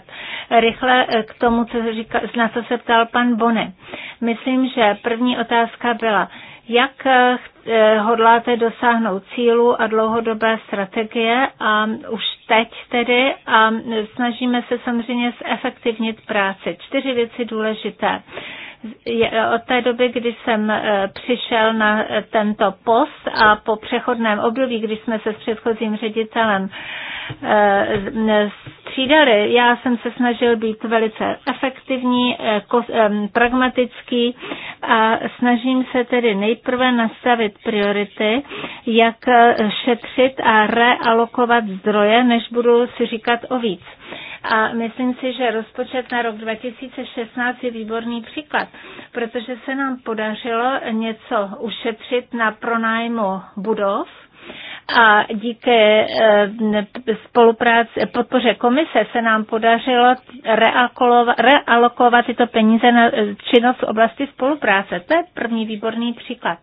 [SPEAKER 1] Rychle k tomu, co říkal, na co se ptal pan Bone. Myslím, že první otázka byla, jak Eh, hodláte dosáhnout cílu a dlouhodobé strategie a už teď tedy a snažíme se samozřejmě zefektivnit práci. Čtyři věci důležité. Eh, od té doby, kdy jsem eh, přišel na eh, tento post a po přechodném období, kdy jsme se s předchozím ředitelem střídali, já jsem se snažil být velice efektivní, pragmatický a snažím se tedy nejprve nastavit priority, jak šetřit a realokovat zdroje, než budu si říkat o víc. A myslím si, že rozpočet na rok 2016 je výborný příklad, protože se nám podařilo něco ušetřit na pronájmu budov, a díky eh, spolupráci, podpoře komise se nám podařilo realokovat tyto peníze na eh, činnost v oblasti spolupráce. To je první výborný příklad.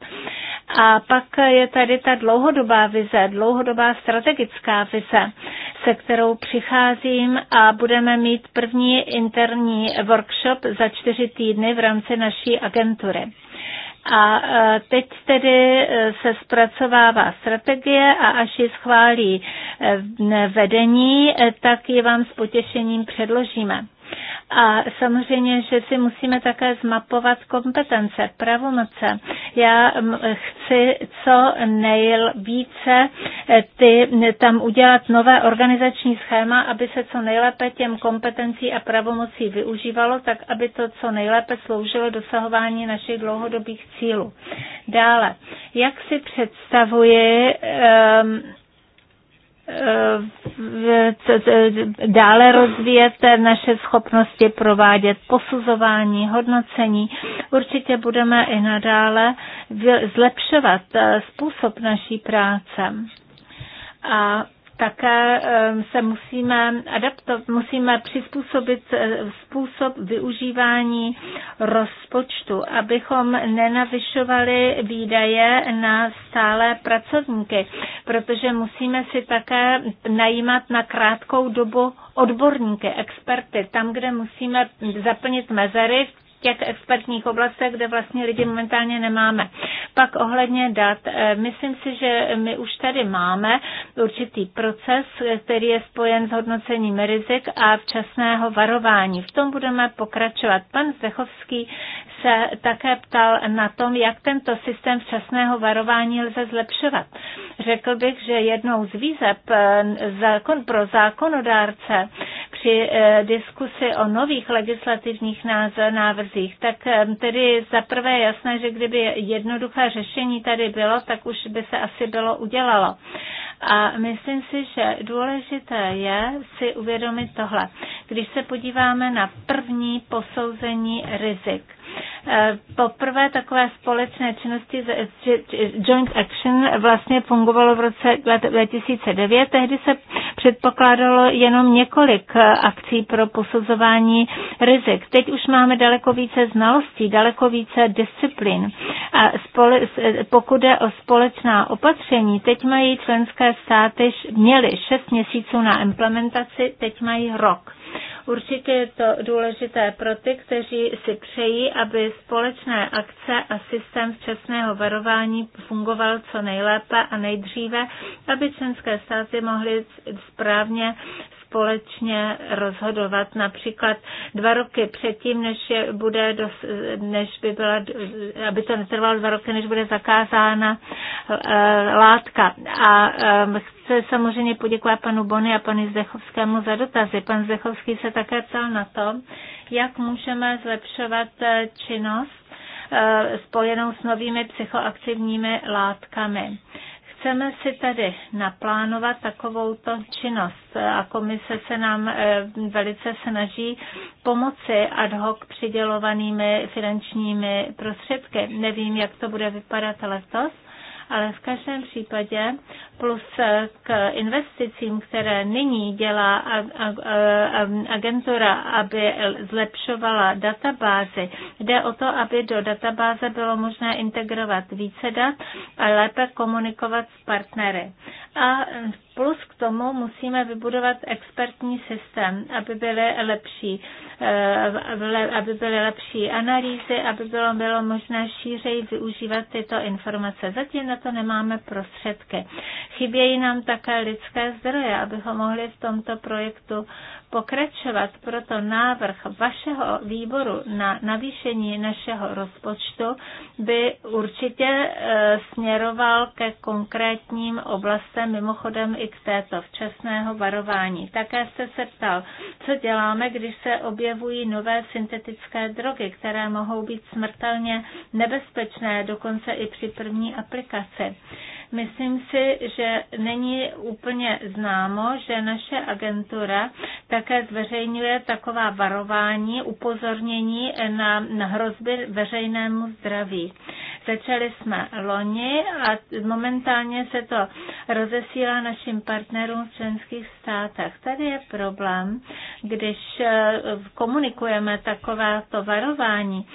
[SPEAKER 1] A pak je tady ta dlouhodobá vize, dlouhodobá strategická vize, se kterou přicházím a budeme mít první interní workshop za čtyři týdny v rámci naší agentury. A e, teď tedy e, se zpracovává strategie a až ji schválí e, vedení, tak ji vám s potěšením předložíme. A samozřejmě, že si musíme také zmapovat kompetence, pravomoce. Já chci co nejvíce eh, ty, tam udělat nové organizační schéma, aby se co nejlépe těm kompetencí a pravomocí využívalo, tak aby to co nejlépe sloužilo dosahování našich dlouhodobých cílů. Dále, jak si představuji um, Eh, dále rozvíjet naše schopnosti provádět posuzování, hodnocení. Určitě budeme i nadále zlepšovat eh, způsob naší práce. A také ehm, se musíme adaptovat, musíme přizpůsobit eh, způsob využívání rozpočtu, abychom nenavyšovali výdaje na stále pracovníky, protože musíme si také najímat na krátkou dobu odborníky, experty, tam, kde musíme zaplnit mezery v těch expertních oblastech, kde vlastně lidi momentálně nemáme. Pak ohledně dat, eh, myslím si, že my už tady máme určitý proces, který je spojen s hodnocením rizik a včasného varování. V tom budeme pokračovat. Pan Zdechovský se také ptal na tom, jak tento systém včasného varování lze zlepšovat. Řekl bych, že jednou z výzeb eh, zákon pro zákonodárce při eh, diskusi o nových legislativních návrzích financích, tak tedy zaprvé je jasné, že kdyby jednoduché řešení tady bylo, tak už by se asi bylo udělalo. A myslím si, že důležité je si uvědomit tohle. Když se podíváme na první posouzení rizik. Eh, poprvé takové společné činnosti Joint Action vlastně fungovalo v roce 2009. Tehdy se předpokládalo jenom několik eh, akcí pro posuzování rizik. Teď už máme daleko více znalostí, daleko více disciplín. A spole, eh, pokud je o společná opatření, teď mají členské členské státy měly 6 měsíců na implementaci, teď mají rok. Určitě je to důležité pro ty, kteří si přejí, aby společné akce a systém včasného varování fungoval co nejlépe a nejdříve, aby členské státy mohly správně společně rozhodovat. Například dva roky předtím, než, je, bude dos, než by byla, aby to netrvalo dva roky, než bude zakázána eh, látka. A eh, chci samozřejmě poděkovat panu Bony a panu Zdechovskému za dotazy. Pan Zdechovský se také ptal na to, jak můžeme zlepšovat eh, činnost spojenou s novými psychoaktivními látkami chceme si tedy naplánovat takovouto činnost a komise se nám eh, velice snaží pomoci ad hoc přidělovanými finančními prostředky. Nevím, jak to bude vypadat letos, ale v každém případě plus k investicím, které nyní dělá agentura, aby zlepšovala databázy. Jde o to, aby do databáze bylo možné integrovat více dat a lépe komunikovat s partnery. A plus k tomu musíme vybudovat expertní systém, aby byly lepší, eh, aby byly lepší analýzy, aby bylo, bylo možné šířeji využívat tyto informace. Zatím na to nemáme prostředky. Chybějí nám také lidské zdroje, abychom mohli v tomto projektu pokračovat. Proto návrh vašeho výboru na navýšení našeho rozpočtu by určitě e, směroval ke konkrétním oblastem, mimochodem i k této včasného varování. Také jste se ptal, co děláme, když se objevují nové syntetické drogy, které mohou být smrtelně nebezpečné, dokonce i při první aplikaci. Myslím si, že není úplně známo, že naše agentura také zveřejňuje taková varování, upozornění na hrozby veřejnému zdraví. Začali jsme loni a momentálně se to rozesílá našim partnerům v členských státech. Tady je problém, když eh, komunikujeme takováto varování,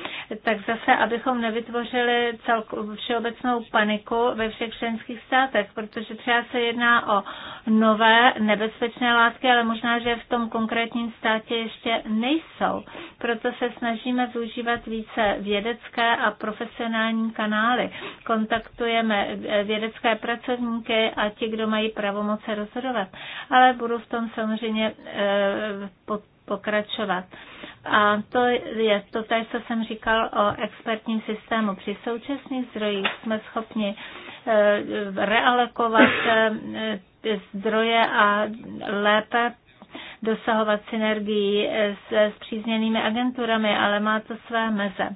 [SPEAKER 1] tak zase, abychom nevytvořili celko, všeobecnou paniku ve všech členských státech, protože třeba se jedná o nové nebezpečné látky, ale možná, že v tom konkrétním státě ještě nejsou. Proto se snažíme využívat více vědecké a profesionální kanály. Kontaktujeme vědecké pracovníky a ti, kdo mají pravomoce rozhodovat. Ale budu v tom samozřejmě eh, pokračovat. A to je to, tady, co jsem říkal o expertním systému. Při současných zdrojích jsme schopni eh, realokovat eh, zdroje a lépe dosahovat synergii eh, s zpřízněnými agenturami, ale má to své meze.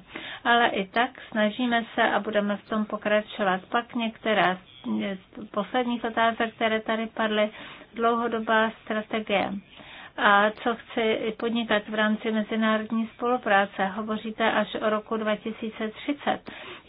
[SPEAKER 1] Ale i tak snažíme se a budeme v tom pokračovat. Pak některá z posledních otázek, které tady padly, dlouhodobá strategie a co chce podnikat v rámci mezinárodní spolupráce. Hovoříte až o roku 2030.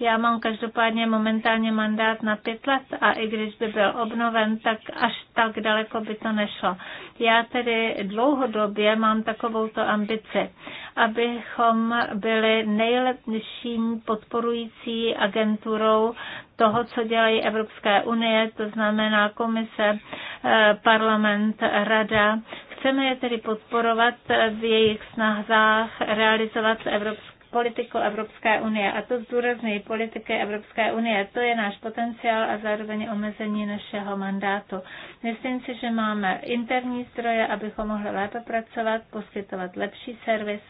[SPEAKER 1] Já mám každopádně momentálně mandát na pět let a i když by byl obnoven, tak až tak daleko by to nešlo. Já tedy dlouhodobě mám takovouto ambici, abychom byli nejlepším podporující agenturou toho, co dělají Evropské unie, to znamená komise, eh, parlament, rada, Chceme je tedy podporovat v jejich snahách realizovat evropské politiku Evropské unie. A to zdůrazňuji politiky Evropské unie. To je náš potenciál a zároveň omezení našeho mandátu. Myslím si, že máme interní zdroje, abychom mohli lépe pracovat, poskytovat lepší servis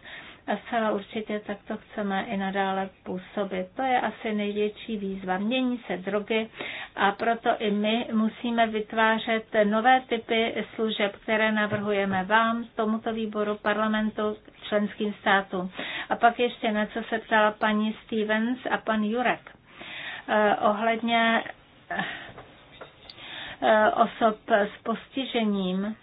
[SPEAKER 1] a zcela určitě takto chceme i nadále působit. To je asi největší výzva. Mění se drogy a proto i my musíme vytvářet nové typy služeb, které navrhujeme vám, tomuto výboru, parlamentu, členským státům. A pak ještě na co se ptala paní Stevens a pan Jurek. Eh, ohledně eh, eh, osob s postižením,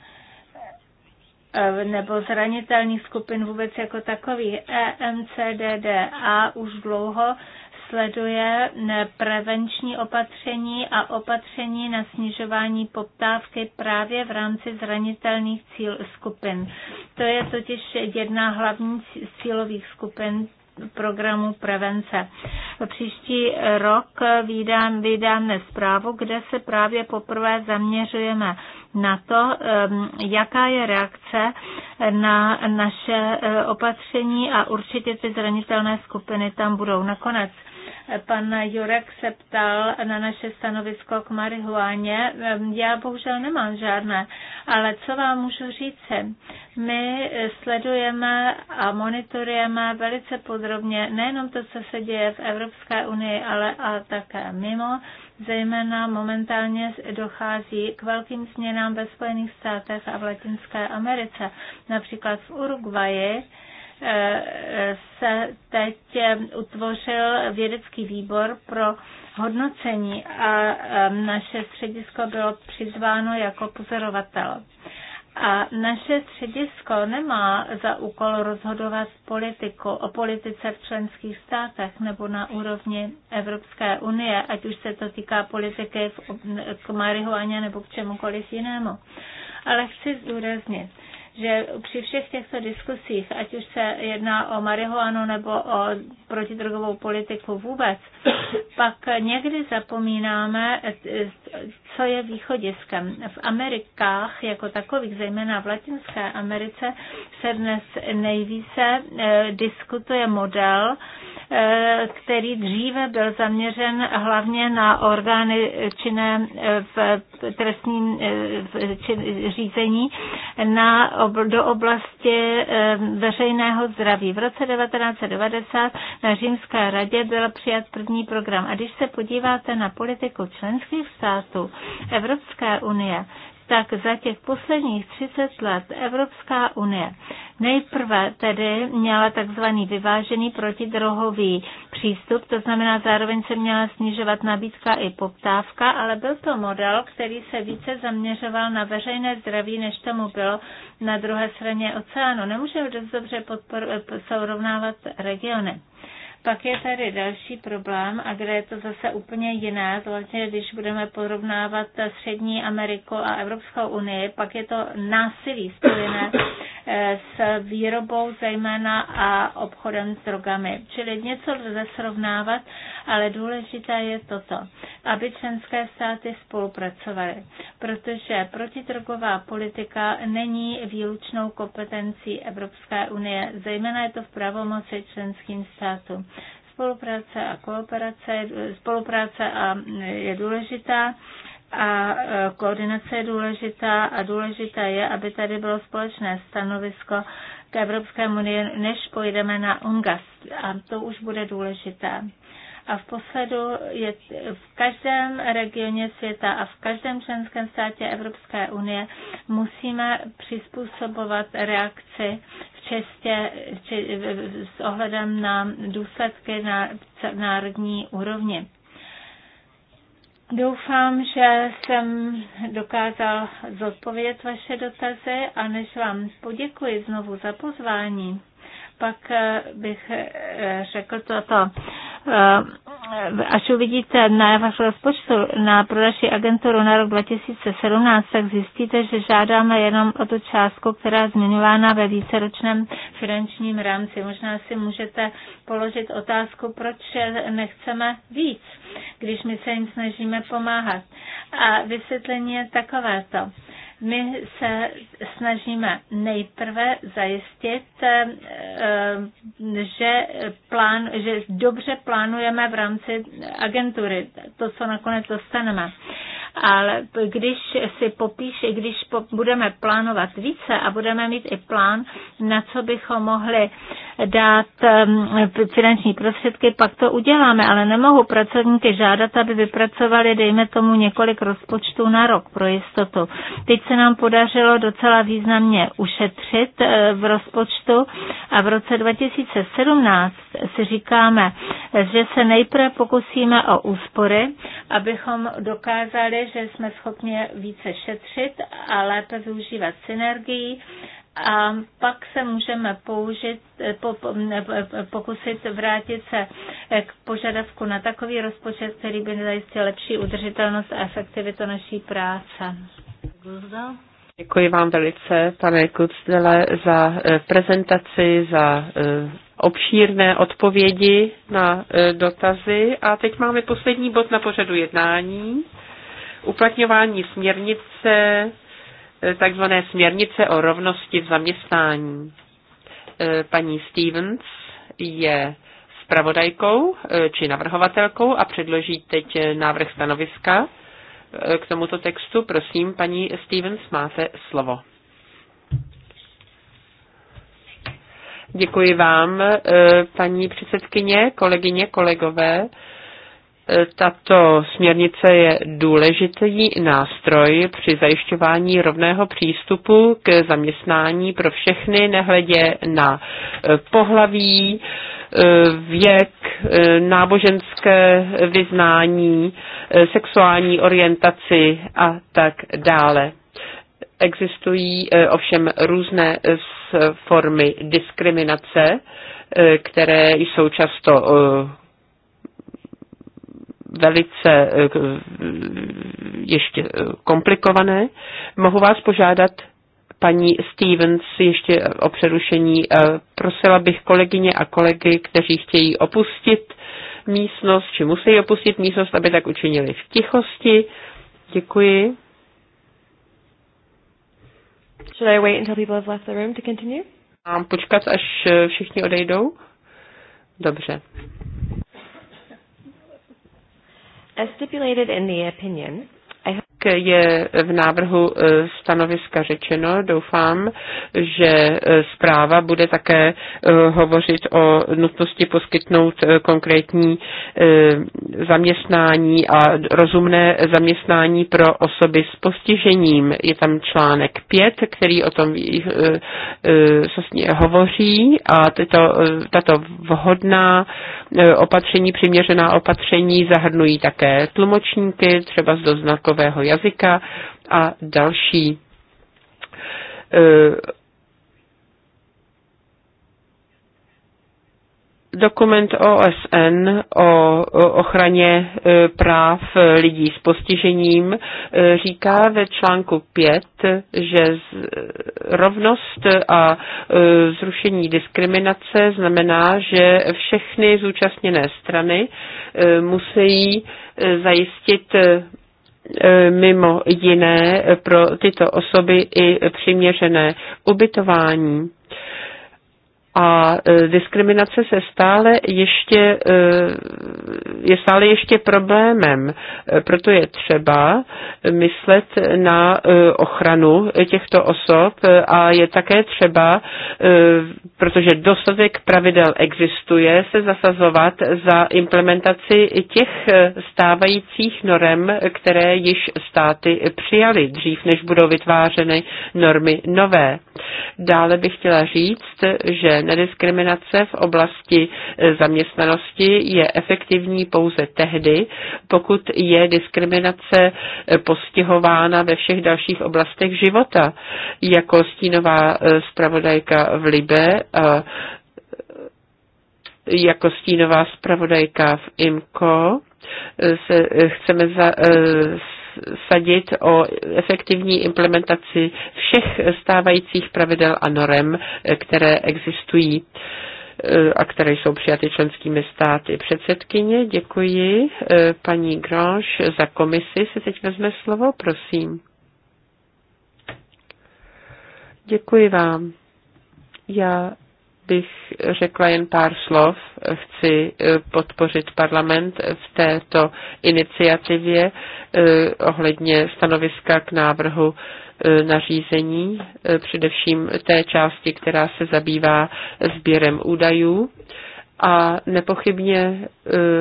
[SPEAKER 1] Eh, nebo zranitelných skupin vůbec jako takových. EMCDDA už dlouho sleduje eh, prevenční opatření a opatření na snižování poptávky právě v rámci zranitelných cíl skupin. To je totiž jedna hlavní cílových skupin programu prevence. Příští rok vydám, vydáme zprávu, kde se právě poprvé zaměřujeme na to, jaká je reakce na naše e, opatření a určitě ty zranitelné skupiny tam budou. Nakonec Pan Jurek se ptal na naše stanovisko k marihuáně. Já bohužel nemám žádné, ale co vám můžu říci? My sledujeme a monitorujeme velice podrobně nejenom to, co se děje v Evropské unii, ale a také mimo. Zejména momentálně dochází k velkým změnám ve Spojených státech a v Latinské Americe. Například v Uruguayi se teď utvořil vědecký výbor pro hodnocení a naše středisko bylo přizváno jako pozorovatel. A naše středisko nemá za úkol rozhodovat politiku, o politice v členských státech nebo na úrovni Evropské unie, ať už se to týká politiky k marihuaně nebo k čemukoliv jinému. Ale chci zdůraznit, že při všech těchto diskusích, ať už se jedná o marihuanu nebo o protidrogovou politiku vůbec, pak někdy zapomínáme, co je východiskem. V Amerikách jako takových, zejména v Latinské Americe, se dnes nejvíce eh, diskutuje model, eh, který dříve byl zaměřen hlavně na orgány činné eh, v trestním řízení, na do oblasti eh, veřejného zdraví. V roce 1990 na Římské radě byl přijat první program. A když se podíváte na politiku členských států Evropské unie, tak za těch posledních 30 let Evropská unie nejprve tedy měla takzvaný vyvážený protidrohový přístup, to znamená zároveň se měla snižovat nabídka i poptávka, ale byl to model, který se více zaměřoval na veřejné zdraví, než tomu bylo na druhé straně oceánu. Nemůžeme dost dobře podporu, sourovnávat regiony. Pak je tady další problém, a kde je to zase úplně jiné, zvláště když budeme porovnávat Střední Ameriku a Evropskou unii, pak je to násilí spojené eh, s výrobou zejména a obchodem s drogami. Čili něco lze srovnávat, ale důležité je toto, aby členské státy spolupracovaly, protože protidrogová politika není výlučnou kompetencí Evropské unie, zejména je to v pravomoci členským státům. Spolupráce a kooperace, spolupráce a je důležitá a e, koordinace je důležitá a důležité je, aby tady bylo společné stanovisko k Evropské unii, než pojdeme na UNGAS. A to už bude důležité. A v posledu je v každém regioně světa a v každém členském státě Evropské unie musíme přizpůsobovat reakci čestě, či, s ohledem na důsledky na národní úrovni. Doufám, že jsem dokázal zodpovědět vaše dotazy a než vám poděkuji znovu za pozvání, pak bych eh, řekl toto. Eh, až uvidíte na návrh rozpočtu na pro naši agenturu na rok 2017, tak zjistíte, že žádáme jenom o tu částku, která je zmiňována ve víceročném finančním rámci. Možná si můžete položit otázku, proč nechceme víc, když my se jim snažíme pomáhat. A vysvětlení je takovéto. My se snažíme nejprve zajistit, eh, eh, že, plán, že dobře plánujeme v rámci agentury to, co nakonec dostaneme. Ale když si popíše, když budeme plánovat více a budeme mít i plán, na co bychom mohli dát finanční prostředky, pak to uděláme, ale nemohu pracovníky žádat, aby vypracovali, dejme tomu, několik rozpočtů na rok pro jistotu. Teď se nám podařilo docela významně ušetřit eh, v rozpočtu a v roce 2017 si říkáme, že se nejprve pokusíme o úspory, abychom dokázali, že jsme schopni více šetřit a lépe využívat synergii a pak se můžeme použít, po, po, pokusit vrátit se k požadavku na takový rozpočet, který by zajistil lepší udržitelnost a efektivitu naší práce.
[SPEAKER 3] Děkuji vám velice, pane Kucdele, za eh, prezentaci, za eh, obšírné odpovědi na eh, dotazy. A teď máme poslední bod na pořadu jednání. Uplatňování směrnice takzvané směrnice o rovnosti v zaměstnání. E, paní Stevens je zpravodajkou e, či navrhovatelkou a předloží teď návrh stanoviska e, k tomuto textu. Prosím, paní Stevens, máte slovo. Děkuji vám, paní předsedkyně, kolegyně, kolegové. E, tato směrnice je důležitý nástroj při zajišťování rovného přístupu k zaměstnání pro všechny, nehledě na e, pohlaví, e, věk, náboženské vyznání, sexuální orientaci a tak dále. Existují ovšem různé formy diskriminace, které jsou často velice eh, ještě eh, komplikované. Mohu vás požádat, paní Stevens, ještě o přerušení. Eh, prosila bych kolegyně a kolegy, kteří chtějí opustit místnost, či musí opustit místnost, aby tak učinili v tichosti. Děkuji.
[SPEAKER 6] Should I wait until people have left the room to continue?
[SPEAKER 3] Mám počkat, až všichni odejdou? Dobře.
[SPEAKER 6] As
[SPEAKER 1] stipulated in the opinion,
[SPEAKER 3] je v návrhu eh, stanoviska řečeno. Doufám, že eh, zpráva bude také eh, hovořit o nutnosti poskytnout konkrétní zaměstnání a rozumné zaměstnání pro osoby s postižením. Je tam článek 5, který o tom hovoří a tyto, tato vhodná opatření, přiměřená opatření zahrnují také tlumočníky, třeba z doznakového jazyka, jazyka a další. E, dokument OSN o ochraně e, práv lidí s postižením e, říká ve článku 5, že rovnost a zrušení diskriminace znamená, že všechny zúčastněné strany musí zajistit E, mimo jiné pro tyto osoby i přiměřené ubytování a e, diskriminace se stále ještě, e, je stále ještě problémem. E, proto je třeba myslet na ochranu těchto osob a je také třeba, protože dostatek pravidel existuje, se zasazovat za implementaci těch stávajících norem, které již státy přijaly dřív, než budou vytvářeny normy nové. Dále bych chtěla říct, že nediskriminace v oblasti eh, zaměstnanosti je efektivní pouze tehdy, pokud je diskriminace eh, postihována ve všech dalších oblastech života. Jako stínová eh, zpravodajka v Libe jako stínová zpravodajka v IMCO se chceme za, sadit o efektivní implementaci všech stávajících pravidel a norem, které existují eh, a které jsou přijaty členskými státy. Předsedkyně, děkuji. Eh, paní Grange za komisi se teď vezme slovo, prosím. Děkuji vám. Já bych řekla jen pár slov. Chci eh, podpořit parlament v této iniciativě eh, ohledně stanoviska k návrhu eh, nařízení, především té části, která se zabývá sběrem údajů. A nepochybně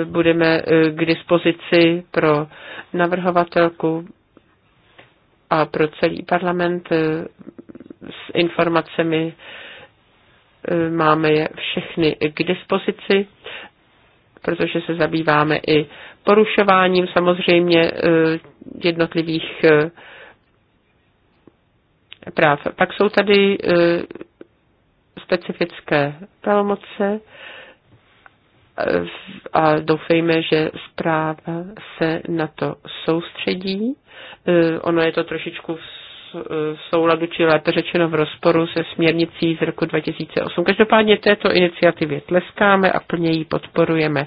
[SPEAKER 3] budeme k dispozici pro navrhovatelku a pro celý parlament s informacemi, E, máme je všechny k dispozici, protože se zabýváme i porušováním samozřejmě e, jednotlivých e, práv. Pak jsou tady specifické pravomoce a doufejme, že zpráva se na to soustředí. Ono je to trošičku v souladu, či lépe řečeno v rozporu se směrnicí z roku 2008. Každopádně této iniciativě tleskáme a plně ji podporujeme.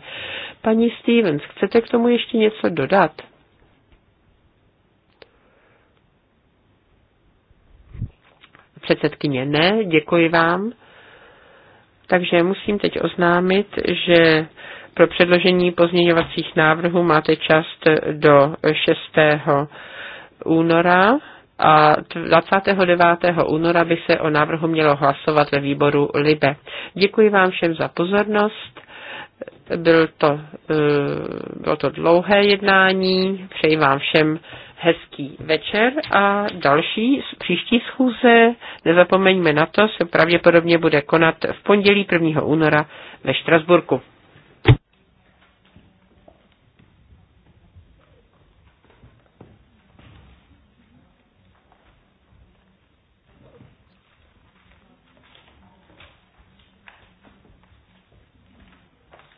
[SPEAKER 3] Paní Stevens, chcete k tomu ještě něco dodat? Předsedkyně ne, děkuji vám. Takže musím teď oznámit, že pro předložení pozměňovacích návrhů máte čas do 6. února a 29. února by se o návrhu mělo hlasovat ve výboru LIBE. Děkuji vám všem za pozornost. Byl to, eh, bylo to dlouhé jednání. Přeji vám všem hezký večer a další z příští schůze, nezapomeňme na to, se pravděpodobně bude konat v pondělí 1. února ve
[SPEAKER 4] Štrasburku.